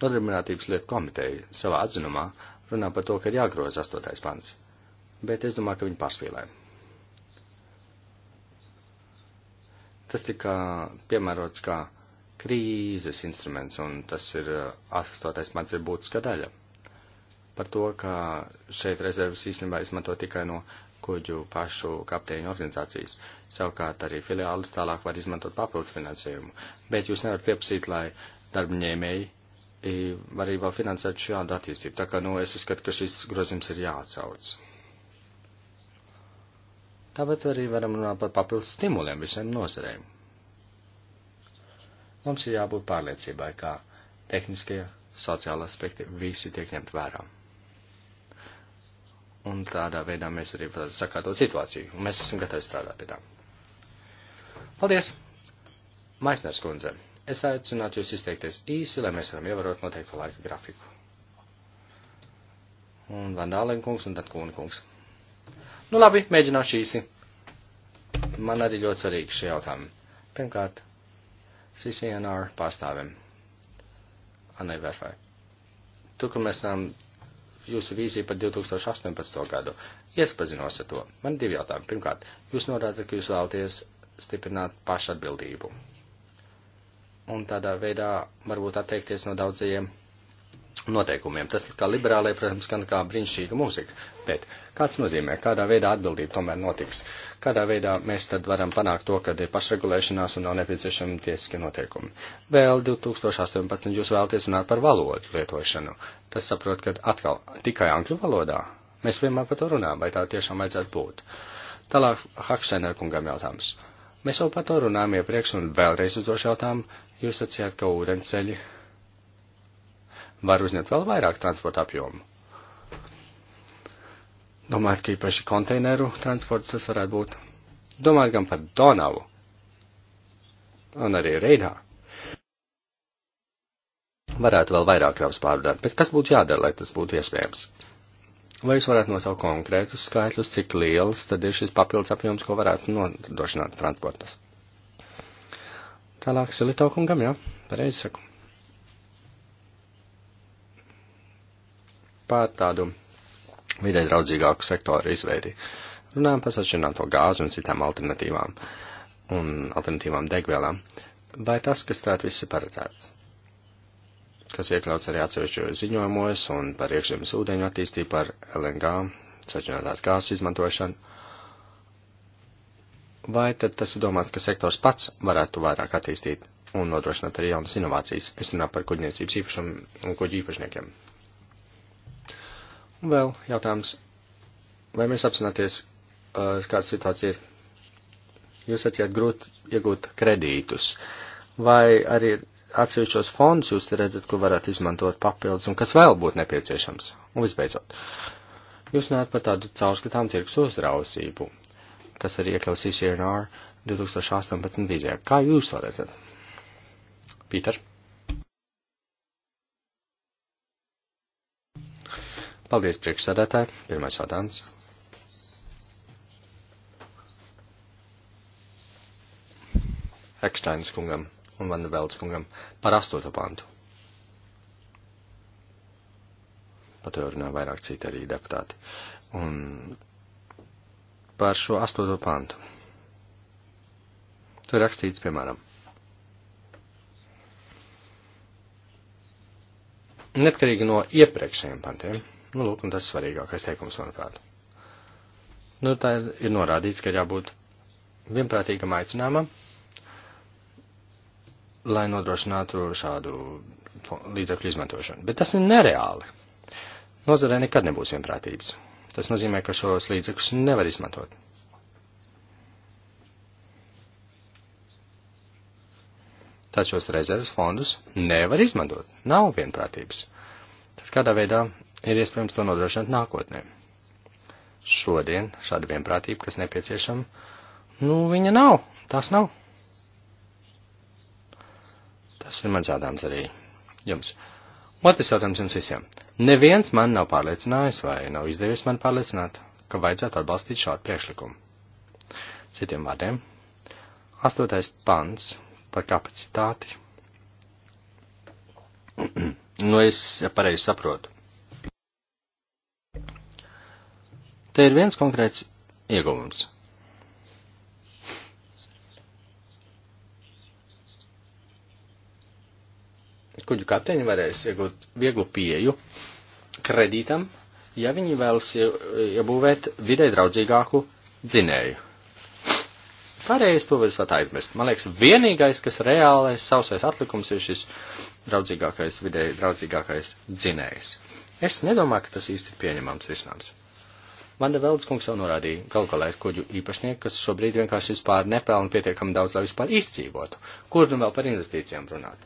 Nodarbinātības lietu komiteja savā atzinumā runā par to, ka ir jāgroza 8. pants, bet es domāju, ka viņi pārspīlēja. Tas tika piemērots kā krīzes instruments, un tas ir 8. mans ir būtiska daļa. Par to, ka šeit rezervas īstenībā izmanto tikai no kuģu pašu kapteiņu organizācijas. Savukārt arī filiālis tālāk var izmantot papildus finansējumu, bet jūs nevarat pieprasīt, lai darbņēmēji var arī vēl finansēt šādu attīstību. Tā kā, nu, es uzskatu, ka šis grozījums ir jāatsauc. Tāpat arī varam runāt par papildus stimuliem visiem nozarēm. Mums ir jābūt pārliecībai, ka tehniskie, sociāli aspekti visi tiek ņemt vērā. Un tādā veidā mēs arī sakārtot situāciju, un mēs esam gatavi strādāt pie tā. Paldies! Maisners kundze, es aicinātu jūs izteikties īsi, lai mēs varam ievarot noteiktu laika grafiku. Un Vandālenkungs un tad Kūnkungs. kungs. Nu labi, mēģināšu īsi. Man arī ļoti svarīgi šie jautājumi. Pirmkārt, CCNR pārstāvim. Anai Verfai. Tur, kur mēs esam jūsu vīziju par 2018. gadu, iespazinos ar to. Man divi jautājumi. Pirmkārt, jūs norādāt, ka jūs vēlaties stiprināt pašatbildību. Un tādā veidā varbūt atteikties no daudzajiem noteikumiem. Tas kā liberālai, protams, skan kā brīnišķīga mūzika, bet kāds nozīmē, kādā veidā atbildība tomēr notiks? Kādā veidā mēs tad varam panākt to, ka ir pašregulēšanās un nav nepieciešami tiesiski noteikumi? Vēl 2018. jūs vēlaties runāt par valodu lietošanu. Tas saprot, ka atkal tikai angļu valodā. Mēs vienmēr par to runājam, vai tā tiešām vajadzētu būt. Tālāk Haksteiner kungam jautājums. Mēs jau par to runājam iepriekš un vēlreiz uz to jautājumu. Jūs sacījāt, ka ūdenceļi var uzņemt vēl vairāk transporta apjomu. Domājot, ka īpaši konteineru transports tas varētu būt. Domājot gan par Donavu un arī Reidā. Varētu vēl vairāk kravas pārvadāt, bet kas būtu jādara, lai tas būtu iespējams? Vai jūs varētu nosaukt konkrētus skaitļus, cik liels tad ir šis papildus apjoms, ko varētu nodrošināt transportas? Tālāk Silitokungam, jā, pareizi saku. par tādu vidē draudzīgāku sektoru izveidi. Runājam par sašķirināto gāzi un citām alternatīvām un alternatīvām degvielām. Vai tas, kas tāt viss ir paredzēts? Kas iekļauts arī atsevišķu ziņojumos un par iekšzemes ūdeņu attīstību, par LNG, sašķirinātās gāzes izmantošanu. Vai tad tas ir domāts, ka sektors pats varētu vairāk attīstīt un nodrošināt arī jaunas inovācijas? Es runāju par kuģniecības īpašumu un kuģi īpašniekiem. Un vēl jautājums, vai mēs apzināties, eh, kāda situācija ir? Jūs sacījāt grūti iegūt kredītus, vai arī atsevišķos fondus jūs redzat, ko varat izmantot papildus un kas vēl būtu nepieciešams? Un visbeidzot, jūs nāc par tādu caurskatām tirgus uzrausību, kas arī iekļaus ICNR 2018 vīzijā. Kā jūs to redzat? Pīter? Paldies, priekšsēdētāji. Pirmais jautājums. Ekštainas kungam un Vandeveldes kungam par astoto pantu. Par to jau runā vairāk citi arī deputāti. Un par šo astoto pantu. Tur rakstīts, piemēram, netkarīgi no iepriekšējiem pantiem. Nu, lūk, un tas svarīgākais teikums, manuprāt. Nu, tā ir norādīts, ka jābūt vienprātīgam aicinājumam, lai nodrošinātu šādu līdzekļu izmantošanu. Bet tas ir nereāli. Nozarē nekad nebūs vienprātības. Tas nozīmē, ka šos līdzekļus nevar izmantot. Tačos rezerves fondus nevar izmantot. Nav vienprātības. Tad kādā veidā ir iespējams to nodrošināt nākotnē. Šodien šāda vienprātība, kas nepieciešama, nu, viņa nav, tās nav. Tas ir mans jādāms arī jums. Otrs jautājums jums visiem. Neviens man nav pārliecinājis vai nav izdevies man pārliecināt, ka vajadzētu atbalstīt šādu priekšlikumu. Citiem vārdiem, astotais pants par kapacitāti. nu, es ja pareizi saprotu Te ir viens konkrēts ieguvums. Kuģu kapteiņi varēs iegūt vieglu pieju kredītam, ja viņi vēlas iebūvēt vidē draudzīgāku dzinēju. Pārējais to var sat aizmest. Man liekas, vienīgais, kas reālais sausais atlikums ir šis draudzīgākais, vidē draudzīgākais dzinējs. Es nedomāju, ka tas īsti ir pieņemams risinājums. Vanda Veldskungs jau norādīja, gal galā ir kuģu īpašnieki, kas šobrīd vienkārši vispār nepelna pietiekami daudz, lai vispār izcīvotu. Kur nu vēl par investīcijām runāt?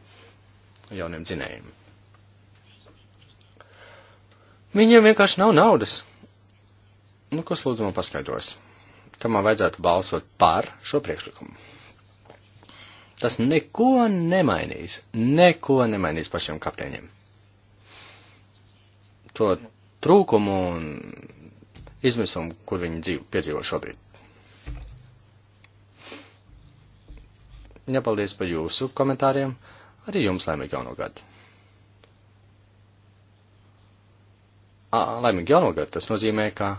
Jauniem dzinējiem. Viņiem vienkārši nav naudas. Nu, kas lūdzu man paskaidros, ka man vajadzētu balsot par šo priekšlikumu? Tas neko nemainīs, neko nemainīs pašiem kapteiņiem. To trūkumu un izmisumu, kur viņi dzīvo, piedzīvo šobrīd. Nepaldies par jūsu komentāriem. Arī jums laimīgi jauno gadu. Laimīgi jauno gadu tas nozīmē, ka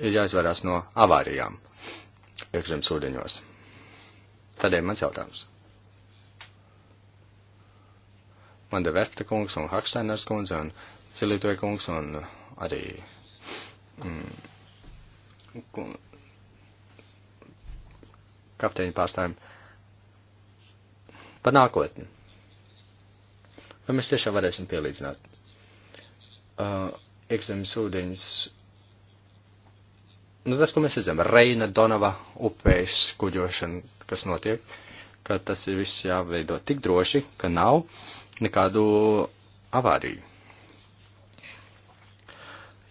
ir jāizvarās no avārijām iekšzemes ūdeņos. Tādēļ mans jautājums. Vanda Verfta kungs un Haksteiners kundze un Cilītoja kungs un arī mm, kapteiņu pārstāvjiem par nākotni. Vai mēs tiešām varēsim pielīdzināt uh, iekšzemes ūdeņus? Nu, tas, ko mēs redzam, Reina Donava upēs kuģošana, kas notiek, ka tas ir viss jāveido tik droši, ka nav. Uh, nekādu avāriju.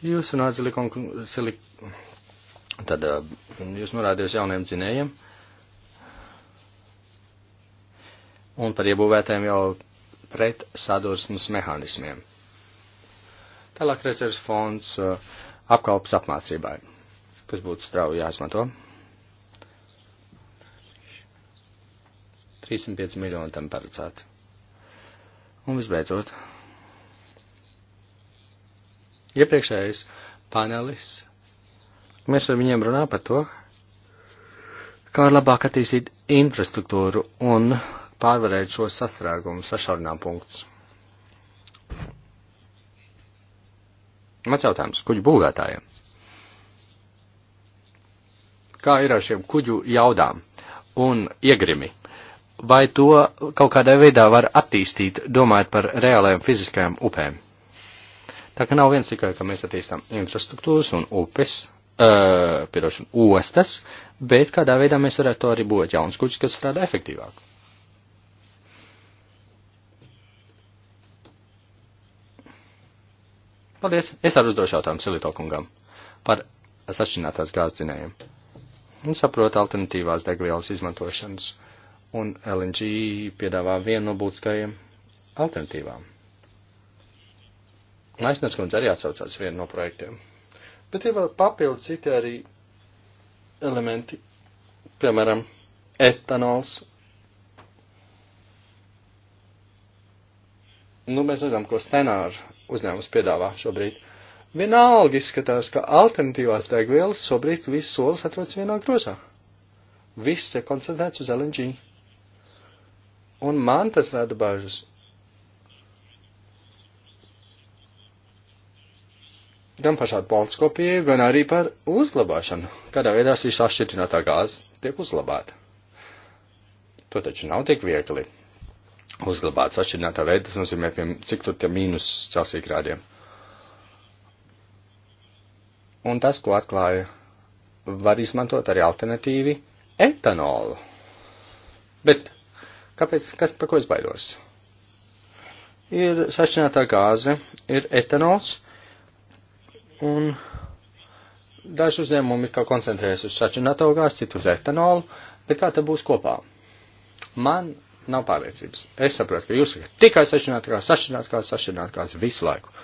Jūs runājat silikonu, silik, tad uh, jūs norādījāt jauniem dzinējiem un par iebūvētēm jau pret sadursmes mehānismiem. Tālāk rezerves fonds uh, apkalpas apmācībai, kas būtu strauji jāizmanto. 35 miljoni tam paredzētu. Un visbeidzot, iepriekšējais panelis, mēs ar viņiem runā par to, kā labāk attīstīt infrastruktūru un pārvarēt šo sastrēgumu, sašaurinām punktus. Mans jautājums kuģu būvētājiem. Kā ir ar šiem kuģu jaudām un iegrimi? vai to kaut kādā veidā var attīstīt, domājot par reālajām fiziskajām upēm. Tā ka nav viens tikai, ka mēs attīstām infrastruktūras un upes, uh, pirošana, ostas, bet kādā veidā mēs varētu to arī būt jauns kuģis, kas strādā efektīvāk. Paldies! Es arī uzdošu jautājumu Silitokungam par sašķinātās gāzdzinējumu un saprotu alternatīvās degvielas izmantošanas uh, un LNG piedāvā vienu no būtiskajiem alternatīvām. Naisners kundze arī atsaucās vienu no projektiem. Bet ir vēl papildu citi arī elementi, piemēram, etanols. Nu, mēs redzam, ko Stenāra uzņēmums piedāvā šobrīd. Vienalga izskatās, ka alternatīvās degvielas šobrīd viss solis atrodas vienā grozā. Viss ir koncentrēts uz LNG. Un man tas rada bažas. Gan par šādu politisko pieeju, gan arī par uzglabāšanu, kādā veidā šī sašķirtinātā gāze tiek uzglabāta. To taču nav tik viegli uzglabāt sašķirtinātā veidā, tas nozīmē, piemēram, cik tur tie mīnus Celsija grādiem. Un tas, ko atklāja, var izmantot arī alternatīvi etanolu. Bet Kāpēc, kas, par ko es baidos? Ir sašķinātā gāze, ir etanols, un daži uzņēmumi kā koncentrējas uz sašķināto gāzi, citu uz etanolu, bet kā te būs kopā? Man nav pārliecības. Es saprotu, ka jūs sakat tikai sašķinātā gāze, sašķinātā gāze, sašķinātā gāze visu laiku.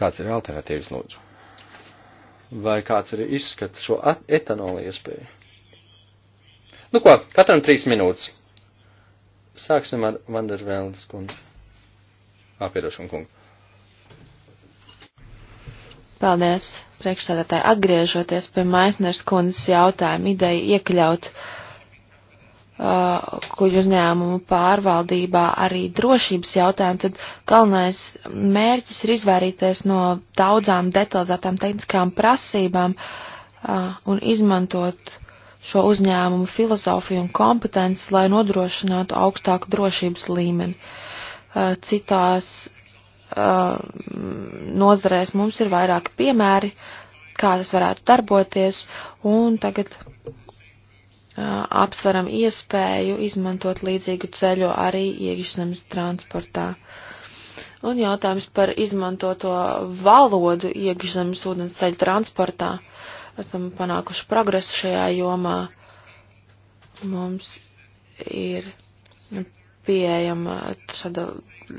Kāds ir alternatīvas lūdzu? Vai kāds arī izskata šo etanolu iespēju? Nu ko, katram trīs minūtes. Sāksim ar Vandervēldes kundzi. Apiedošanu kungu. Paldies, priekšsēdētāji. Atgriežoties pie Maisners kundzes jautājuma, ideja iekļaut uh, kuģu uzņēmumu pārvaldībā arī drošības jautājumu, tad galvenais mērķis ir izvairīties no daudzām detalizētām tehniskām prasībām uh, un izmantot šo uzņēmumu filozofiju un kompetences, lai nodrošinātu augstāku drošības līmeni. Eh, citās eh, nozarēs mums ir vairāki piemēri, kā tas varētu darboties, un tagad eh, apsveram iespēju izmantot līdzīgu ceļu arī iekšzemes transportā. Un jautājums par izmantoto valodu iekšzemes ūdens ceļu transportā. Uh, esam panākuši progresu šajā jomā. Mums ir pieejama šāda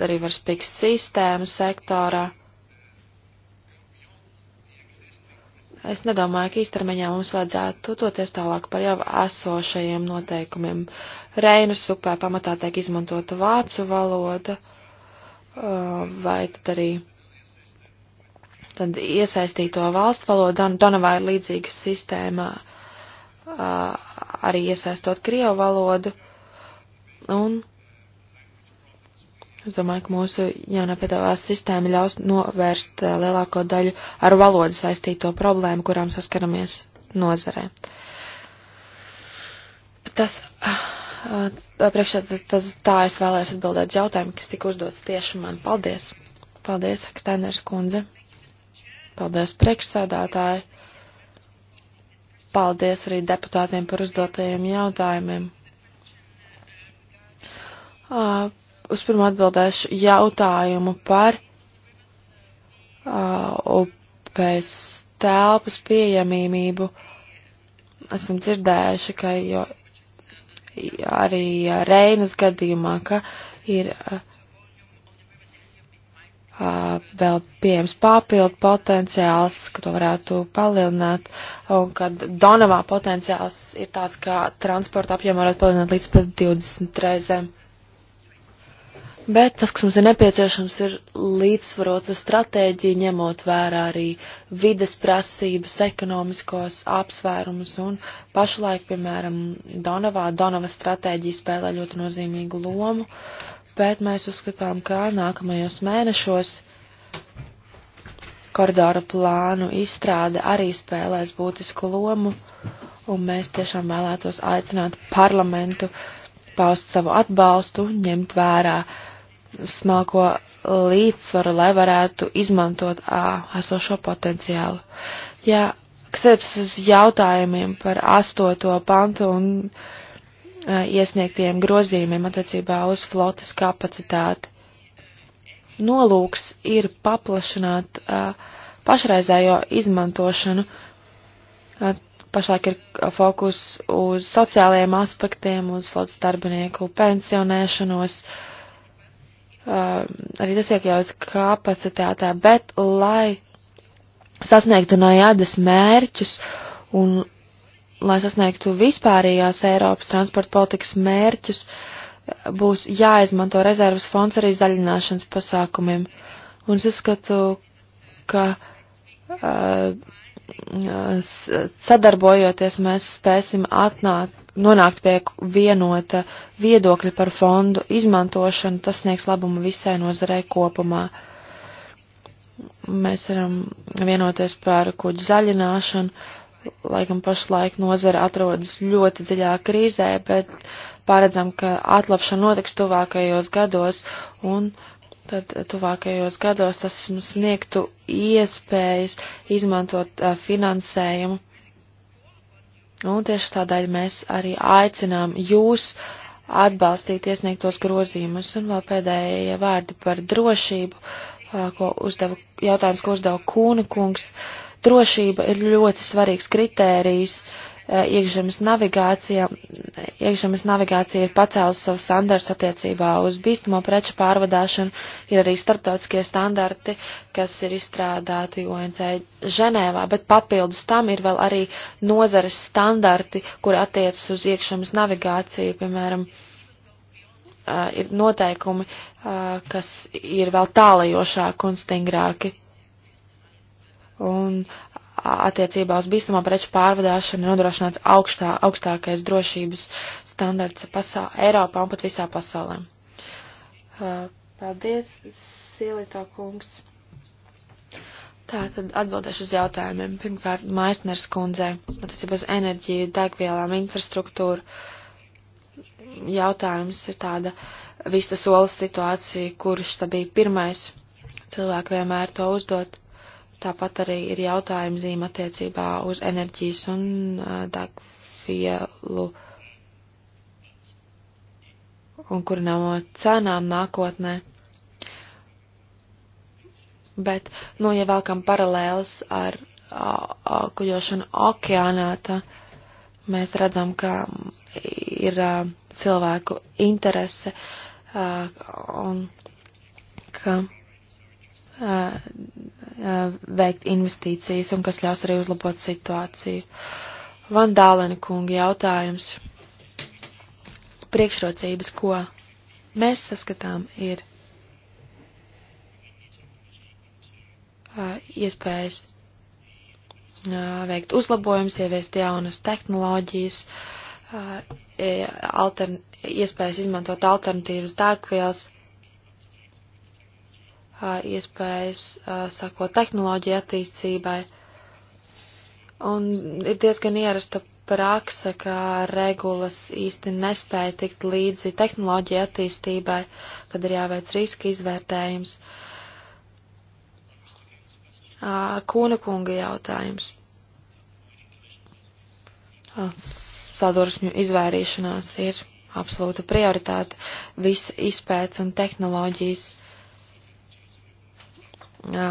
arī varspīgs sistēma sektorā. Es nedomāju, ka īstermiņā mums vajadzētu doties tālāk par jau esošajiem noteikumiem. Reinas upē pamatā tiek izmantota vācu valoda, uh, vai tad arī tad iesaistīto valstu valodu, nu, Donavā ir līdzīga sistēma, arī iesaistot Krievu valodu, un es domāju, ka mūsu jaunā pedagogā sistēma ļaus novērst lielāko daļu ar valodu saistīto problēmu, kurām saskaramies nozarē. Bet tas, priekšā, tas, tā es vēlēšu atbildēt jautājumu, kas tika uzdots tieši man. Paldies! Paldies, Akstēners kundze! Paldies priekšsēdētāji. Paldies arī deputātiem par uzdotajiem jautājumiem. Uh, uzpirms atbildēšu jautājumu par uh, upes telpas pieejamību. Esam dzirdējuši, ka jo, arī Reinas gadījumā, ka ir uh, Uh, vēl pieejams papildu potenciāls, ka to varētu palielināt, un ka Donavā potenciāls ir tāds, ka transporta apjomu varētu palielināt līdz pat 20 reizēm. Bet tas, kas mums ir nepieciešams, ir līdzsvarota stratēģija, ņemot vērā arī vides prasības, ekonomiskos apsvērumus, un pašlaik, piemēram, Donavā, Donava stratēģija spēlē ļoti nozīmīgu lomu. Uh, bet mēs uzskatām, ka nākamajos mēnešos koridora plānu izstrāde arī spēlēs būtisku lomu, un mēs tiešām vēlētos aicināt parlamentu paust savu atbalstu, ņemt vērā smalko līdzsvaru, lai varētu izmantot esošo potenciālu. Jā, kas attiecas uz jautājumiem par astoto pantu un iesniegtiem grozījumiem attiecībā uz flotas kapacitāti. Nolūks ir paplašināt uh, pašreizējo izmantošanu. Uh, pašlaik ir fokus uz sociālajiem aspektiem, uz flotas darbinieku pensionēšanos. Uh, arī tas iekļauts kapacitātē, bet lai sasniegtu no jādas mērķus un lai sasniegtu vispārējās Eiropas transporta politikas mērķus, būs jāizmanto rezervas fonds arī zaļināšanas pasākumiem. Un es uzskatu, ka uh, sadarbojoties mēs spēsim atnākt, nonākt pie vienota viedokļa par fondu izmantošanu, tas sniegs labumu visai nozarei kopumā. Mēs varam vienoties par kuģu zaļināšanu, laikam pašlaik nozara atrodas ļoti dziļā krīzē, bet paredzam, ka atlapšana notiks tuvākajos gados, un tad tuvākajos gados tas mums sniegtu iespējas izmantot uh, finansējumu. Un tieši tādēļ mēs arī aicinām jūs atbalstīt iesniegtos grozījumus. Un vēl pēdējie vārdi par drošību, uh, ko uzdeva, jautājums, ko uzdeva Kūna kungs. Uh, drošība ir ļoti svarīgs kritērijs eh, iekšzemes navigācijā. Iekšzemes navigācija ir pacēlusi savus standartus attiecībā uz bīstamo preču pārvadāšanu. Ir arī starptautiskie standarti, kas ir izstrādāti ONC Ženēvā, bet papildus tam ir vēl arī nozares standarti, kur attiecas uz iekšzemes navigāciju, piemēram. Uh, ir noteikumi, uh, kas ir vēl tālajošāki un stingrāki un attiecībā uz bīstamā preču pārvadāšanu ir nodrošināts augstā, augstākais drošības standarts pasā, Eiropā un pat visā pasaulē. Paldies, Silitā kungs. Tā tad atbildēšu uz jautājumiem. Pirmkārt, Maisners kundzei, attiecībā uz enerģiju, degvielām, infrastruktūru. Jautājums ir tāda vista sola situācija, kurš tā bija pirmais. Cilvēki vienmēr to uzdot Tāpat arī ir jautājuma zīme attiecībā uz enerģijas un uh, degvielu un kurināmo cenām nākotnē. Bet, nu, ja vēlkam paralēls ar uh, kuģošanu okeānā, tad mēs redzam, ka ir uh, cilvēku interese uh, un ka Uh, uh, veikt investīcijas un kas ļaus arī uzlabot situāciju. Vandālena kunga jautājums. Priekšrocības, ko mēs saskatām, ir uh, iespējas veikt uzlabojumus, ieviest jaunas tehnoloģijas, e, altern, iespējas izmantot alternatīvas dārgvielas, iespējas sakot tehnoloģiju attīstībai. Un ir diezgan ierasta praksa, ka regulas īsti nespēja tikt līdzi tehnoloģija attīstībai, tad ir jāveic riska izvērtējums. Kūna kunga jautājums. Sadursmju izvairīšanās ir absolūta prioritāte. Visa izpēta un tehnoloģijas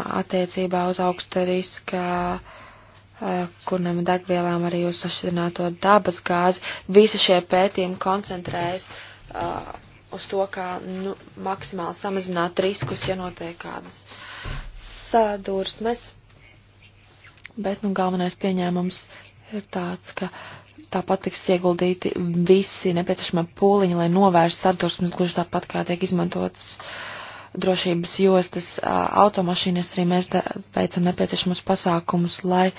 attiecībā uz augsta riska eh, kurnam degvielām arī uz sašķidrināto dabas gāzi. Visi šie pētījumi koncentrējas uh, uz to, kā nu, maksimāli samazināt riskus, ja notiek kādas sadursmes. Bet nu, galvenais pieņēmums ir tāds, ka tāpat tiks ieguldīti visi nepieciešamie pūliņi, lai novērstu sadursmes, gluži tāpat kā tiek izmantotas uh, drošības jostas automašīnas, arī mēs veicam nepieciešamus pasākumus, lai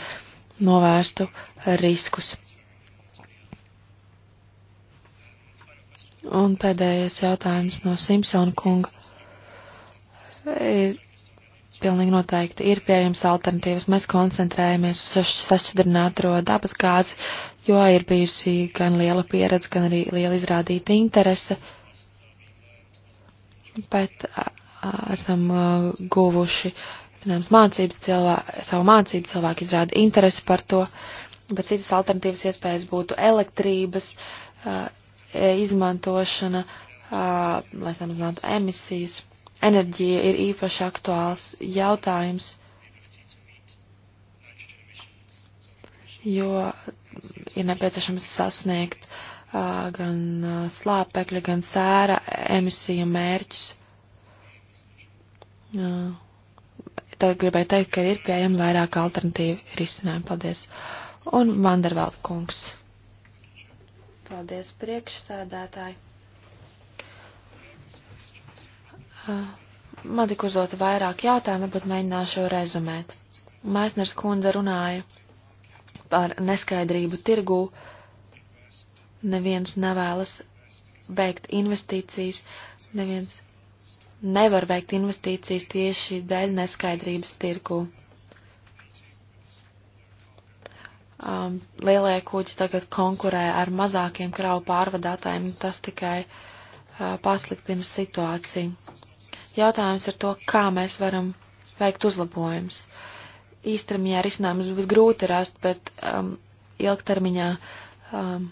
novērstu riskus. Un pēdējais jautājums no Simpsona kunga. Ir, pilnīgi noteikti ir pieejams alternatīvas. Mēs koncentrējamies uz sašķidrināto dabas gāzi, jo ir bijusi gan liela pieredze, gan arī liela izrādīta interese. Bet esam uh, guvuši zināms, mācības cilvēku, savu mācību, cilvēki izrāda interesi par to, bet citas alternatīvas iespējas būtu elektrības uh, izmantošana, uh, lai samazinātu emisijas. Enerģija ir īpaši aktuāls jautājums, jo ir nepieciešams sasniegt gan slāpekļa, gan sēra emisiju mērķus. Tad gribēju teikt, ka ir pieejami vairāk alternatīvu risinājumu. Paldies. Un Vanderveld kungs. Paldies priekšsēdētāji. Man tik uzdota vairāk jautājumu, varbūt mēģināšu rezumēt. Maisners kundze runāja par neskaidrību tirgū. Neviens nevēlas veikt investīcijas, neviens nevar veikt investīcijas tieši dēļ neskaidrības tirgū. Um, lielie kuģi tagad konkurē ar mazākiem kravu pārvadātājiem, tas tikai uh, pasliktina situāciju. Jautājums ir to, kā mēs varam veikt uzlabojumus. Īstermiņā risinājumus būs grūti rast, bet um, ilgtermiņā um,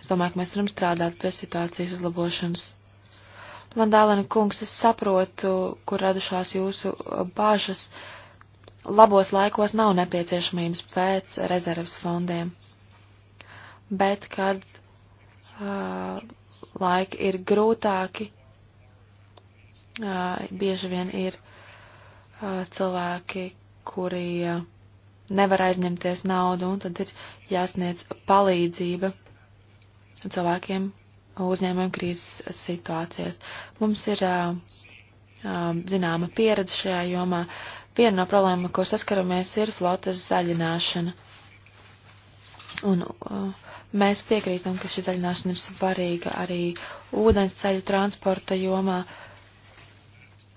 es domāju, ka mēs varam strādāt pie situācijas uzlabošanas. Vandālena kungs, es saprotu, kur radušās jūsu bāžas. Labos laikos nav nepieciešamības pēc rezerves fondiem. Bet, kad uh, laiki ir grūtāki, uh, bieži vien ir uh, cilvēki, kuri uh, nevar aizņemties naudu, un tad ir jāsniedz palīdzība cilvēkiem, uzņēmumiem krīzes situācijās. Mums ir zināma pieredze šajā jomā. Viena no problēma, ko saskaramies, ir flotas zaļināšana. Un mēs piekrītam, ka šī zaļināšana ir svarīga arī ūdens ceļu transporta jomā.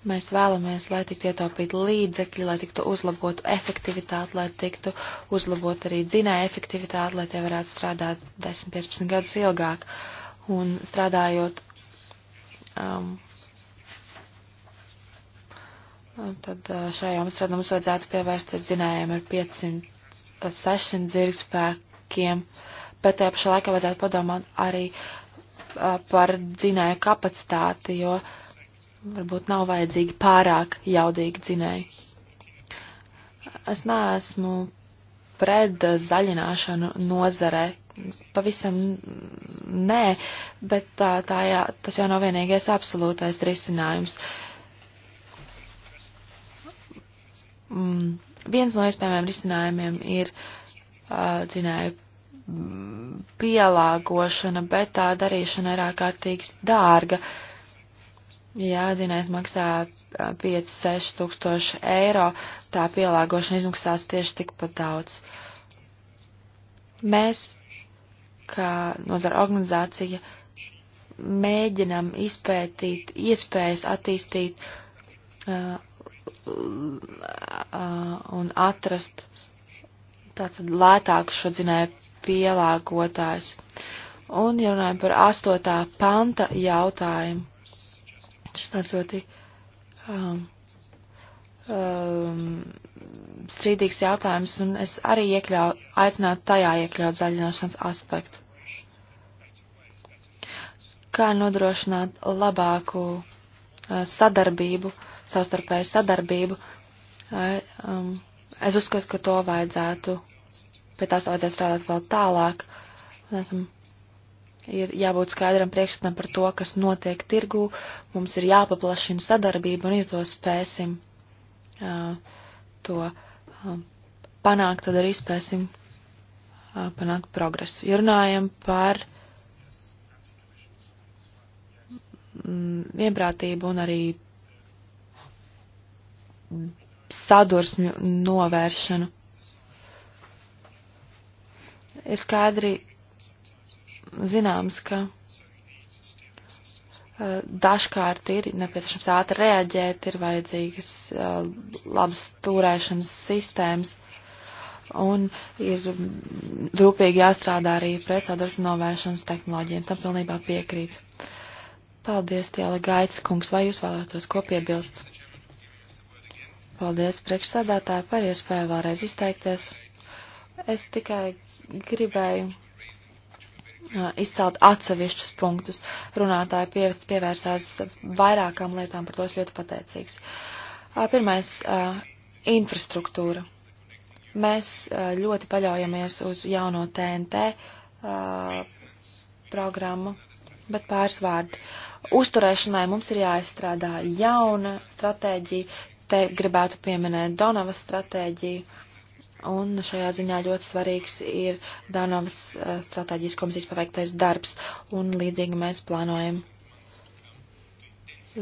Mēs vēlamies, lai tiktu ietaupīti līdzekļi, lai tiktu uzlabotu efektivitāti, lai tiktu uzlabot arī dzinēja efektivitāti, lai tie varētu strādāt 10-15 gadus ilgāk. Uh, Un strādājot um, tad uh, šajā amstrādā mums vajadzētu pievērsties dzinējiem ar 506 dzirgspēkiem, bet tajā pašā laikā vajadzētu padomāt arī uh, par dzinēju kapacitāti, jo varbūt nav vajadzīgi pārāk jaudīgi dzinēji. Es neesmu pret zaļināšanu nozarei, pavisam nē, bet tā, tā jā, tas jau nav vienīgais absolūtais risinājums. Mm, viens no iespējamiem risinājumiem ir uh, dzinēju mm, pielāgošana, bet tā darīšana ir ārkārtīgi dārga. Jā, dzinējs maksā 5-6 tūkstoši eiro, tā pielāgošana izmaksās tieši tikpat daudz. Mēs kā nozara organizācija mēģinam izpētīt iespējas attīstīt uh, uh, un atrast tātad lētāku šo dzinēju pielāgotājs. Un, ja runājam par astotā panta jautājumu, šis tāds ļoti um, um, strīdīgs jautājums, un es arī iekļau, aicinātu tajā iekļaut zaļināšanas aspektu. Kā nodrošināt labāku uh, sadarbību, savstarpēju sadarbību? Uh, um, es uzskatu, ka to vajadzētu, pie tās vajadzētu strādāt vēl tālāk. Esam ir jābūt skaidram priekšstatam par to, kas notiek tirgū, mums ir jāpaplašina sadarbība un, ja to spēsim, to panākt, tad arī spēsim panākt progresu. Ja runājam par mm, vienprātību un arī sadursmju novēršanu. Ir skaidri zināms, ka Eh, dažkārt ir nepieciešams ātri reaģēt, ir vajadzīgas eh, labas turēšanas sistēmas un ir rūpīgi jāstrādā arī pret sadarbību novēršanas tehnoloģiem. Tam pilnībā piekrīt. Paldies, Tiela Gaits kungs, vai jūs vēlētos ko piebilst? Paldies priekšsādātāji par iespēju vēlreiz izteikties. Es tikai gribēju izcelt atsevišķus punktus. Runātāji pievest, pievērsās vairākām lietām, par to es ļoti pateicīgs. Pirmais - infrastruktūra. Mēs ļoti paļaujamies uz jauno TNT programmu, bet pāris vārdi. Uzturēšanai mums ir jāizstrādā jauna stratēģija, te gribētu pieminēt Donavas stratēģiju Un šajā ziņā ļoti svarīgs ir Danovas eh, strateģijas komisijas paveiktais darbs, un līdzīgi mēs plānojam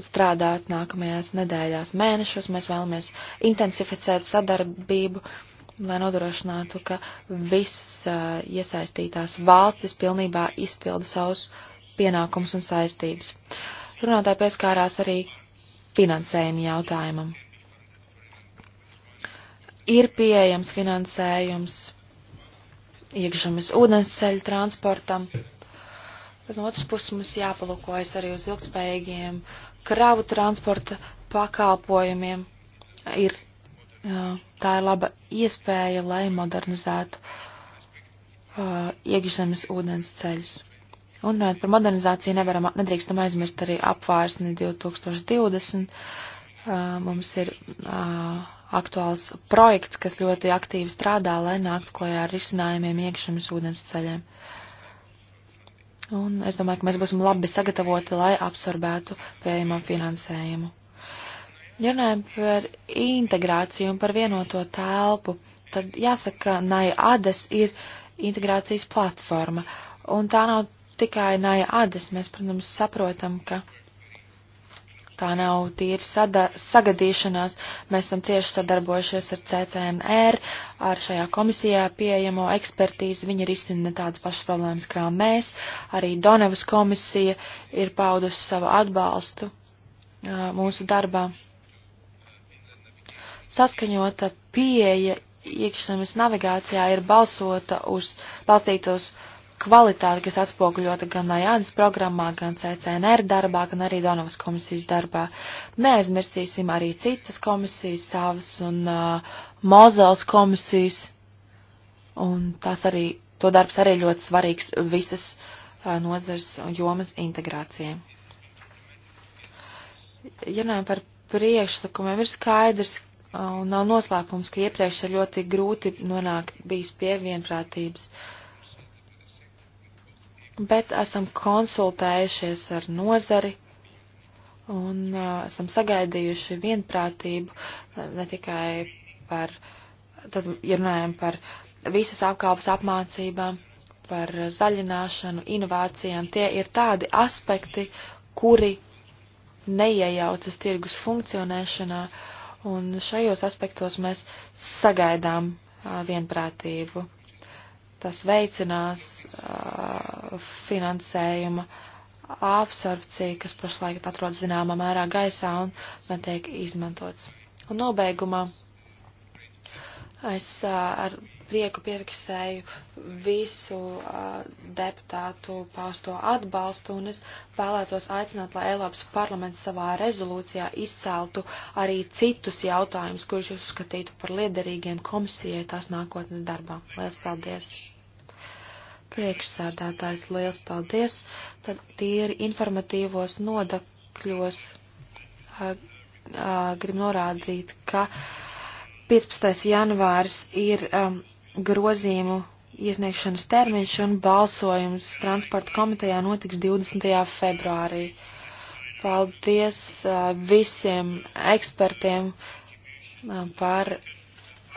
strādāt nākamajās nedēļās, mēnešos. Mēs vēlamies intensificēt sadarbību, lai nodrošinātu, ka visas eh, iesaistītās valstis pilnībā izpilda savus pienākumus un saistības. Runātāji pieskārās arī finansējuma jautājumam ir pieejams finansējums iekšzemes ūdensceļu transportam. Bet no otras puses mums jāpalūkojas arī uz ilgspējīgiem kravu transporta pakalpojumiem. Ir, tā ir laba iespēja, lai modernizētu iekšzemes ūdens ceļus. Un runājot par modernizāciju, nevaram, nedrīkstam aizmirst arī apvārsni 2020 Mums ir aktuāls projekts, kas ļoti aktīvi strādā, lai nāktu klajā ar risinājumiem iekšzemes ūdens ceļiem. Un es domāju, ka mēs būsim labi sagatavoti, lai absorbētu pieejamo finansējumu. Runājot par integrāciju un par vienoto telpu, tad jāsaka, ka NAIADES ir integrācijas platforma. Un tā nav tikai NAIADES. Mēs, protams, saprotam, ka tā nav tīra sada, sagadīšanās. Mēs esam cieši sadarbojušies ar CCNR, ar šajā komisijā pieejamo ekspertīzi. Viņi ir izcina tādas pašas problēmas kā mēs. Arī Donavas komisija ir paudusi savu atbalstu mūsu darbā. Saskaņota pieeja iekšzemes navigācijā ir balsota uz, balstīta uz kvalitāti, kas atspoguļota gan Najādas programmā, gan CCNR darbā, gan arī Donovas komisijas darbā. Neaizmirsīsim arī citas komisijas savas un uh, Mozels komisijas. Un tas arī, to darbs arī ļoti svarīgs visas uh, nozars jomas integrācijai. Ja runājam par priekšlikumiem, ir skaidrs, uh, un nav noslēpums, ka iepriekš ir ļoti grūti nonākt bijis pie vienprātības. Uh, bet esam konsultējušies ar nozari un uh, esam sagaidījuši vienprātību uh, ne tikai par, tad, ja runājam par visas apkalpas apmācībām, par zaļināšanu, inovācijām, tie ir tādi aspekti, kuri neiejaucas tirgus funkcionēšanā, un šajos aspektos mēs sagaidām uh, vienprātību. Tas veicinās uh, finansējuma absorpciju, kas pašlaik atrodas zināmā mērā gaisā un netiek izmantots. Un nobeigumā es uh, ar prieku piefiksēju visu uh, deputātu pausto atbalstu, un es vēlētos aicināt, lai Eiropas parlaments savā rezolūcijā izceltu arī citus jautājumus, kurus jūs uzskatītu par liederīgiem komisijai tās nākotnes darbā. Lielas paldies! Priekšsādātājs liels paldies. Tad tīri informatīvos nodakļos grib norādīt, ka 15. janvāris ir um, grozījumu iesniegšanas termiņš un balsojums transporta komitejā notiks 20. februārī. Paldies uh, visiem ekspertiem uh, par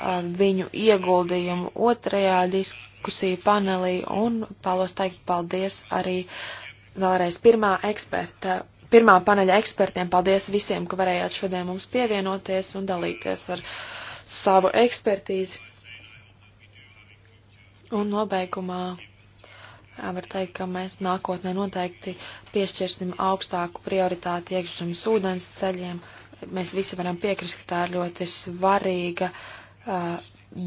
Um, viņu ieguldījumu otrajā diskusiju panelī un palos teikt paldies arī vēlreiz pirmā eksperta. Pirmā paneļa ekspertiem paldies visiem, ka varējāt šodien mums pievienoties un dalīties ar savu ekspertīzi. Un nobeigumā uh, var teikt, ka mēs nākotnē noteikti piešķirsim augstāku prioritāti iekšzemes ūdens ceļiem. Mēs visi varam piekrist, ka tā ir ļoti svarīga uh, Uh,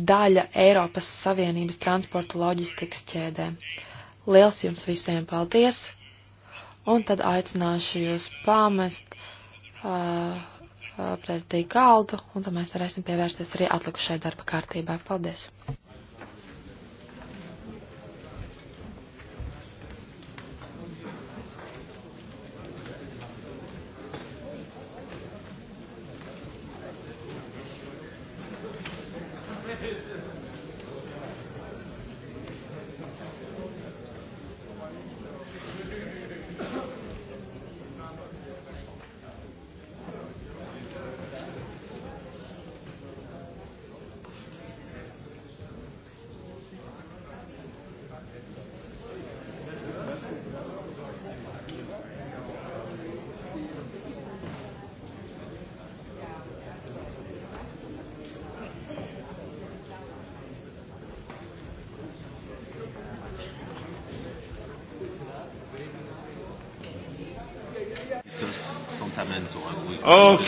daļa Eiropas Savienības transporta loģistikas ķēdē. Liels jums visiem paldies! Un tad aicināšu jūs pamest uh, uh prezidiju galdu, un tad mēs varēsim pievērsties arī atlikušai darba kārtībai. Paldies!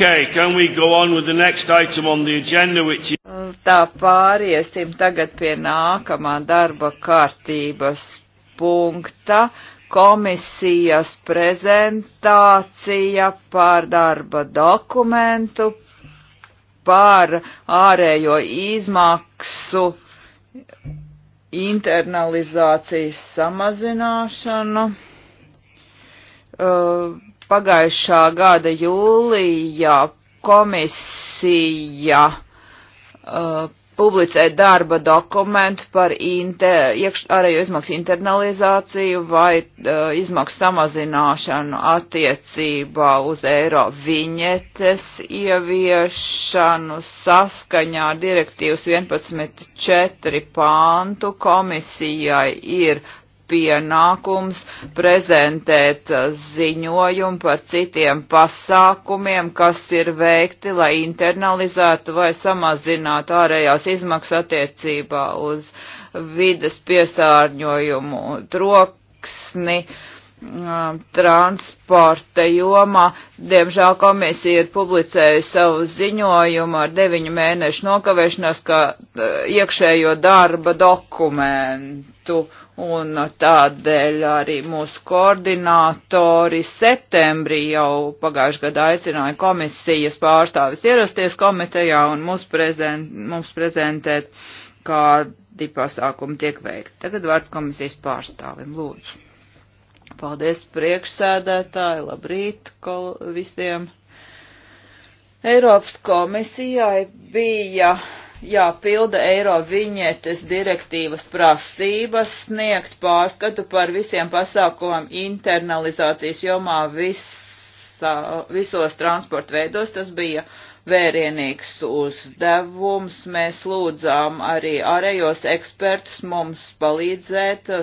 Okay, can we go on with the next item on the agenda, which is... Tā pāriesim tagad pie nākamā darba kārtības punkta komisijas prezentācija par darba dokumentu, par ārējo izmaksu internalizācijas samazināšanu. Uh, pagājušā gada jūlijā komisija uh, publicēja darba dokumentu par inter, iekš, arējo izmaksu internalizāciju vai uh, izmaksu samazināšanu attiecībā uz eiro viņetes ieviešanu saskaņā ar direktīvas 11.4 pāntu komisijai ir pienākums prezentēt uh, ziņojumu par citiem pasākumiem, kas ir veikti, lai internalizētu vai samazinātu ārējās izmaksas attiecībā uz vides piesārņojumu troksni. Uh, transporta jomā. Diemžēl komisija ir publicējusi savu ziņojumu ar deviņu mēnešu nokavēšanos, kā iekšējo darba dokumentu, un tādēļ arī mūsu koordinātori septembrī jau pagājušajā gadā aicināja komisijas pārstāvis ierasties komitejā un mums, prezent, mums prezentēt, kādi pasākumi tiek veikti. Tagad vārds komisijas pārstāvim, lūdzu. Paldies priekšsēdētāji, labrīt kol visiem. Eiropas komisijai bija jāpilda eiro viņetes direktīvas prasības sniegt pārskatu par visiem pasākumiem internalizācijas jomā visā, visos transporta veidos. Tas bija vērienīgs uzdevums. Mēs lūdzām arī ārējos ekspertus mums palīdzēt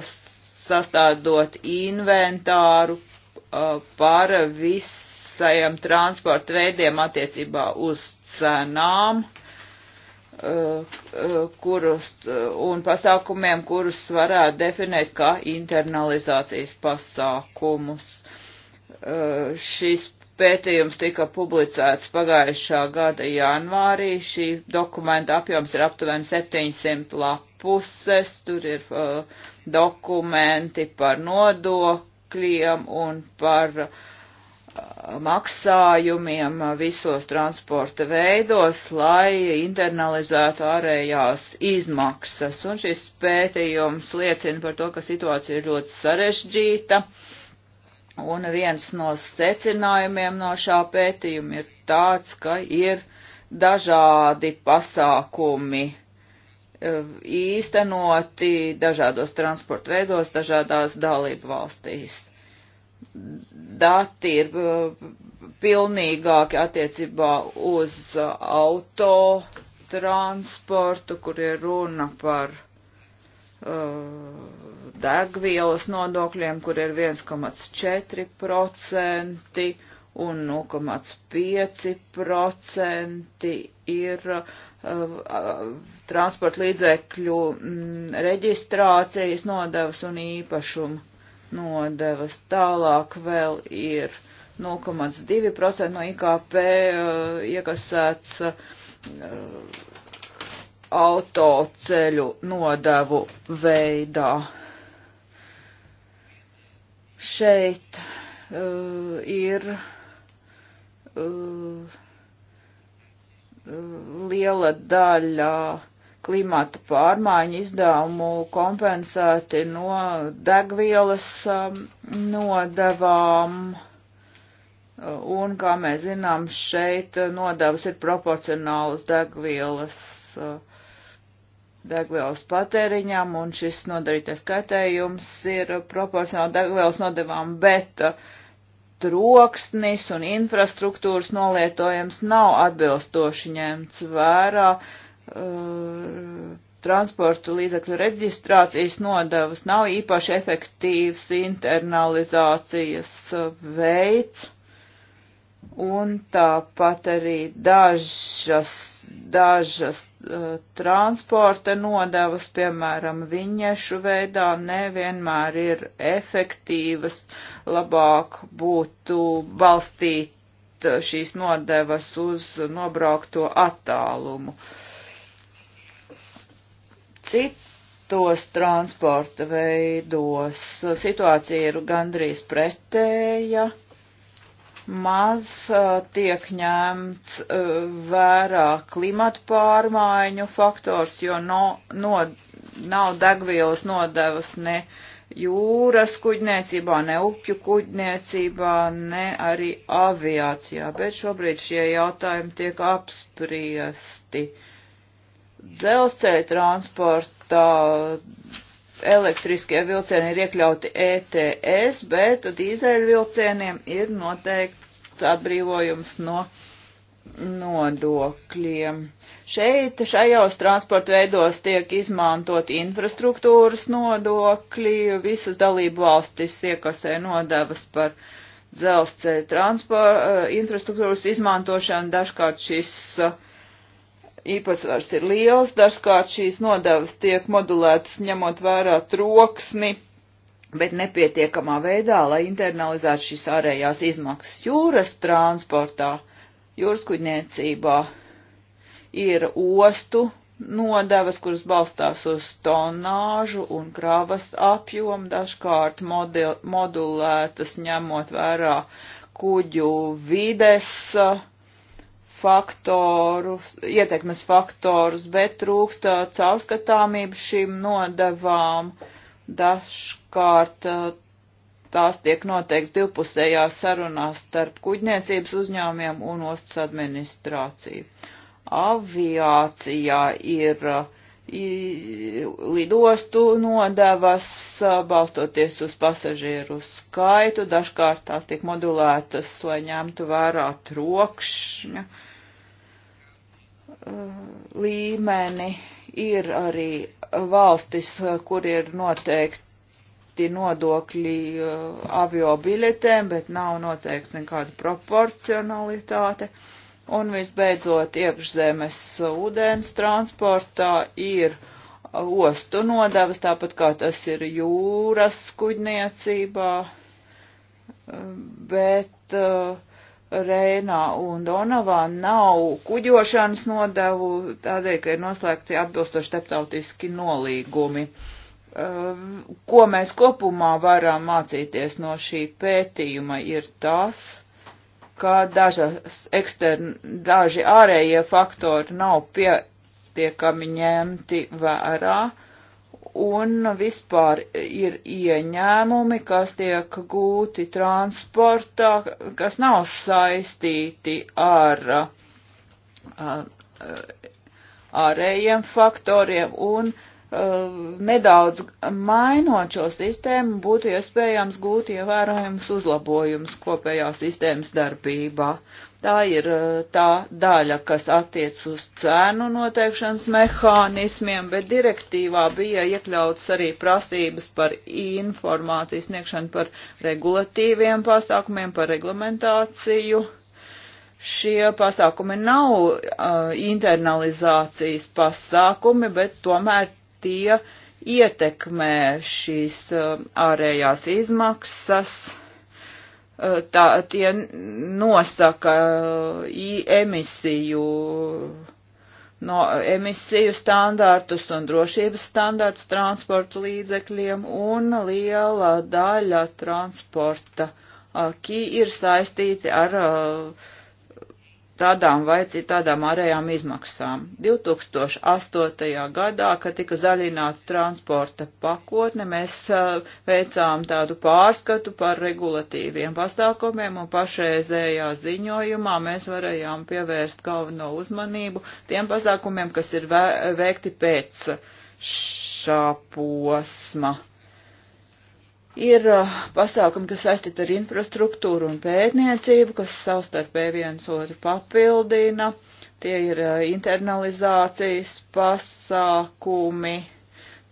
sastādot inventāru uh, par visajiem transporta veidiem attiecībā uz cenām uh, uh, kurus, un pasākumiem, kurus varētu definēt kā internalizācijas pasākumus. Šis pētījums tika publicēts pagājušā gada janvārī. Šī dokumenta apjoms ir aptuveni 700 lapuses. Tur ir uh, dokumenti par nodokļiem un par uh, maksājumiem visos transporta veidos, lai internalizētu ārējās izmaksas. Un šis pētījums liecina par to, ka situācija ir ļoti sarežģīta. Un viens no secinājumiem no šā pētījuma ir tāds, ka ir dažādi pasākumi Eh, īstenoti dažādos transporta veidos, dažādās dalību valstīs. Dati ir eh, pilnīgāki attiecībā uz eh, auto transportu, kur ir runa par uh, degvielas nodokļiem, kur ir 1,4%, un 0,5% ir uh, uh, transporta līdzekļu mm, reģistrācijas nodevas un īpašuma nodevas. Tālāk vēl ir 0,2% no IKP uh, iekasēts uh, autoceļu nodevu veidā. Šeit uh, ir Uh, liela daļa klimata pārmaiņu izdevumu kompensēti no degvielas um, nodevām. Uh, un, kā mēs zinām, šeit nodevas ir proporcionālas degvielas, uh, degvielas patēriņam, un šis nodarītais kaitējums ir proporcionāli degvielas nodevām, bet uh, troksnis un infrastruktūras nolietojums nav atbilstoši ņemts vērā uh, transporta līdzekļu reģistrācijas nodevas nav īpaši efektīvs internalizācijas uh, veids un tāpat arī dažas, dažas uh, transporta nodevas, piemēram, viņiešu veidā, nevienmēr ir efektīvas. Labāk būtu balstīt uh, šīs nodevas uz nobraukto attālumu. Citos transporta veidos situācija ir gandrīz pretēja. Ja maz tiek ņemts vērā klimata pārmaiņu faktors, jo no, no, nav degvielas nodevas ne jūras kuģniecībā, ne upju kuģniecībā, ne arī aviācijā, bet šobrīd šie jautājumi tiek apspriesti. Dzelzceļa transportā elektriskie vilcieni ir iekļauti ETS, bet dīzeļvilcieniem ir noteikts atbrīvojums no nodokļiem. Šeit šajos transporta veidos tiek izmantot infrastruktūras nodokļi, visas dalību valstis iekasē nodevas par dzelzceļa transporta eh, infrastruktūras izmantošanu, dažkārt šis uh, īpatsvars ir liels, dažkārt šīs nodevas tiek modulētas ņemot vērā troksni, bet nepietiekamā veidā, lai internalizētu šīs ārējās izmaksas jūras transportā, jūras kuģniecībā ir ostu nodevas, kuras balstās uz tonāžu un kravas apjomu, dažkārt model, modulētas ņemot vērā kuģu vides uh, faktorus, ietekmes faktorus, bet trūkst uh, caurskatāmību šīm nodevām. Dažkārt uh, tās tiek noteikts divpusējā sarunā starp kuģniecības uzņēmumiem un ostas administrāciju. Aviācijā ir uh, lidostu nodevas, balstoties uz pasažieru skaitu, dažkārt tās tiek modulētas, lai ņemtu vērā trokšņa līmeni. Ir arī valstis, kur ir noteikti nodokļi avio biļetēm, bet nav noteikti nekāda proporcionalitāte. Uh, Un visbeidzot, iekšzemes ūdens transportā ir ostu nodevas, tāpat kā tas ir jūras kuģniecībā, bet uh, Reinā un Donavā nav kuģošanas nodevu, tādēļ, ka ir noslēgti atbilstoši starptautiski nolīgumi. Uh, ko mēs kopumā varam mācīties no šī pētījuma ir tas, ka dažas ekstern, daži ārējie faktori nav pietiekami ņemti vērā, un vispār ir ieņēmumi, kas tiek gūti transportā, kas nav saistīti ar ārējiem faktoriem, un uh, Uh, nedaudz mainot šo sistēmu, būtu iespējams gūt ievērojams uzlabojums kopējā sistēmas darbībā. Tā ir uh, tā daļa, kas attiec uz cēnu noteikšanas mehānismiem, bet direktīvā bija iekļauts arī prasības par informācijas sniegšanu par regulatīviem pasākumiem, par reglamentāciju šie pasākumi nav uh, internalizācijas pasākumi, bet tomēr tie ietekmē šīs um, ārējās izmaksas, uh, tā, tie nosaka uh, emisiju, no, emisiju standārtus un drošības standārtus transporta līdzekļiem un liela daļa transporta akī uh, ir saistīti ar uh, tādām vai citādām ārējām izmaksām. 2008. gadā, kad tika zaļināta transporta pakotne, mēs veicām tādu pārskatu par regulatīviem pasākumiem un pašreizējā ziņojumā mēs varējām pievērst galveno uzmanību tiem pasākumiem, kas ir veikti pēc šā posma. Ir uh, pasākumi, kas saistīti ar infrastruktūru un pētniecību, kas savstarpēji viens otru papildina. Tie ir uh, internalizācijas pasākumi,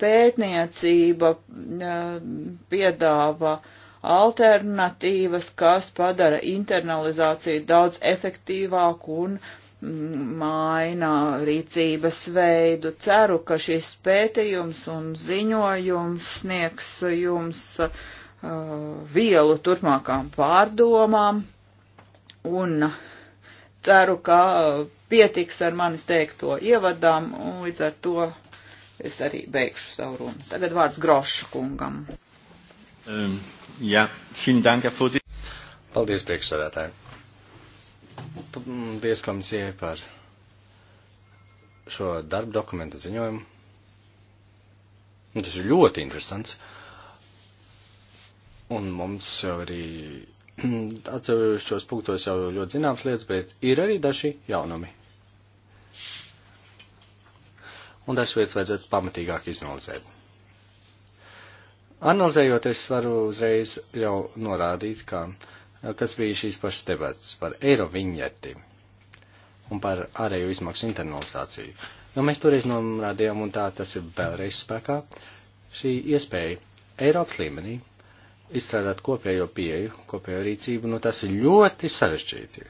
pētniecība uh, piedāvā alternatīvas, kas padara internalizāciju daudz efektīvāku un efektīvāku maina rīcības veidu. Ceru, ka šis pētījums un ziņojums sniegs jums uh, vielu turpmākām pārdomām un ceru, ka uh, pietiks ar manis teikto ievadām un līdz ar to es arī beigšu savu runu. Tagad vārds Grošu kungam. Um, jā, šim danka fuzī. Paldies priekšsēdētājiem. Paldies komisijai par šo darbu dokumentu ziņojumu. Tas ir ļoti interesants. Un mums jau arī atsevišķos punktos jau ļoti zināms lietas, bet ir arī daži jaunumi. Un dažas lietas vajadzētu pamatīgāk izanalizēt. Analizējot, es varu uzreiz jau norādīt, ka uh, kas bija šīs pašas debats par eiro viņeti un par ārējo izmaksu internalizāciju. Jo nu, mēs toreiz norādījām, un tā tas ir vēlreiz spēkā, šī iespēja Eiropas līmenī izstrādāt kopējo pieeju, kopējo rīcību, nu tas ir ļoti sarežģīti.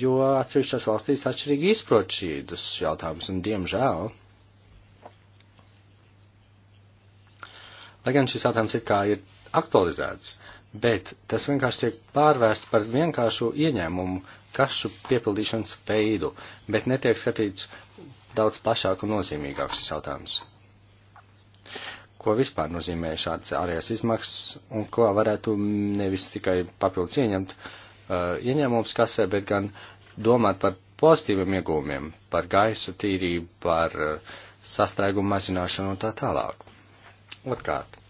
Jo atsevišķās valstīs atšķirīgi izprot šīs jautājumus, un diemžēl. Lai gan šis jautājums ir kā ir aktualizēts, uh, bet tas vienkārši tiek pārvērsts par vienkāršu ieņēmumu kašu piepildīšanas veidu, bet netiek skatīts daudz plašāk un nozīmīgāk šis jautājums. Ko vispār nozīmē šāds ārējās izmaksas un ko varētu nevis tikai papildus ieņemt uh, ieņēmums kasē, bet gan domāt par pozitīviem iegūmiem, par gaisa tīrību, par uh, sastrēgumu mazināšanu un tā tālāk. Otkārt,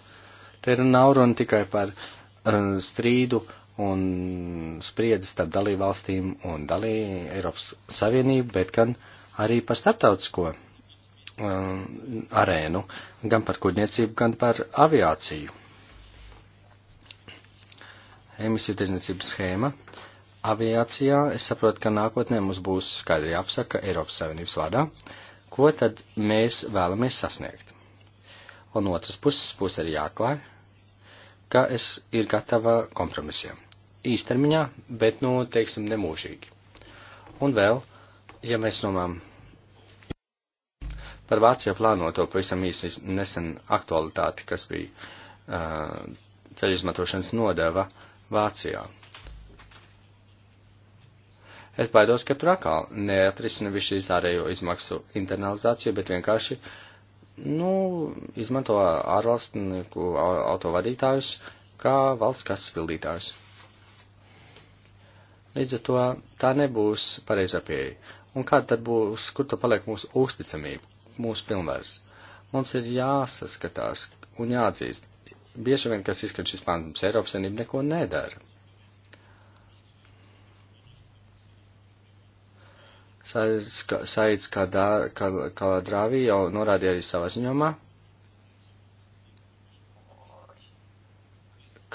te ir nav runa tikai par uh, Uh, strīdu un spriedzi starp dalībvalstīm un dalī Eiropas Savienību, bet gan arī par starptautisko um, arēnu, gan par kuģniecību, gan par aviāciju. Emisiju tirdzniecības schēma. Aviācijā es saprotu, ka nākotnē mums būs skaidri jāapsaka Eiropas Savienības vārdā, ko tad mēs vēlamies sasniegt. Un otras puses būs arī jāatklāja, ka es ir gatava kompromisiem. Īstermiņā, bet, nu, teiksim, nemūžīgi. Un vēl, ja mēs nomām par Vācijā plānoto pavisam īsi nesen aktualitāti, kas bija uh, ceļu izmantošanas nodeva Vācijā. Es baidos, ka tur atkal neatrisina visu izārējo izmaksu internalizāciju, bet vienkārši uh, nu, izmanto ārvalstnieku autovadītājus kā valsts kases pildītājus. Līdz ar to tā nebūs pareizā pieeja. Un kāda tad būs, kur tad paliek mūsu uzticamība, mūsu pilnvars? Mums ir jāsaskatās un jāatzīst. Bieži vien, kas izskan šis pārmetums, Eiropas Savienība neko nedara Saids Kaladrāvī jau norādīja arī savā ziņomā,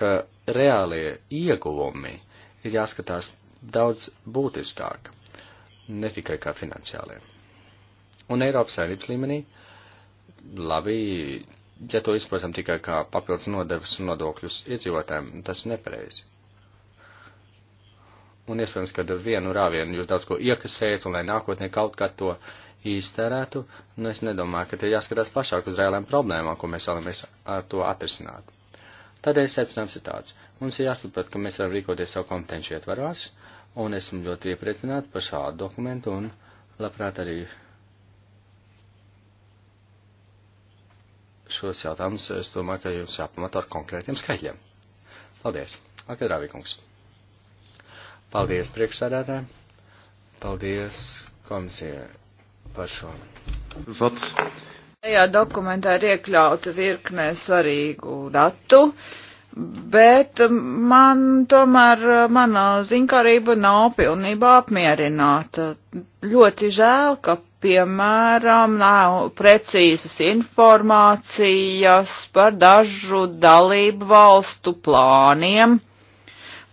ka reālie ieguvumi ir jāskatās daudz būtiskāk, ne tikai kā finansiālie. Un Eiropas saimnības līmenī, labi, ja to izprotam tikai kā papildus nodevas un nodokļus iedzīvotājiem, tas nepareizi un iespējams, ka ar vienu rāvienu jūs daudz ko iekasējat, un lai nākotnē kaut kā to iztērētu, nu es nedomāju, ka te jāskatās plašāk uz reālām problēmām, ko mēs vēlamies ar to atrisināt. Tādēļ secinājums ir tāds. Mums ir jāsaprot, ka mēs varam rīkoties savu kompetenci ietvaros, un esmu ļoti iepriecināts par šādu dokumentu, un labprāt arī šos jautājumus, es domāju, ka jums jāpamato ar konkrētiem skaitļiem. Paldies! Akadrāvīkungs! Paldies priekšsādātājiem. Paldies komisijai par šo. Vats. Tajā dokumentā ir iekļauta virknē svarīgu datu. Bet man tomēr mana zinkārība nav pilnībā apmierināta. Ļoti žēl, ka, piemēram, nav precīzas informācijas par dažu dalību valstu plāniem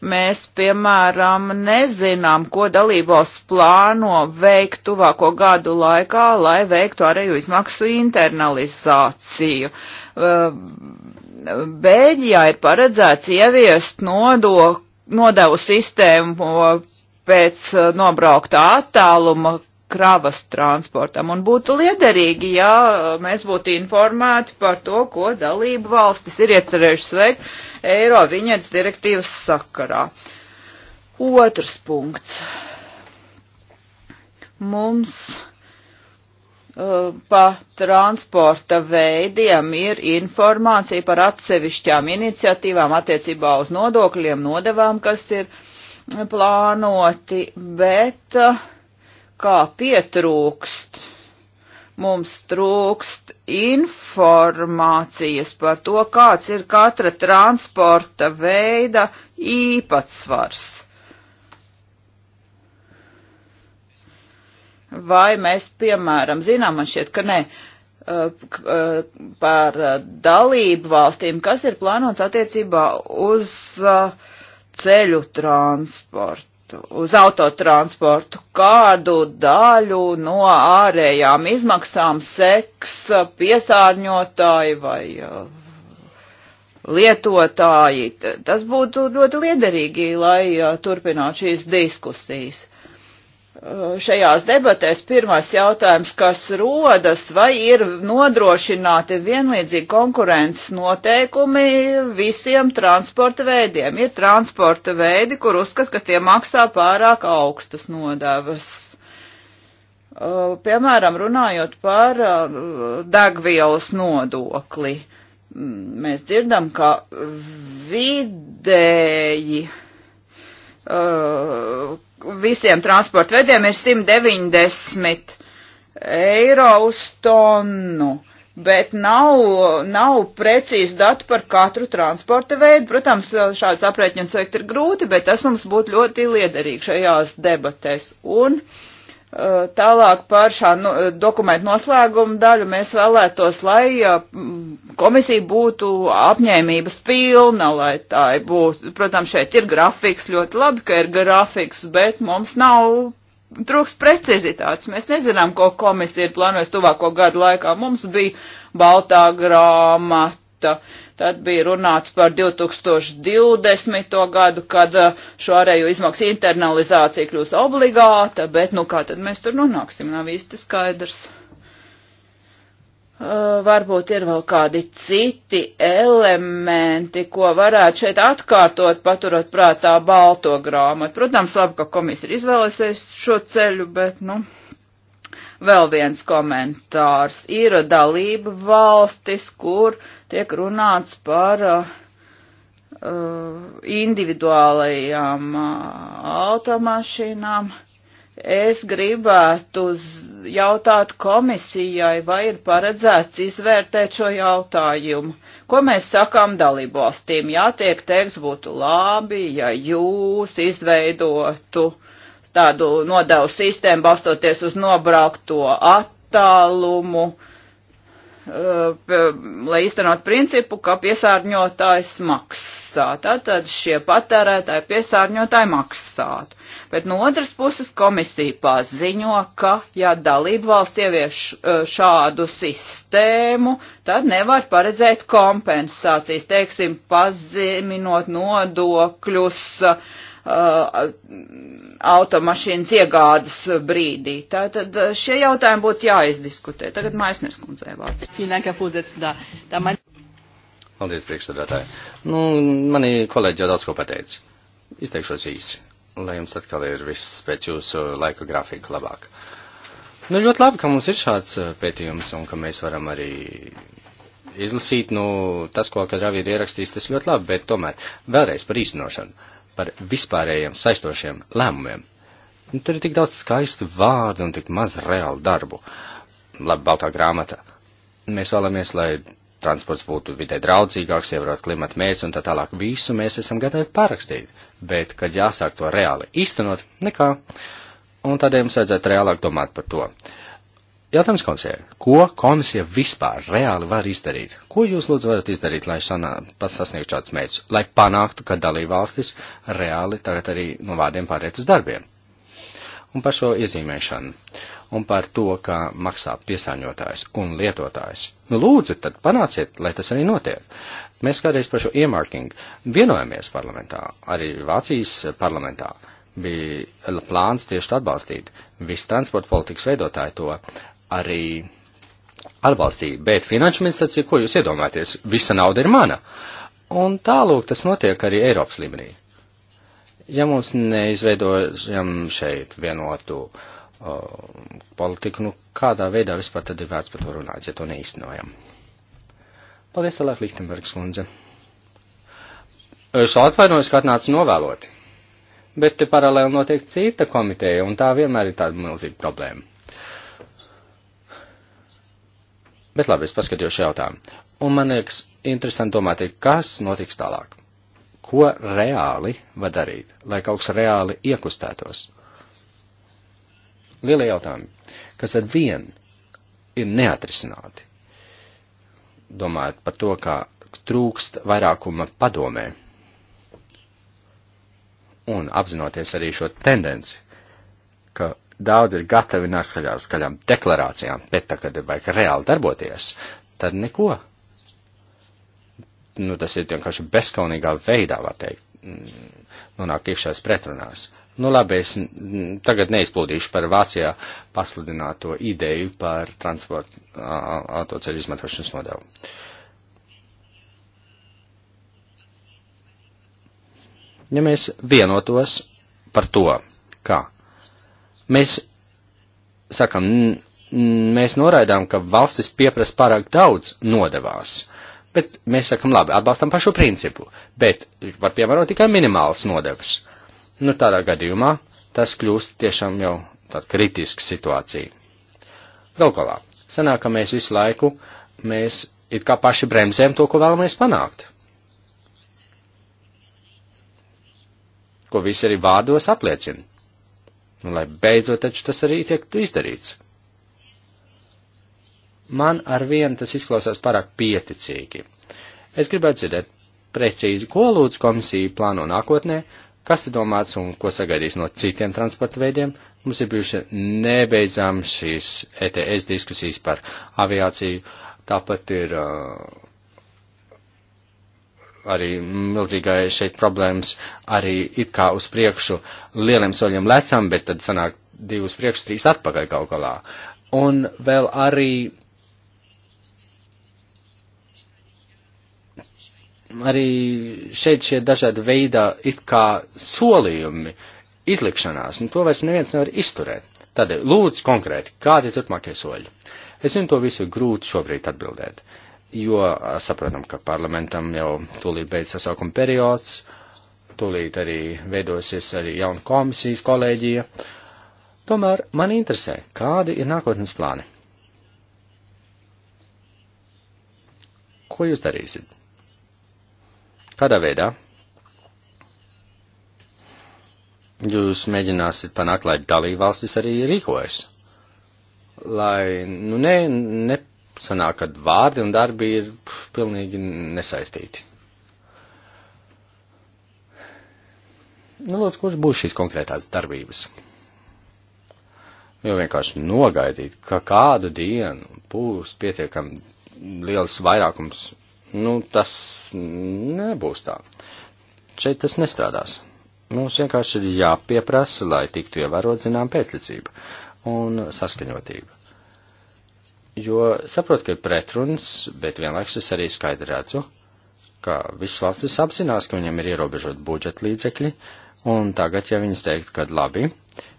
Mēs, piemēram, nezinām, ko dalībos plāno veikt tuvāko gadu laikā, lai veiktu ārēju izmaksu internalizāciju. Ehm, Bēģijā ir paredzēts ieviest nodok, nodevu sistēmu pēc eh, nobraukta attāluma, kravas transportam. Un būtu liederīgi, ja mēs būtu informēti par to, ko dalību valstis ir iecerējušas veikt eiro viņietas direktīvas sakarā. Otrs punkts. Mums uh, pa transporta veidiem ir informācija par atsevišķām iniciatīvām attiecībā uz nodokļiem, nodevām, kas ir plānoti, bet uh, kā pietrūkst. Mums trūkst informācijas par to, kāds ir katra transporta veida īpatsvars. Vai mēs, piemēram, zinām, man šķiet, ka nē, eh, eh, par dalību valstīm, kas ir plānots attiecībā uz eh, ceļu transportu uz autotransportu, kādu daļu no ārējām izmaksām seks piesārņotāji vai uh, lietotāji. Tas būtu ļoti liederīgi, lai uh, turpinātu šīs diskusijas. Eh, šajās debatēs pirmais jautājums, kas rodas, vai ir nodrošināti vienlīdzīgi konkurences noteikumi visiem transporta veidiem. Ir transporta veidi, kur uzskat, ka tie maksā pārāk augstas nodevas. Eh, piemēram, runājot par eh, degvielas nodokli, mēs dzirdam, ka vidēji visiem transporta veidiem ir 190 eiro uz tonu, bet nav, nav precīzi datu par katru transporta veidu. Protams, šāds aprēķins veikt ir grūti, bet tas mums būtu ļoti liederīgi šajās debatēs. Un, uh, Eh, tālāk par šā nu, dokumentu noslēgumu daļu mēs vēlētos, lai eh, komisija būtu apņēmības pilna, lai tā būtu. Protams, šeit ir grafiks, ļoti labi, ka ir grafiks, bet mums nav trūks precizitātes. Mēs nezinām, ko komisija ir plānojusi tuvāko gadu laikā. Mums bija baltā grāmata. Uh, Tad bija runāts par 2020. gadu, kad uh, šo ārējo izmaksu internalizācija kļūs obligāta, bet nu kā tad mēs tur nonāksim, nav īsti skaidrs. Uh, varbūt ir vēl kādi citi elementi, ko varētu šeit atkārtot, paturot prātā balto grāmatu. Protams, labi, ka komisija ir izvēlēsies šo ceļu, bet, nu. Vēl viens komentārs ir dalība valstis, kur tiek runāts par uh, uh individuālajām uh, automašīnām. Es gribētu jautāt komisijai, vai ir paredzēts izvērtēt šo jautājumu. Ko mēs sakām dalībvalstīm? Jā, tiek teiks, būtu labi, ja jūs izveidotu uh, tādu nodevu sistēmu, balstoties uz nobraukto attālumu, eh, lai īstenot principu, ka piesārņotājs maksā. Tātad šie patērētāji piesārņotāji maksātu. Bet no otras puses komisija paziņo, ka, ja dalību valsts ievieš eh, šādu sistēmu, tad nevar paredzēt kompensācijas, teiksim, pazeminot nodokļus, uh, Uh, automašīnas iegādes brīdī. Tātad uh, šie jautājumi būtu jāizdiskutē. Tagad Maisners kundzei vārds. Paldies, priekšsēdētāji. Nu, mani kolēģi jau daudz ko pateica. Izteikšos īsi, lai jums atkal ir viss pēc jūsu laika grafika labāk. Nu, ļoti labi, ka mums ir šāds uh, pētījums un ka mēs varam arī izlasīt, nu, tas, ko Kadravī ir ierakstījis, tas ļoti labi, bet tomēr vēlreiz par īstenošanu par vispārējiem saistošiem lēmumiem. Un tur ir tik daudz skaistu vārdu un tik maz reālu darbu. Labi, baltā grāmata. Mēs vēlamies, lai transports būtu vidē draudzīgāks, ievērot klimata mērķus un tā tālāk. Visu mēs esam gatavi parakstīt, bet, kad jāsāk to reāli īstenot, nekā. Un tādēļ mums vajadzētu reālāk domāt par to. Uh, Jautājums komisijai, ko komisija vispār reāli var izdarīt? Ko jūs lūdzu varat izdarīt, lai sasniegtu šādus mērķus, lai panāktu, ka dalībvalstis reāli tagad arī no vārdiem pāriet uz darbiem? Un par šo iezīmēšanu, un par to, ka maksā piesāņotājs un lietotājs. Nu lūdzu, tad panāciet, lai tas arī notiek. Mēs kādreiz par šo iemarkingu vienojamies parlamentā, arī Vācijas parlamentā bija plāns tieši atbalstīt. Visi transporta politikas veidotāji to arī atbalstīja. Bet finanšu ministrācija, ko jūs iedomājaties, visa nauda ir mana. Un tālūk tas notiek arī Eiropas līmenī. Ja mums neizveidojam šeit vienotu uh, politiku, nu kādā veidā vispār tad ir vērts par to runāt, ja to neīstenojam? Paldies, tālāk Lichtenbergs kundze. Es atvainojos, ka atnācu novēloti, bet te paralēli notiek cita komiteja, un tā vienmēr ir tāda milzīga problēma. Bet labi, es paskatījos šo jautājumu. Un man liekas, interesanti domāt, kas notiks tālāk. Ko reāli var darīt, lai kaut kas reāli iekustētos? Lielie jautājumi, kas ar vienu ir neatrisināti. Domājot par to, ka trūkst vairākuma padomē. Un apzinoties arī šo tendenci, ka Daudz ir gatavi nāskaļām skaļām deklarācijām, bet tā, kad vajag reāli darboties, tad neko. Nu, tas ir vienkārši bezskaunīgā veidā, var teikt, mm, nonāk iekšās pretrunās. Nu labi, es tagad neizplūdīšu par Vācijā pasludināto ideju par transportu autoceļu izmantošanas nodevu. Ja mēs vienotos par to, kā Mēs sakam, mēs noraidām, ka valstis pieprasa pārāk daudz nodevās. Bet mēs sakam, labi, atbalstam pašu principu, bet var piemērot tikai minimālas nodevas. Nu, tādā gadījumā tas kļūst tiešām jau tāda kritiska situācija. Galkolā, sanāk, ka mēs visu laiku, mēs it kā paši bremzēm to, ko vēlamies panākt. Ko visi arī vārdos apliecina. Un nu, lai beidzot taču tas arī tiek izdarīts. Man ar vienu tas izklausās pārāk pieticīgi. Es gribētu dzirdēt precīzi, ko lūdz komisija plāno nākotnē, kas ir domāts un ko sagaidīs no citiem transporta veidiem. Mums ir bijuši nebeidzām šīs ETS diskusijas par aviāciju, tāpat ir uh, arī milzīgai šeit problēmas, arī it kā uz priekšu lieliem soļiem lecam, bet tad sanāk divus priekš, trīs atpakaļ kaut galā. Un vēl arī. Arī šeit šie dažādi veida it kā solījumi, izlikšanās, un to vairs neviens nevar izturēt. Tad lūdzu konkrēti, kādi turpmākie soļi? Es zinu, to visu grūti šobrīd atbildēt. Uh, jo saprotam, ka parlamentam jau tūlīt beidz sasaukuma periods, tūlīt arī veidosies arī jauna komisijas kolēģija. Tomēr man interesē, kādi ir nākotnes plāni. Ko jūs darīsiet? Kādā veidā? Jūs mēģināsiet panākt, lai dalībvalstis arī rīkojas. Lai, nu, ne, ne sanāk, ka vārdi un darbi ir pilnīgi nesaistīti. Nu, lūdzu, kurš būs šīs konkrētās darbības? Jo vienkārši nogaidīt, ka kādu dienu būs pietiekam liels vairākums, nu, tas nebūs tā. Šeit tas nestrādās. Mums vienkārši ir jāpieprasa, lai tiktu ievērot zinām pēclicība un saskaņotība jo saprotu, ka ir pretruns, bet vienlaiks es arī skaidri redzu, ka visas valstis apzinās, ka viņam ir ierobežot budžeta līdzekļi, un tagad, ja viņas teikt, ka labi,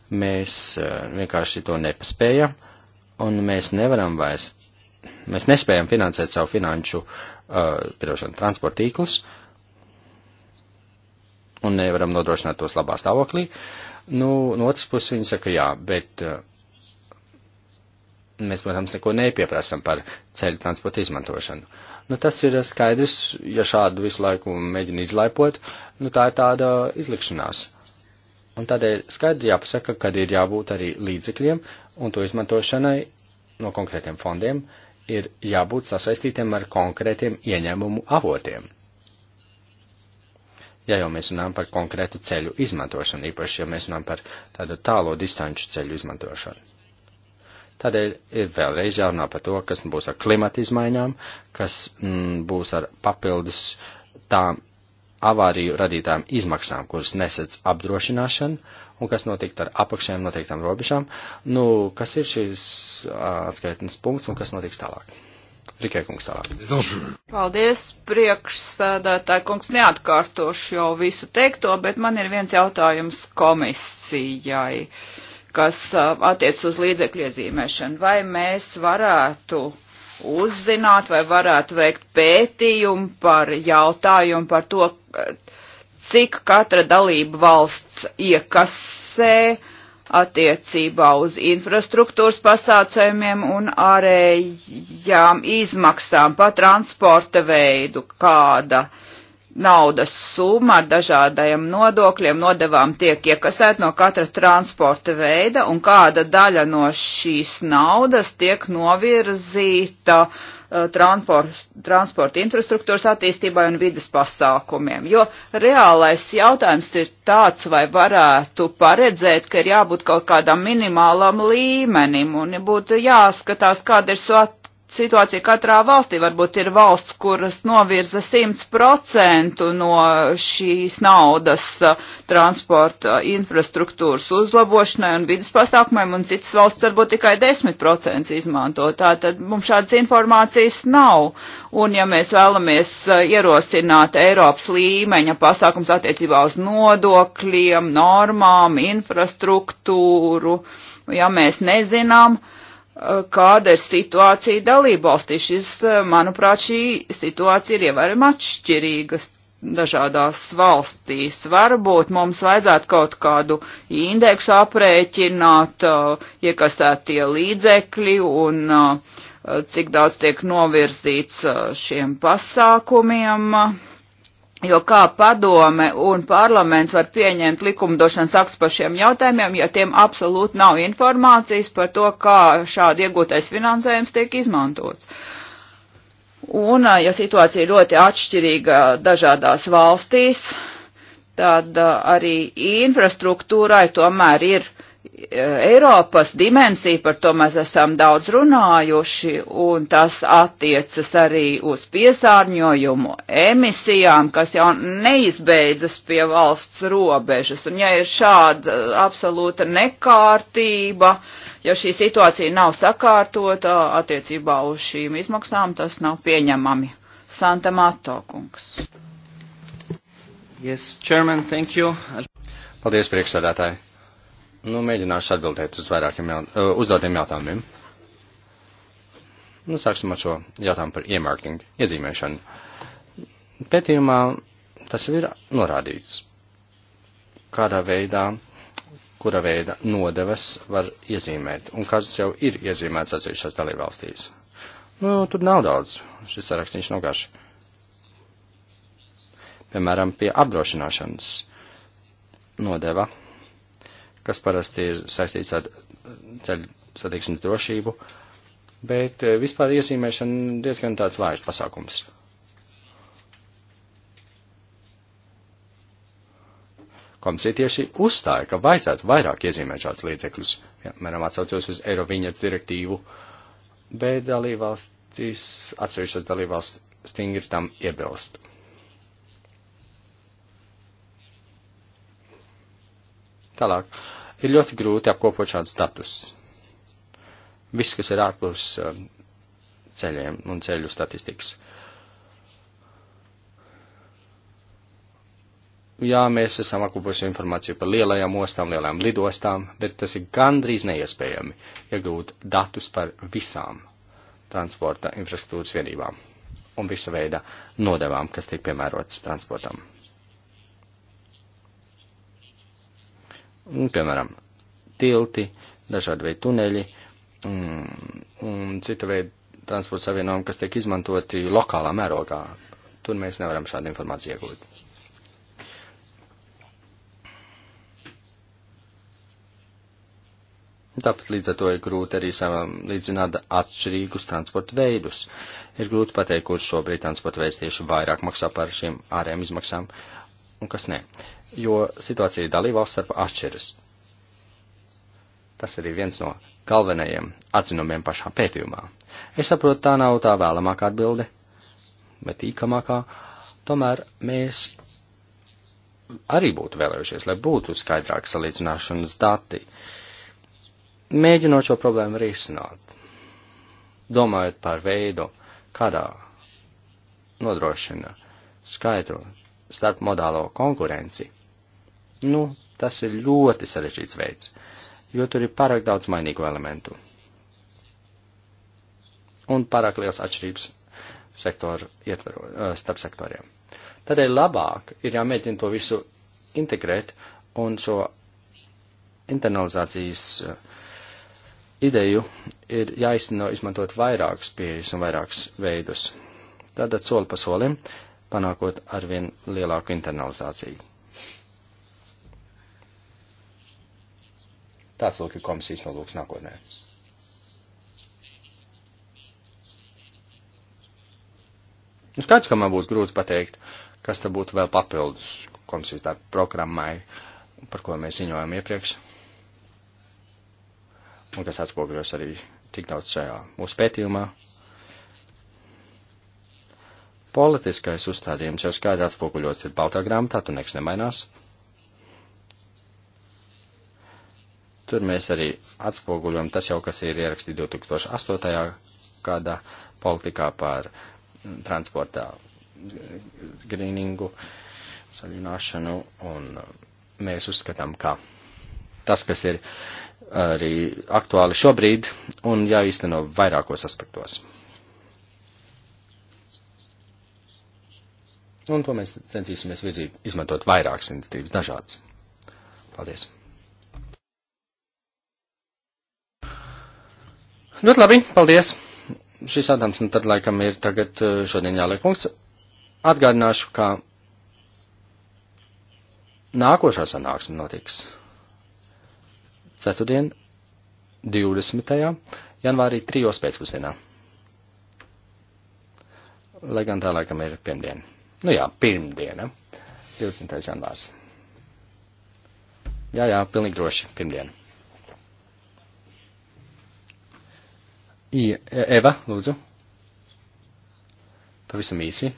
mēs eh, vienkārši to nepaspējam, un mēs nevaram vairs, mēs nespējam finansēt savu finanšu, uh, pirošanu, transporta tīklus, un nevaram nodrošināt tos labā stāvoklī, nu, no otras puses viņi saka, jā, bet. Uh, mēs, protams, neko nepieprasam par ceļu transporta izmantošanu. Nu, tas ir skaidrs, ja šādu visu laiku mēģina izlaipot, nu, tā ir tāda izlikšanās. Un tādēļ skaidri jāpasaka, kad ir jābūt arī līdzekļiem un to izmantošanai no konkrētiem fondiem ir jābūt sasaistītiem ar konkrētiem ieņēmumu avotiem. Ja jau mēs runājam par konkrētu ceļu izmantošanu, īpaši, ja mēs runājam par tādu tālo distanču ceļu izmantošanu. Tādēļ ir vēlreiz jārunā par to, kas būs ar klimata izmaiņām, kas mm, būs ar papildus tām avāriju radītām izmaksām, kuras nesec apdrošināšana, un kas notikt ar apakšējām noteiktām robežām, nu, kas ir šīs atskaitnes punkts un kas notiks tālāk. Rikai kungs tālāk. Paldies, priekšsēdētāji kungs, neatkārtošu jau visu teikto, bet man ir viens jautājums komisijai. Uh, kas attiec uz līdzekļu iezīmēšanu. Vai mēs varētu uzzināt vai varētu veikt pētījumu par jautājumu par to, cik katra dalība valsts iekasē attiecībā uz infrastruktūras pasācējumiem un ārējām izmaksām pa transporta veidu, kāda uh, naudas summa ar dažādajiem nodokļiem, nodevām tiek iekasēt no katra transporta veida, un kāda daļa no šīs naudas tiek novirzīta uh, eh, transporta, transporta infrastruktūras attīstībai un vidas pasākumiem. Jo reālais jautājums ir tāds, vai varētu paredzēt, ka ir jābūt kaut kādam minimālam līmenim un būtu jāskatās, kāda ir situācija katrā valstī. Varbūt ir valsts, kuras novirza 100% no šīs naudas uh, transporta infrastruktūras uzlabošanai un vidas pasākumiem, un citas valsts varbūt tikai 10% izmanto. Tātad mums šādas informācijas nav. Un ja mēs vēlamies uh, ierosināt Eiropas līmeņa pasākums attiecībā uz nodokļiem, normām, infrastruktūru, ja mēs nezinām, uh, Eh, kāda ir situācija dalībvalstī. Šis, eh, manuprāt, šī situācija ir ievērojami atšķirīga dažādās valstīs. Varbūt mums vajadzētu kaut kādu indeksu aprēķināt, eh, iekasētie līdzekļi un cik daudz tiek novirzīts šiem pasākumiem Jo kā padome un parlaments var pieņemt likumdošanas aktus par šiem jautājumiem, ja tiem absolūti nav informācijas par to, kā šādi iegūtais finansējums tiek izmantots. Un, ja situācija ir ļoti atšķirīga dažādās valstīs, tad arī infrastruktūrai tomēr ir Eiropas dimensija, par to mēs esam daudz runājuši, un tas attiecas arī uz piesārņojumu emisijām, kas jau neizbeidzas pie valsts robežas. Un ja ir šāda absolūta nekārtība, ja šī situācija nav sakārtota attiecībā uz šīm izmaksām, tas nav pieņemami. Santa Mato kungs. Yes, chairman, thank you. Paldies, priekšsēdētāji. Nu, mēģināšu atbildēt uz vairākiem jaut uzdotiem jautājumiem. Nu, sāksim ar šo jautājumu par iemarking, iezīmēšanu. Pētījumā tas ir norādīts, kādā veidā, kura veida nodevas var iezīmēt un kas jau ir iezīmēts atsevišķās dalībvalstīs. Nu, tur nav daudz, šis sarakstīns nav garš. Piemēram, pie apdrošināšanas nodeva kas parasti ir saistīts ar ceļu satiksmes drošību, bet eh, vispār iezīmēšana diezgan tāds vājš pasākums. Komisija tieši uzstāja, ka vajadzētu vairāk iezīmēt šādus līdzekļus, piemēram, atsaucos uz Eiroviņas direktīvu, bet dalībvalstis, atsevišķas dalībvalstis stingri tam iebilst. Tālāk ir ļoti grūti apkopot šādus datus. Viss, kas ir ārpus um, ceļiem un ceļu statistikas. Jā, mēs esam apkopojuši informāciju par lielajām ostām, lielajām lidostām, bet tas ir gandrīz neiespējami iegūt datus par visām transporta infrastruktūras vienībām un visa veida nodevām, kas tiek piemērotas transportam. Un, piemēram, tilti, dažādi veidi tuneļi un, mm, un cita veida transporta savienojumi, kas tiek izmantoti lokālā mērogā. Tur mēs nevaram šādu informāciju iegūt. Tāpat līdz ar to ir grūti arī salīdzināt atšķirīgus transporta veidus. Ir grūti pateikt, kurš šobrīd transporta veids tieši vairāk maksā par šiem ārējiem izmaksām un kas nē. Uh, jo situācija dalībvalsts starp atšķiras. Tas arī viens no galvenajiem atzinumiem pašā pētījumā. Es saprotu, tā nav tā vēlamākā atbilde, bet īkamākā. Tomēr mēs arī būtu vēlējušies, lai būtu skaidrāk salīdzināšanas dati, mēģinot šo problēmu risināt, domājot par veidu, kādā nodrošina skaidru starpmodālo konkurenci Nu, tas ir ļoti sarežģīts veids, jo tur ir pārāk daudz mainīgu elementu un pārāk liels atšķirības sektoru ietvaru, eh, starp sektoriem. Tādēļ labāk ir jāmēģina to visu integrēt un šo internalizācijas eh, ideju ir jāizteno izmantot vairākas pieejas un vairākas veidus. Tātad soli pa solim panākot arvien lielāku internalizāciju. Tāds lūk ir komisijas nolūks nākotnē. Nu, skaidrs, ka man būs grūti pateikt, kas te būtu vēl papildus komisijas darba programmai, par ko mēs ziņojām iepriekš, un kas atspoguļos arī tik daudz šajā mūsu pētījumā. Politiskais uzstādījums jau skaidri atspoguļots ir baltā grāmatā, tu neks nemainās. Tur mēs arī atspoguļojam tas jau, kas ir ierakstīts 2008. gada politikā par transportā grīningu, saļināšanu, un mēs uzskatām, ka tas, kas ir arī aktuāli šobrīd un jāīsteno vairākos aspektos. Un to mēs centīsimies virzīt, izmantot vairākas iniciatīvas, dažādas. Paldies! Ļoti labi, paldies. Šis Adams, nu tad laikam ir tagad eh, šodien jāliek punkts. Atgādināšu, ka nākošā sanāksme notiks ceturtdien, 20. janvārī, 3. pēcpusdienā. Lai gan tā laikam ir pirmdiena. Nu jā, pirmdiena, 20. janvārs. Jā, jā, pilnīgi droši, pirmdiena. I, e, Eva, lūdzu. Pavisam īsi.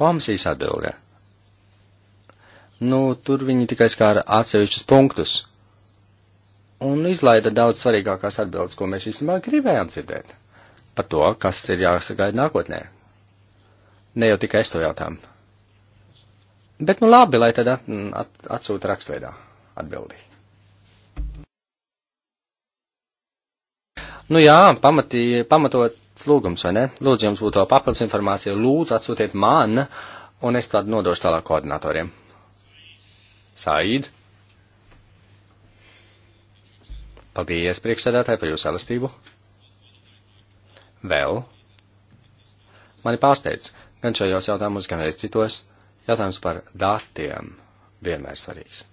Komisijas atbildē. Nu, tur viņi tikai skāra atsevišķus punktus un izlaida daudz svarīgākās atbildes, ko mēs īstenībā gribējām dzirdēt par to, kas ir jāsagaida nākotnē. Ne jau tikai es to jautājumu. Bet nu labi, lai tad at, at, atsūta rakstveidā atbildību. Nu jā, pamatī, pamatots lūgums, vai ne? Lūdzu, jums būtu papildus informācija, lūdzu atsūtiet man, un es tādu nodošu tālāk koordinatoriem. Said. Paldies, priekšsēdētāji, par jūsu elastību. Vēl. Mani pārsteidz, gan šajos jautājumus, gan arī citos, jautājums par datiem vienmēr svarīgs.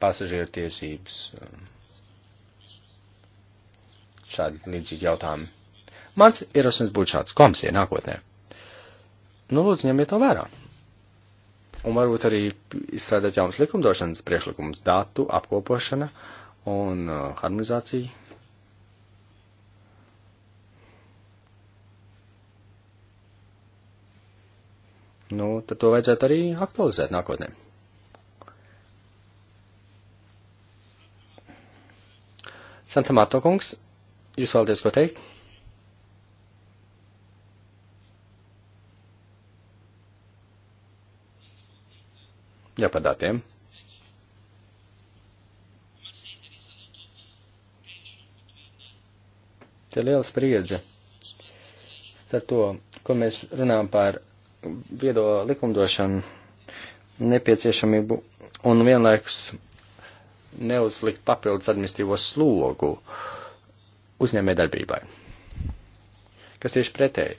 Pasažieru tiesības. Um, šādi līdzīgi jautājumi. Mans ierosinājums būtu šāds komisija nākotnē. Nu, lūdzu, ņemiet to vērā. Un varbūt arī izstrādāt jaunas likumdošanas priekšlikumus, datu apkopošana un uh, harmonizācija. Nu, tad to vajadzētu arī aktualizēt nākotnē. Santa Mato kungs, Jūs vēlaties pateikt? Jā, par datiem. Te liela spriedze starp to, ko mēs runājam par viedo likumdošanu, nepieciešamību un vienlaikus neuzlikt papildus administrīvo slogu. Uh, uzņēmē darbībai. Kas tieši pretēji,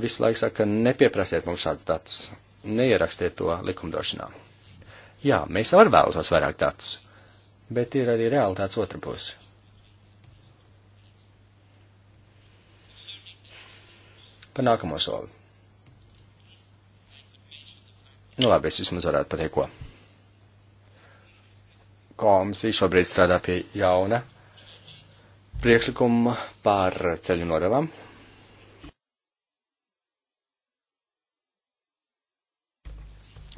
visu laiku saka, nepieprasiet mums šādus datus, neierakstiet to likumdošanā. Jā, mēs arī vēlamies vairāk datus, bet ir arī realitātes otra puse. Par nākamo soli. Nu labi, es vismaz varētu pateikt, ko. Komisija šobrīd strādā pie jauna priekšlikumu par ceļu nodevām.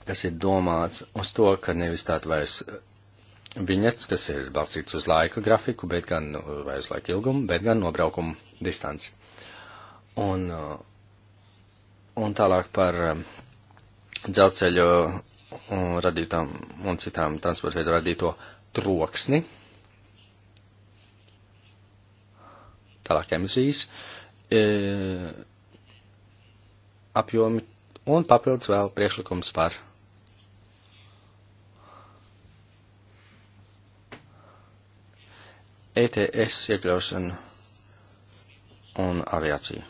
Tas ir domāts uz to, ka nevis tāds vairs viņets, kas ir balstīts uz laika grafiku, bet gan nu, vai uz laika ilgumu, bet gan nobraukumu distanci. Un, uh, un tālāk par um, dzelceļu uh, radītām un citām transporta veidu radīto troksni. tal-akemżis, e, apjomi un papildus vēl priekšlikums par ETS iekļaušanu un aviāciju.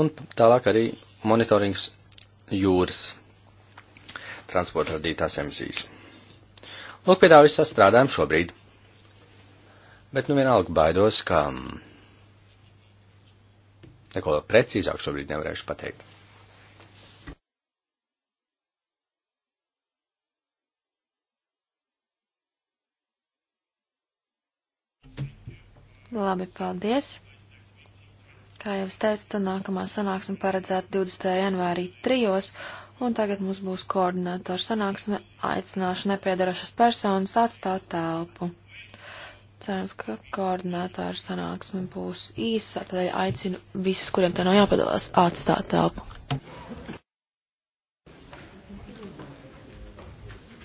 Un tālāk arī monitorings jūras transporta radītās emisijas. Lūk, pie tā visā strādājam šobrīd. Bet nu vienalga baidos, ka mm, neko precīzāk šobrīd nevarēšu pateikt. Labi, paldies. Kā jau es teicu, tad nākamā sanāksme paredzēta 20. janvārī trijos, Un tagad mums būs koordinātora sanāksme aicināšu nepiedarošas personas atstāt telpu. Cerams, ka koordinātora sanāksme būs īsa, tādēļ aicinu visus, kuriem tā nav jāpadalās, atstāt telpu.